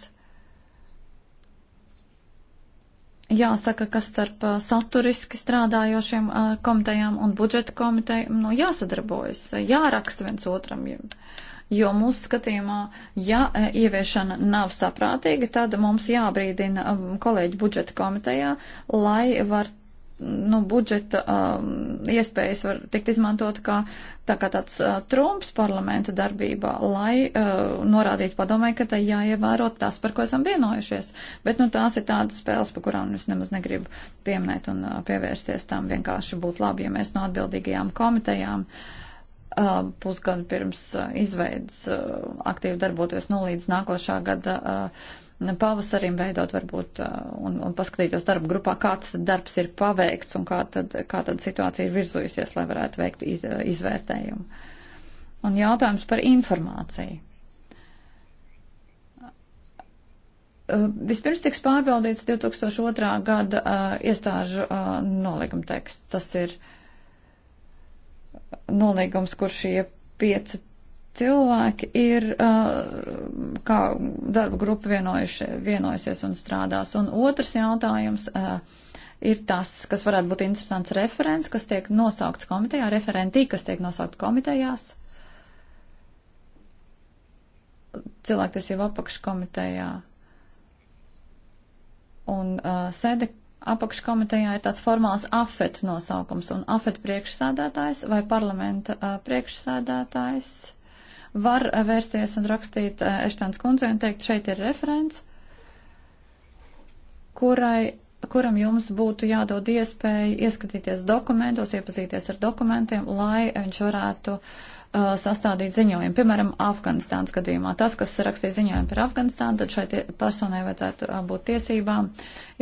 jāsaka, ka starp saturiski strādājošiem komitejām un budžeta komiteju nu, jāsadarbojas, jāraksta viens otram. Jo mūsu skatījumā, ja ieviešana nav saprātīga, tad mums jābrīdina kolēģi budžeta komitejā, lai var nu, budžeta um, iespējas var tikt izmantot kā, tā kā tāds uh, trumps parlamenta darbībā, lai uh, norādītu padomē, ka tai jāievēro tas, par ko esam vienojušies. Bet, nu, tās ir tādas spēles, pa kurām es nemaz negribu pieminēt un uh, pievērsties tam. Vienkārši būtu labi, ja mēs no atbildīgajām komitejām uh, pusgadu pirms uh, izveidas uh, aktīvi darboties, nu, līdz nākošā gada. Uh, pavasarim veidot varbūt un, un paskatītos darba grupā, kāds darbs ir paveikts un kā tad, kā tad situācija ir virzojusies, lai varētu veikt iz, izvērtējumu. Un jautājums par informāciju. Vispirms tiks pārbaudīts 2002. gada uh, iestāžu uh, nolīguma teksts. Tas ir nolīgums, kur šie pieci cilvēki ir uh, kā darba grupa vienojuši, vienojusies un strādās. Un otrs jautājums uh, ir tas, kas varētu būt interesants referents, kas tiek nosaukts komitejā, referentī, kas tiek nosaukt komitejās. Cilvēktiesību apakškomitejā un uh, sēde apakškomitejā ir tāds formāls afet nosaukums, un afet priekšsādātājs vai parlamenta uh, priekšsādātājs var vērsties un rakstīt eh, Eštāns kundzei un teikt, šeit ir referents, kurai, kuram jums būtu jādod iespēja ieskatīties dokumentos, iepazīties ar dokumentiem, lai viņš varētu uh, sastādīt ziņojumu. Piemēram, Afganistānas gadījumā. Tas, kas rakstīja ziņojumu par Afganistānu, tad šai personai vajadzētu eh, būt tiesībām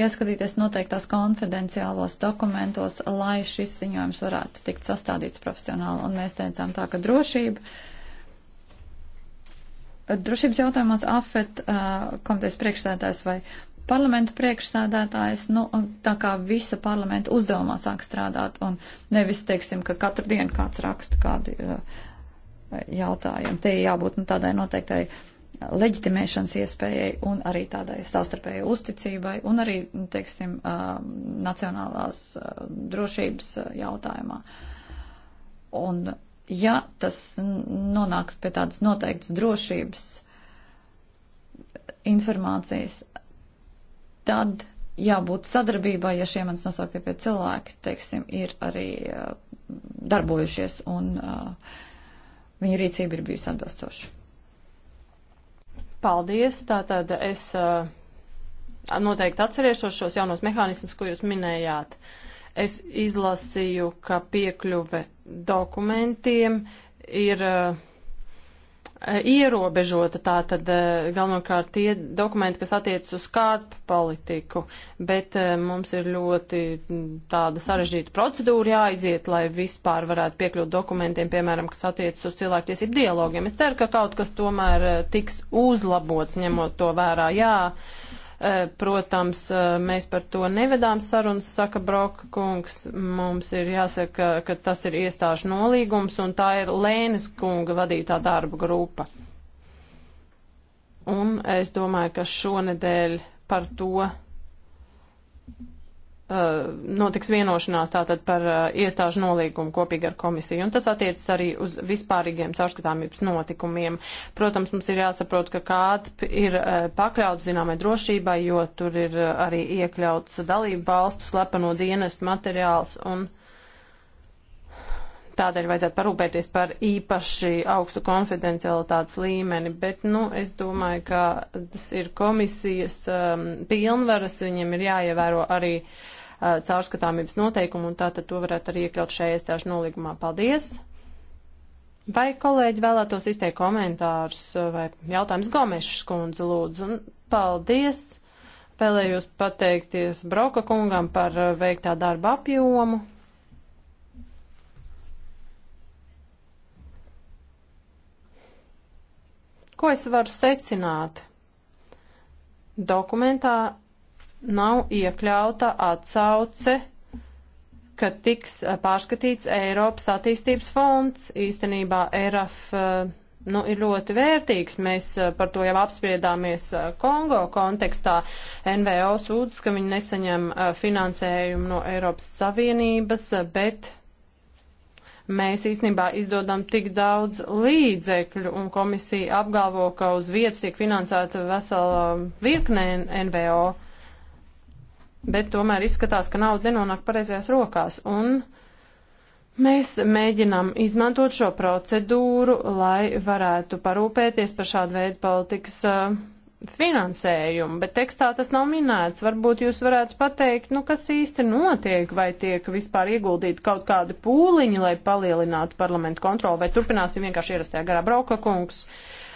ieskatīties noteiktās konfidenciālos dokumentos, lai šis ziņojums varētu tikt sastādīts profesionāli. Un mēs teicām tā, ka drošība drošības jautājumos AFET uh, komitejas priekšsēdētājs vai parlamenta priekšsēdētājs, nu, tā kā visa parlamenta uzdevumā sāk strādāt un nevis, teiksim, ka katru dienu kāds raksta kādu uh, jautājumu. Te jābūt nu, tādai noteiktai leģitimēšanas iespējai un arī tādai savstarpējai uzticībai un arī, teiksim, uh, nacionālās drošības jautājumā. Un ja tas nonāk pie tādas noteiktas drošības informācijas, tad jābūt sadarbībai, ja šie manas nosauktie pie cilvēki, teiksim, ir arī uh, darbojušies un uh, viņu rīcība ir bijusi atbilstoša. Paldies, tātad es uh, noteikti atcerēšos šos jaunos mehānismus, ko jūs minējāt. Es izlasīju, ka piekļuve dokumentiem ir eh, ierobežota tā tad eh, galvenokārt tie dokumenti, kas attiecas uz kārpu politiku, bet eh, mums ir ļoti tāda sarežģīta procedūra jāiziet, lai vispār varētu piekļūt dokumentiem, piemēram, kas attiecas uz cilvēktiesību dialogiem. Es ceru, ka kaut kas tomēr tiks uzlabots, ņemot to vērā. Jā, uh, Eh, protams, eh, mēs par to nevedām sarunas, saka Broka kungs. Mums ir jāsaka, ka tas ir iestāžu nolīgums un tā ir Lēnes kunga vadītā darba grupa. Un es domāju, ka šonedēļ par to Uh, notiks vienošanās tātad par uh, iestāžu nolīgumu kopīgi ar komisiju, un tas attiecas arī uz vispārīgiem caurskatāmības notikumiem. Protams, mums ir jāsaprot, ka KATP ir uh, pakļauts zināmai drošībai, jo tur ir arī iekļauts dalību valstu slepeno dienestu materiāls, un tādēļ vajadzētu parūpēties par īpaši augstu konfidencialitātes līmeni, bet, nu, es domāju, ka tas ir komisijas um, pilnvaras, viņiem ir jāievēro arī uh, Uh, caurskatāmības noteikumu, un tā tad to varētu arī iekļaut šajā iestāžu nolīgumā. Paldies! Vai kolēģi vēlētos izteikt komentārus vai jautājums Gomešas kundze lūdzu? Un paldies! Vēlējos pateikties Broka kungam par uh, veiktā darba apjomu. Ko es varu secināt? Dokumentā nav iekļauta atsauce, ka tiks eh, pārskatīts Eiropas attīstības fonds. Īstenībā ERAF eh, nu, ir ļoti vērtīgs. Mēs eh, par to jau apspriedāmies Kongo kontekstā. NVO sūdz, ka viņi nesaņem finansējumu no Eiropas Savienības, bet mēs īstenībā izdodam tik daudz līdzekļu, un komisija apgalvo, ka uz vietas tiek finansēta vesela virknē NVO bet tomēr izskatās, ka nauda nenonāk pareizajās rokās. Un mēs mēģinām izmantot šo procedūru, lai varētu parūpēties par šādu veidu politikas uh, finansējumu, bet tekstā tas nav minēts. Varbūt jūs varētu pateikt, nu kas īsti notiek, vai tiek vispār ieguldīti kaut kādi pūliņi, lai palielinātu parlamentu kontroli, vai turpināsim vienkārši ierastajā garā brauka kungs.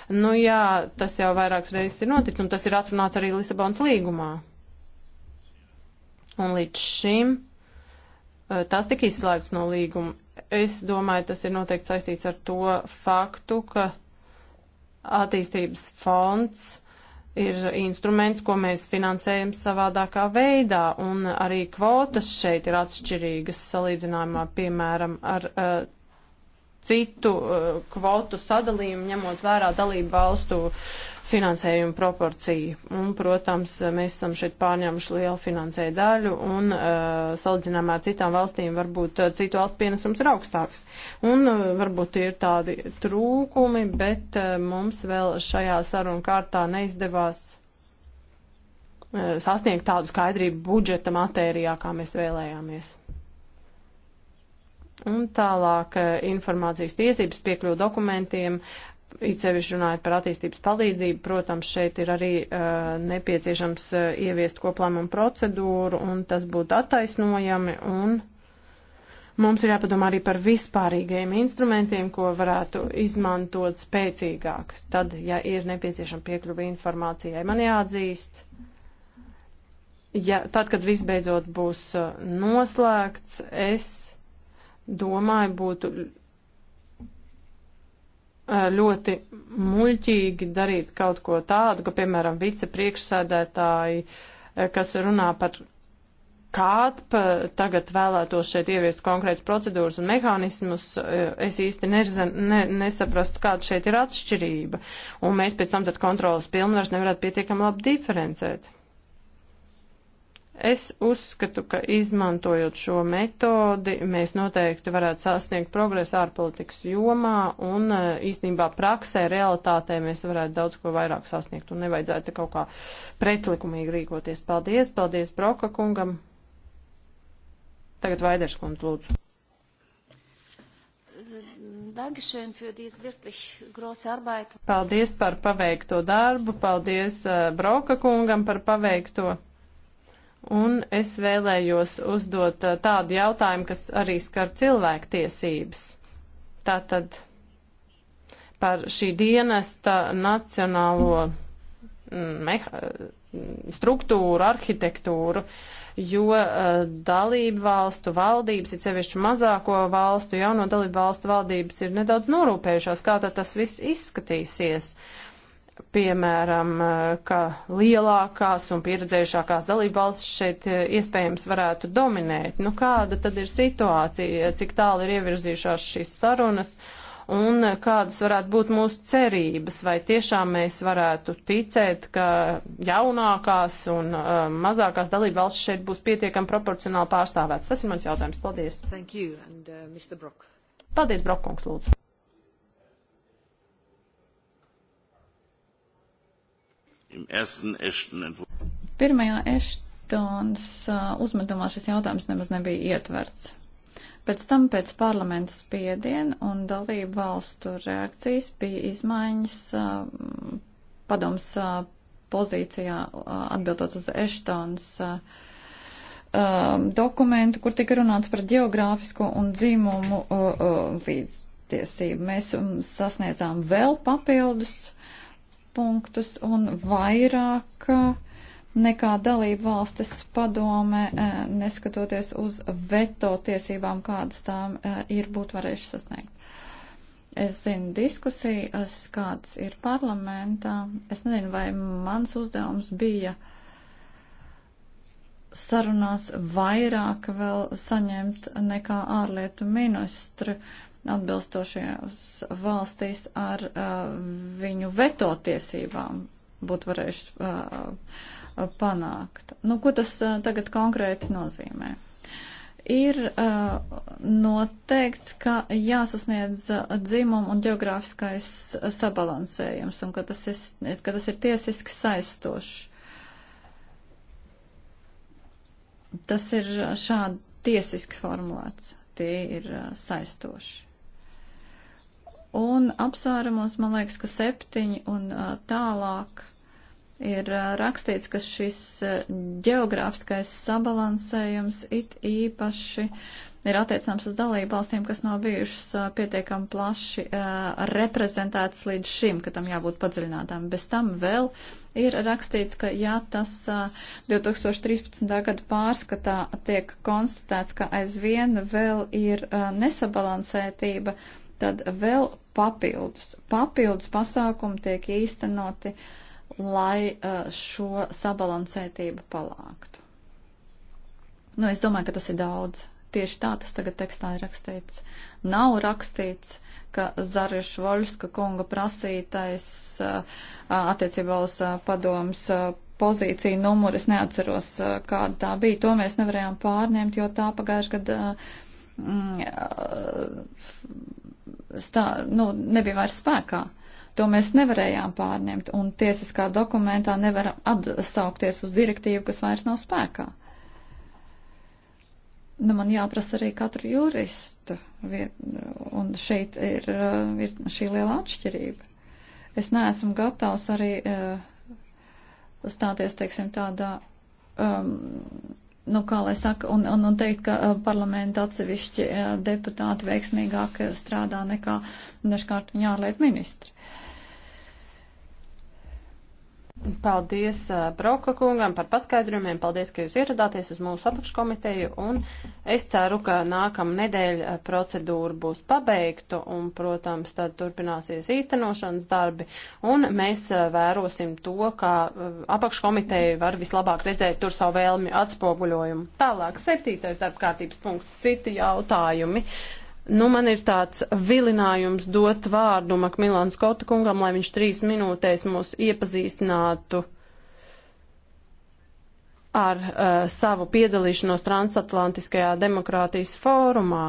Nu jā, tas jau vairākas reizes ir noticis, un tas ir atrunāts arī Lisabonas līgumā un līdz šim eh, tas tika izslēgts no līguma. Es domāju, tas ir noteikti saistīts ar to faktu, ka attīstības fonds ir instruments, ko mēs finansējam savādākā veidā, un arī kvotas šeit ir atšķirīgas salīdzinājumā, piemēram, ar uh, citu uh, kvotu sadalījumu, ņemot vērā dalību valstu uh, finansējuma proporciju. Un, protams, mēs esam šeit pārņēmuši lielu finansēju daļu un uh, salīdzinājumā ar citām valstīm varbūt uh, citu valstu pienesums ir augstāks. Un uh, varbūt ir tādi trūkumi, bet uh, mums vēl šajā sarunu kārtā neizdevās uh, sasniegt tādu skaidrību budžeta matērijā, kā mēs vēlējāmies. Un tālāk uh, informācijas tiesības piekļuvu dokumentiem, It sevišķi runājot par attīstības palīdzību, protams, šeit ir arī uh, nepieciešams uh, ieviest koplēmumu procedūru, un tas būtu attaisnojami, un mums ir jāpadomā arī par vispārīgajiem instrumentiem, ko varētu izmantot spēcīgāk, tad, ja ir nepieciešama piekļuva informācijai. Man jāatzīst, ja tad, kad viss beidzot būs uh, noslēgts, es domāju, būtu Eh, ļoti muļķīgi darīt kaut ko tādu, ka, piemēram, vicepriekšsēdētāji, eh, kas runā par kātpa, tagad vēlētos šeit ieviest konkrētas procedūras un mehānismus, eh, es īsti nerzin, ne, nesaprastu, kāda šeit ir atšķirība. Un mēs pēc tam tad kontrolas pilnvars nevarētu pietiekam labi diferencēt. Es uzskatu, ka izmantojot šo metodi, mēs noteikti varētu sasniegt progresu ārpolitikas jomā un e, īstenībā praksē, realitātē mēs varētu daudz ko vairāk sasniegt un nevajadzētu kaut kā pretlikumīgi rīkoties. Paldies, paldies Broka kungam. Tagad Vaiders kundz lūdzu. Paldies par paveikto darbu, paldies e, Broka kungam par paveikto darbu un es vēlējos uzdot uh, tādu jautājumu, kas arī skar cilvēktiesības. Tātad par šī dienesta nacionālo mm, meha, mm, struktūru, arhitektūru, jo uh, dalību valstu valdības, ir sevišķi mazāko valstu, jauno dalību valstu valdības ir nedaudz norūpējušās, kā tad tas viss izskatīsies. Uh, piemēram, eh, ka lielākās un pieredzējušākās dalībvalstis šeit eh, iespējams varētu dominēt. Nu, kāda tad ir situācija, cik tālu ir ievirzījušās šīs sarunas un eh, kādas varētu būt mūsu cerības, vai tiešām mēs varētu ticēt, ka jaunākās un mazākās dalībvalstis šeit būs pietiekami proporcionāli pārstāvētas? Tas ir mans jautājums. Paldies. And, uh, Paldies, Brokkungs, lūdzu. im ersten Ashton-Entwurf. Pirmajā Ashtons uh, uzmetumā šis jautājums nemaz nebija ietverts. Pēc tam pēc parlamenta spiediena un dalību valstu reakcijas bija izmaiņas uh, padoms uh, pozīcijā atbildot uz Ashtons um, dokumentu, kur tika runāts par geogrāfisko un dzīmumu līdztiesību. Mēs um, sasniedzām vēl papildus punktus un vairāk uh, nekā dalību valstis padome, uh, neskatoties uz veto tiesībām, kādas tām uh, ir būtu varējuši sasniegt. Es zinu diskusijas, kādas ir parlamentā. Es nezinu, vai mans uzdevums bija sarunās vairāk vēl saņemt nekā ārlietu ministru. Uh, atbilstošajās valstīs ar uh, viņu veto tiesībām būtu varējuši uh, uh, panākt. Nu, ko tas uh, tagad konkrēti nozīmē? Ir uh, noteikts, ka jāsasniedz uh, dzimumu un geogrāfiskais uh, sabalansējums un ka tas ir, ka tas ir tiesiski saistošs. Tas ir šādi tiesiski formulēts. Tie ir uh, saistoši. Un apsvērumos, man liekas, ka septiņi un tālāk ir rakstīts, ka šis geogrāfiskais sabalansējums it īpaši ir attiecams uz dalību valstīm, kas nav bijušas pietiekami plaši reprezentētas līdz šim, ka tam jābūt padziļinātām. Bez tam vēl ir rakstīts, ka ja tas 2013. gada pārskatā tiek konstatēts, ka aizvien vēl ir nesabalansētība, tad vēl papildus. Papildus pasākumi tiek īstenoti, lai uh, šo sabalansētību palāktu. Nu, es domāju, ka tas ir daudz. Tieši tā tas tagad tekstā ir rakstīts. Nav rakstīts, ka Zariš Voļska kunga prasītais uh, uh, attiecībā uz padomus pozīciju numuru, es neatceros, kāda tā bija. To mēs nevarējām pārņemt, jo tā pagājušajā gadā mm, stā, nu, nebija vairs spēkā. To mēs nevarējām pārņemt, un tiesiskā dokumentā nevaram atsaukties uz direktīvu, kas vairs nav spēkā. Nu, man jāprasa arī katru juristu, un šeit ir, uh, ir šī liela atšķirība. Es neesmu gatavs arī uh, stāties, teiksim, tādā um, nu, kā lai saka, un, un, un teikt, ka parlamenta atsevišķi deputāti veiksmīgāk strādā nekā dažkārt viņa ārlietu ministri. Uh, Paldies uh, Broka kungam par paskaidrojumiem, paldies, ka jūs ieradāties uz mūsu apakškomiteju, un es ceru, ka nākam nedēļ uh, procedūra būs pabeigta, un, protams, tad turpināsies īstenošanas darbi, un mēs uh, vērosim to, kā apakškomiteja var vislabāk redzēt tur savu vēlmi atspoguļojumu. Tālāk, septītais darbkārtības punkts, citi jautājumi. Nu, man ir tāds vilinājums dot vārdu Makmilānu Skota kungam, lai viņš trīs minūtēs mūs iepazīstinātu ar uh, savu piedalīšanos transatlantiskajā demokrātijas fórumā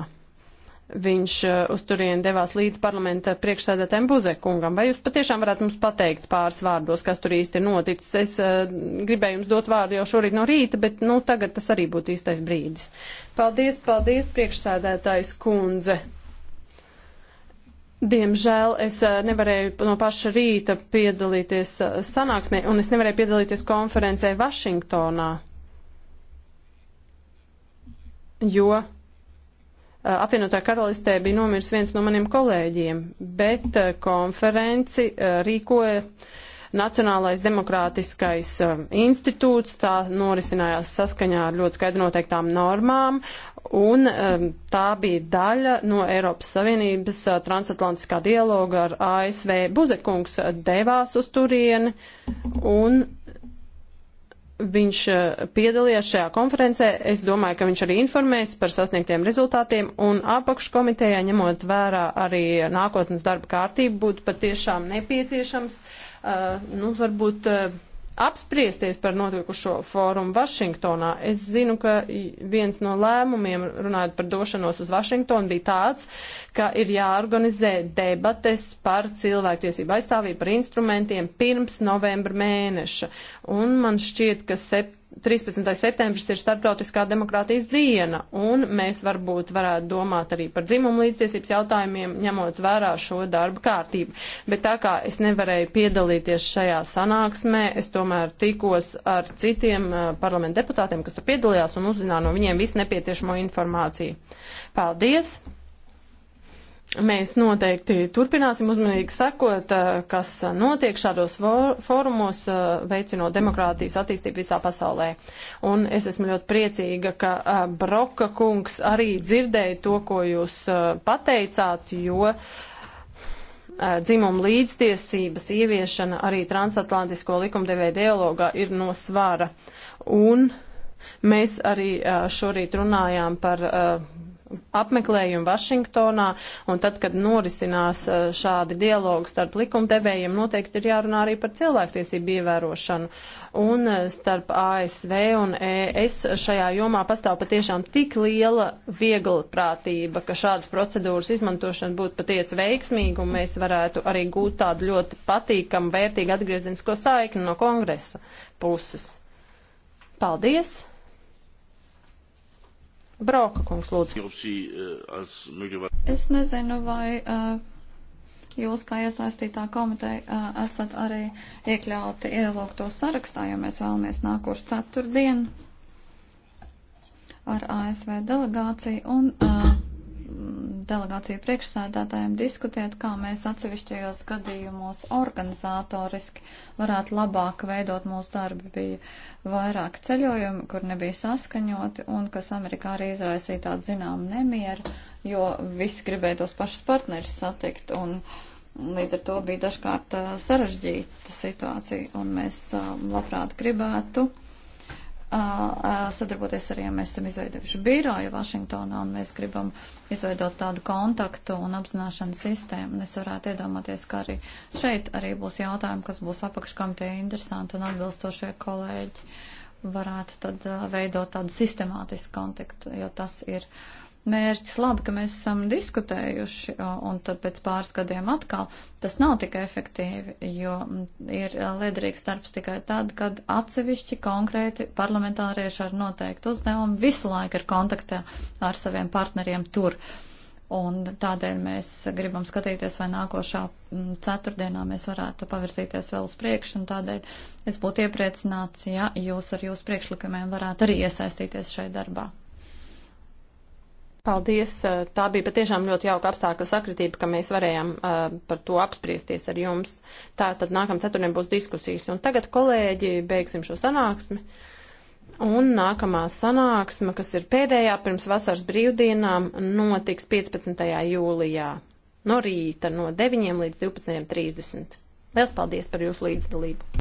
viņš uh, uz turieni devās līdz parlamenta priekšsēdētājiem Buzekungam. Vai jūs patiešām varētu mums pateikt pāris vārdos, kas tur īsti ir noticis? Es uh, gribēju jums dot vārdu jau šorīt no rīta, bet nu, tagad tas arī būtu īstais brīdis. Paldies, paldies, priekšsēdētājs kundze. Diemžēl es uh, nevarēju no paša rīta piedalīties uh, sanāksmē, un es nevarēju piedalīties konferencē Vašingtonā, jo Eh, apvienotā karalistē bija nomirs viens no maniem kolēģiem, bet eh, konferenci eh, rīkoja Nacionālais demokrātiskais institūts, tā norisinājās saskaņā ar ļoti skaidri noteiktām normām, un tā bija daļa no Eiropas Savienības transatlantiskā dialoga ar ASV. Buzekungs devās uz turieni, un viņš eh, piedalījās šajā konferencē. Es domāju, ka viņš arī informēs par sasniegtiem rezultātiem un apakškomitejā ņemot vērā arī nākotnes darba kārtību būtu patiešām nepieciešams, uh, nu, varbūt uh, apspriesties par notikušo fórumu Vašingtonā. Es zinu, ka viens no lēmumiem, runājot par došanos uz Vašingtonu, bija tāds, ka ir jāorganizē debates par cilvēktiesību aizstāvību, par instrumentiem pirms novembra mēneša. Un man šķiet, ka sept 13. septembris ir starptautiskā demokrātijas diena, un mēs varbūt varētu domāt arī par dzimumu līdztiesības jautājumiem, ņemot vērā šo darba kārtību. Bet tā kā es nevarēju piedalīties šajā sanāksmē, es tomēr tikos ar citiem eh, parlamentu deputātiem, kas tur piedalījās un uzzināju no viņiem visu nepieciešamo informāciju. Paldies! Mēs noteikti turpināsim uzmanīgi sekot, eh, kas eh, notiek šādos fórumos, eh, veicinot demokrātijas attīstību visā pasaulē. Un es esmu ļoti priecīga, ka Broka kungs arī dzirdēja to, ko jūs pateicāt, jo dzimuma līdztiesības ieviešana arī transatlantisko likumdevēja dialogā ir no svara. Un mēs arī šorīt runājām par apmeklējumu Vašingtonā, un tad, kad norisinās eh, šādi dialogi starp likumdevējiem, noteikti ir jārunā arī par cilvēktiesību ievērošanu. Un eh, starp ASV un ES šajā jomā pastāv patiešām tik liela vieglprātība, ka šādas procedūras izmantošana būtu patiesi veiksmīga, un mēs varētu arī gūt tādu ļoti patīkamu, vērtīgu atgriezinisko saikni no kongresa puses. Paldies! Brauka kungs, lūdzu. Uh, es nezinu, vai uh, jūs, kā iesaistītā komiteja, uh, esat arī iekļauti ielūgto sarakstā, jo mēs vēlamies nākošu ceturtdienu ar ASV delegāciju un delegāciju priekšsēdētājiem diskutēt, kā mēs atsevišķajos gadījumos organizatoriski varētu labāk veidot mūsu darbu. Bija vairāk ceļojumi, kur nebija saskaņoti un kas Amerikā arī izraisīja tādu zināmu nemieru, jo visi gribēja tos pašus partnerus satikt. Un, Līdz ar to bija dažkārt sarežģīta situācija, un mēs labprāt gribētu uh, sadarboties arī, ja mēs esam izveidojuši biroju Vašingtonā un mēs gribam izveidot tādu kontaktu un apzināšanas sistēmu. Un es varētu iedomāties, ka arī šeit arī būs jautājumi, kas būs apakškomiteja interesanti un atbilstošie kolēģi varētu tad veidot tādu sistemātisku kontaktu, jo tas ir uh, mērķis. Labi, ka mēs esam diskutējuši, un tad pēc pāris gadiem atkal tas nav tik efektīvi, jo ir e, liederīgs darbs tikai tad, kad atsevišķi konkrēti parlamentārieši ar noteiktu uzdevumu visu laiku ir kontaktā ar saviem partneriem tur. Un tādēļ mēs gribam skatīties, vai nākošā ceturtdienā mēs varētu pavirzīties vēl uz priekšu, un tādēļ es būtu iepriecināts, ja jūs ar jūsu priekšlikumiem varētu arī iesaistīties šai darbā. Paldies! Eh, tā bija patiešām ļoti jauka apstākļa sakritība, ka mēs varējām uh, par to apspriesties ar jums. Tā tad nākamā ceturtdien būs diskusijas. Un tagad, kolēģi, beigsim šo sanāksmi. Un nākamā sanāksme, kas ir pēdējā pirms vasaras brīvdienām, notiks 15. jūlijā no rīta no 9 līdz 12.30. Lielas paldies par jūsu līdzdalību!